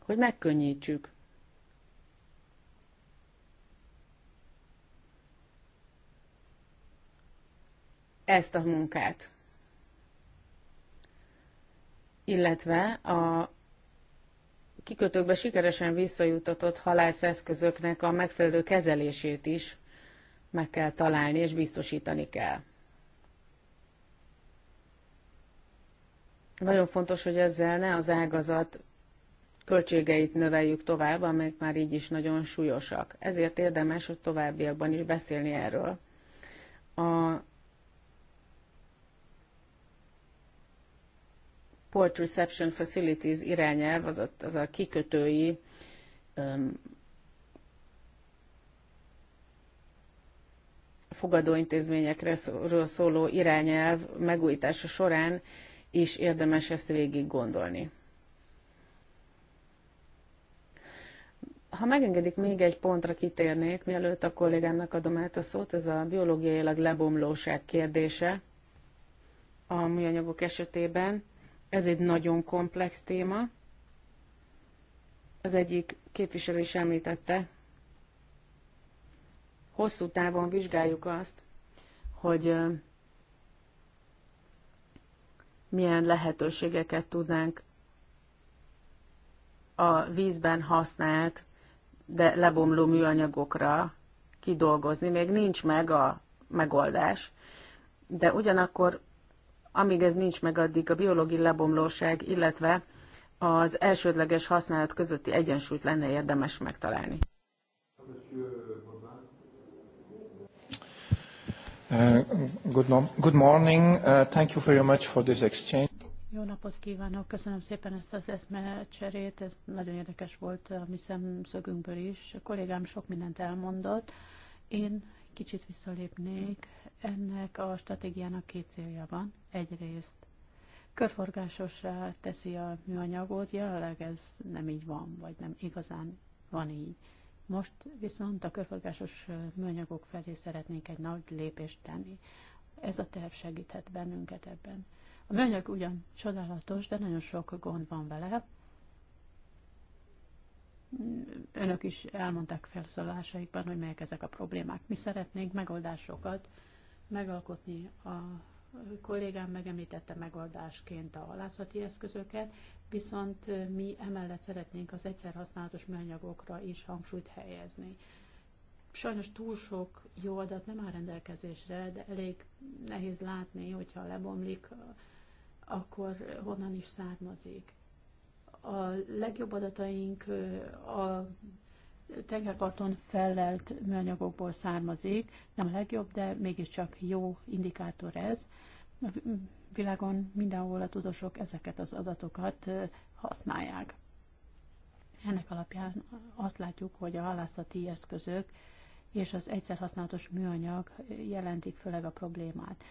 hogy megkönnyítsük ezt a munkát. Illetve a kikötőkbe sikeresen visszajutatott halászeszközöknek a megfelelő kezelését is meg kell találni és biztosítani kell. Nagyon fontos, hogy ezzel ne az ágazat költségeit növeljük tovább, amelyek már így is nagyon súlyosak. Ezért érdemes, hogy továbbiakban is beszélni erről. A Port Reception Facilities irányelv, az a, az a kikötői fogadóintézményekről szóló irányelv megújítása során is érdemes ezt végig gondolni. Ha megengedik, még egy pontra kitérnék, mielőtt a kollégámnak adom át a szót, ez a biológiailag lebomlóság kérdése a műanyagok esetében. Ez egy nagyon komplex téma. Az egyik képviselő is említette, hosszú távon vizsgáljuk azt, hogy milyen lehetőségeket tudnánk a vízben használt, de lebomló műanyagokra kidolgozni. Még nincs meg a megoldás, de ugyanakkor, amíg ez nincs meg, addig a biológiai lebomlóság, illetve az elsődleges használat közötti egyensúlyt lenne érdemes megtalálni. Uh, good, morning. Uh, thank you very much for this exchange. Jó napot kívánok, köszönöm szépen ezt az eszmecserét, ez nagyon érdekes volt a mi szemszögünkből is. A kollégám sok mindent elmondott. Én kicsit visszalépnék. Ennek a stratégiának két célja van. Egyrészt körforgásosra teszi a műanyagot, jelenleg ez nem így van, vagy nem igazán van így. Most viszont a körforgásos műanyagok felé szeretnénk egy nagy lépést tenni. Ez a terv segíthet bennünket ebben. A műanyag ugyan csodálatos, de nagyon sok gond van vele. Önök is elmondták felszólásaikban, hogy melyek ezek a problémák. Mi szeretnénk megoldásokat megalkotni a kollégám megemlítette megoldásként a halászati eszközöket, viszont eh, mi emellett szeretnénk az egyszer használatos műanyagokra is hangsúlyt helyezni. Sajnos túl sok jó adat nem áll rendelkezésre, de elég nehéz látni, hogyha lebomlik, eh, akkor honnan is származik. A legjobb adataink eh, a tengerparton fellelt műanyagokból származik. Nem a legjobb, de mégiscsak jó indikátor ez. A világon mindenhol a tudósok ezeket az adatokat használják. Ennek alapján azt látjuk, hogy a halászati eszközök és az egyszer használatos műanyag jelentik főleg a problémát.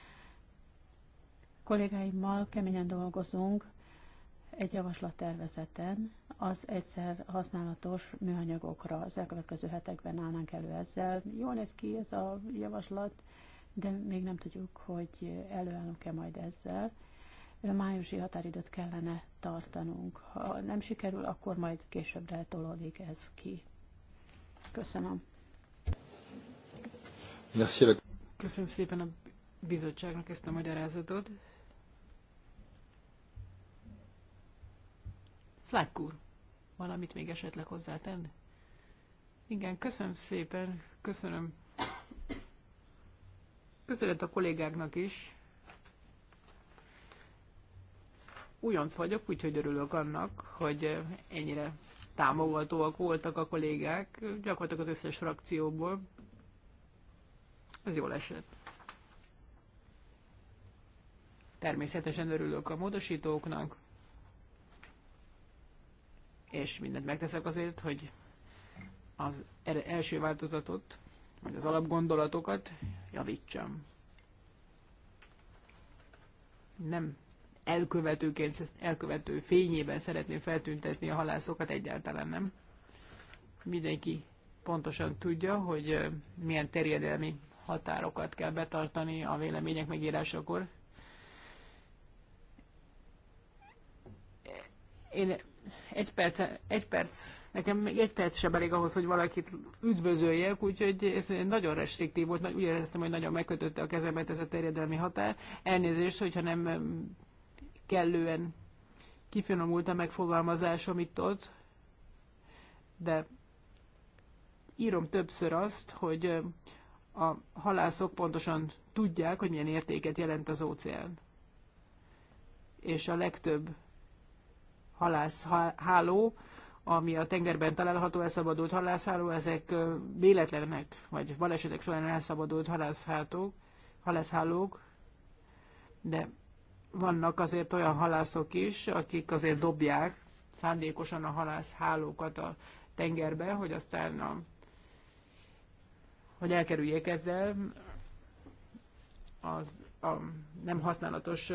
Kollégáimmal keményen dolgozunk egy javaslattervezeten az egyszer használatos műanyagokra. Az elkövetkező hetekben állnánk elő ezzel. Jól néz ki ez a javaslat, de még nem tudjuk, hogy előállunk-e majd ezzel. Májusi határidőt kellene tartanunk. Ha nem sikerül, akkor majd későbbre tolódik ez ki. Köszönöm. Köszönöm szépen a bizottságnak ezt a magyarázatot. Flack úr, valamit még esetleg hozzátenni? Igen, köszönöm szépen, köszönöm. Köszönet a kollégáknak is. Újonc vagyok, úgyhogy örülök annak, hogy ennyire támogatóak voltak a kollégák, gyakorlatilag az összes frakcióból. Ez jól esett. Természetesen örülök a módosítóknak, és mindent megteszek azért, hogy az er- első változatot, vagy az alapgondolatokat javítsam. Nem elkövetőként, elkövető fényében szeretném feltüntetni a halászokat, egyáltalán nem. Mindenki pontosan tudja, hogy milyen terjedelmi határokat kell betartani a vélemények megírásakor, Én egy perc, egy perc, nekem még egy perc sem elég ahhoz, hogy valakit üdvözöljek, úgyhogy ez nagyon restriktív volt, úgy éreztem, hogy nagyon megkötötte a kezemet ez a terjedelmi határ. Elnézést, hogyha nem kellően kifinomult a megfogalmazásom itt ott, de írom többször azt, hogy a halászok pontosan tudják, hogy milyen értéket jelent az óceán. És a legtöbb halászháló, ami a tengerben található elszabadult halászháló, ezek véletlenek, vagy balesetek során elszabadult halászhátók, halászhálók, de vannak azért olyan halászok is, akik azért dobják szándékosan a halászhálókat a tengerbe, hogy aztán a, hogy elkerüljék ezzel az a nem használatos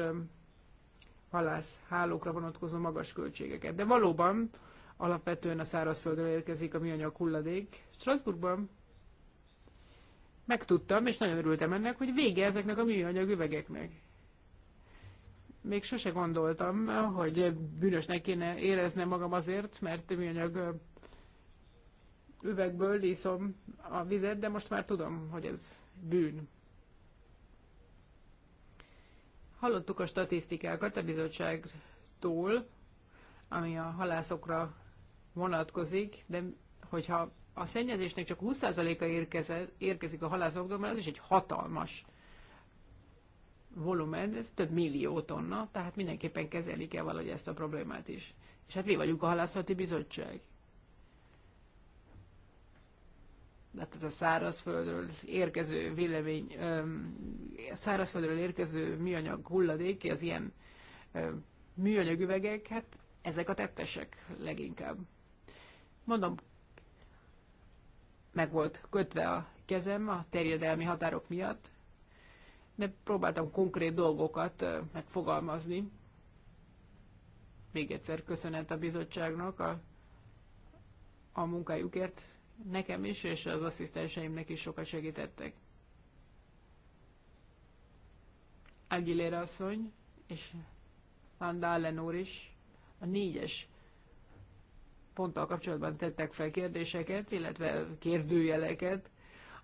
hálókra vonatkozó magas költségeket. De valóban alapvetően a szárazföldről érkezik a műanyag hulladék. Strasbourgban megtudtam, és nagyon örültem ennek, hogy vége ezeknek a műanyag üvegeknek. Még sose gondoltam, hogy bűnösnek kéne éreznem magam azért, mert műanyag üvegből iszom a vizet, de most már tudom, hogy ez bűn. Hallottuk a statisztikákat a bizottságtól, ami a halászokra vonatkozik, de hogyha a szennyezésnek csak 20%-a érkezik a halászoktól, mert az is egy hatalmas volumen, ez több millió tonna, tehát mindenképpen kezelik el valahogy ezt a problémát is. És hát mi vagyunk a halászati bizottság. tehát ez a szárazföldről érkező vélemény, szárazföldről érkező műanyag hulladék, az ilyen műanyag üvegek, hát ezek a tettesek leginkább. Mondom, meg volt kötve a kezem a terjedelmi határok miatt, de próbáltam konkrét dolgokat megfogalmazni. Még egyszer köszönet a bizottságnak a, a munkájukért nekem is, és az asszisztenseimnek is sokat segítettek. Aguilera asszony, és Van Dalen úr is a négyes ponttal kapcsolatban tettek fel kérdéseket, illetve kérdőjeleket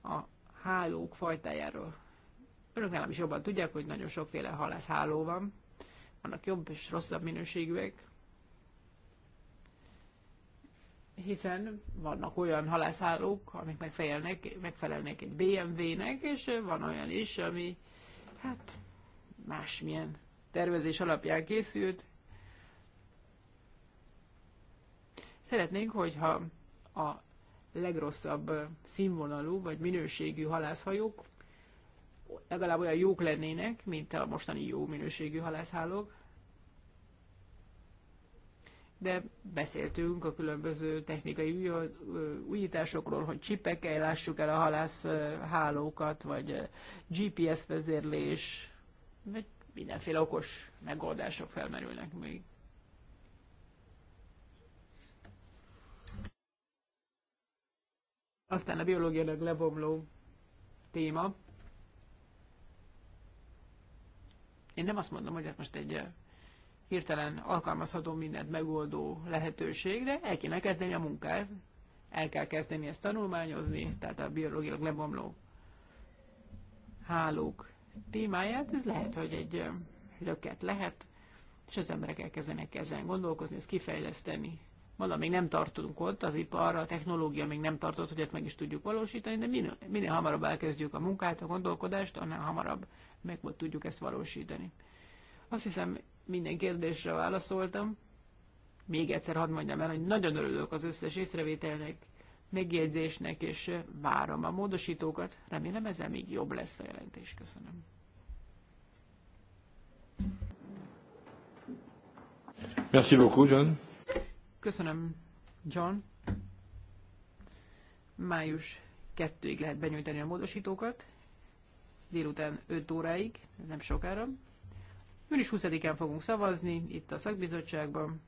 a hálók fajtájáról. Önök nálam is jobban tudják, hogy nagyon sokféle halászháló van. Vannak jobb és rosszabb minőségűek hiszen vannak olyan halászhálók, amik megfelelnek, megfelelnek egy BMW-nek, és van olyan is, ami hát másmilyen tervezés alapján készült. Szeretnénk, hogyha a legrosszabb színvonalú vagy minőségű halászhajók legalább olyan jók lennének, mint a mostani jó minőségű halászhálók de beszéltünk a különböző technikai újításokról, hogy csipekkel lássuk el a halász hálókat, vagy GPS vezérlés, vagy mindenféle okos megoldások felmerülnek még. Aztán a biológiailag lebomló téma. Én nem azt mondom, hogy ez most egy hirtelen alkalmazható mindent megoldó lehetőség, de el kéne kezdeni a munkát, el kell kezdeni ezt tanulmányozni, tehát a biológilag lebomló hálók témáját, ez lehet, hogy egy löket lehet, és az emberek elkezdenek ezen gondolkozni, ezt kifejleszteni. Valami még nem tartunk ott, az ipar, a technológia még nem tartott, hogy ezt meg is tudjuk valósítani, de minél, minél hamarabb elkezdjük a munkát, a gondolkodást, annál hamarabb meg tudjuk ezt valósítani. Azt hiszem, minden kérdésre válaszoltam. Még egyszer hadd mondjam el, hogy nagyon örülök az összes észrevételnek, megjegyzésnek, és várom a módosítókat. Remélem ezzel még jobb lesz a jelentés. Köszönöm. Merci beaucoup, John. Köszönöm, John. Május 2-ig lehet benyújtani a módosítókat, délután 5 óráig, ez nem sokára. Július 20-án fogunk szavazni itt a szakbizottságban,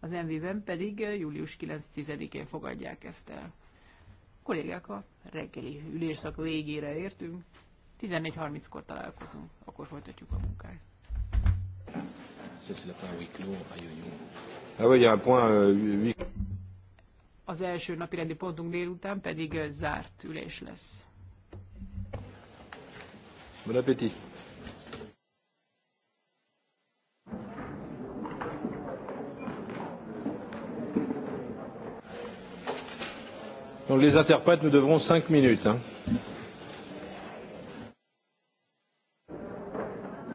az MV-ben pedig július 9-10-én fogadják ezt el. A kollégák, a reggeli ülésszak végére értünk, 14.30-kor találkozunk, akkor folytatjuk a munkát. Ah euh, az első napi rendi pontunk délután pedig euh, zárt ülés lesz. Bon appétit! Donc les interprètes nous devront cinq minutes. Hein.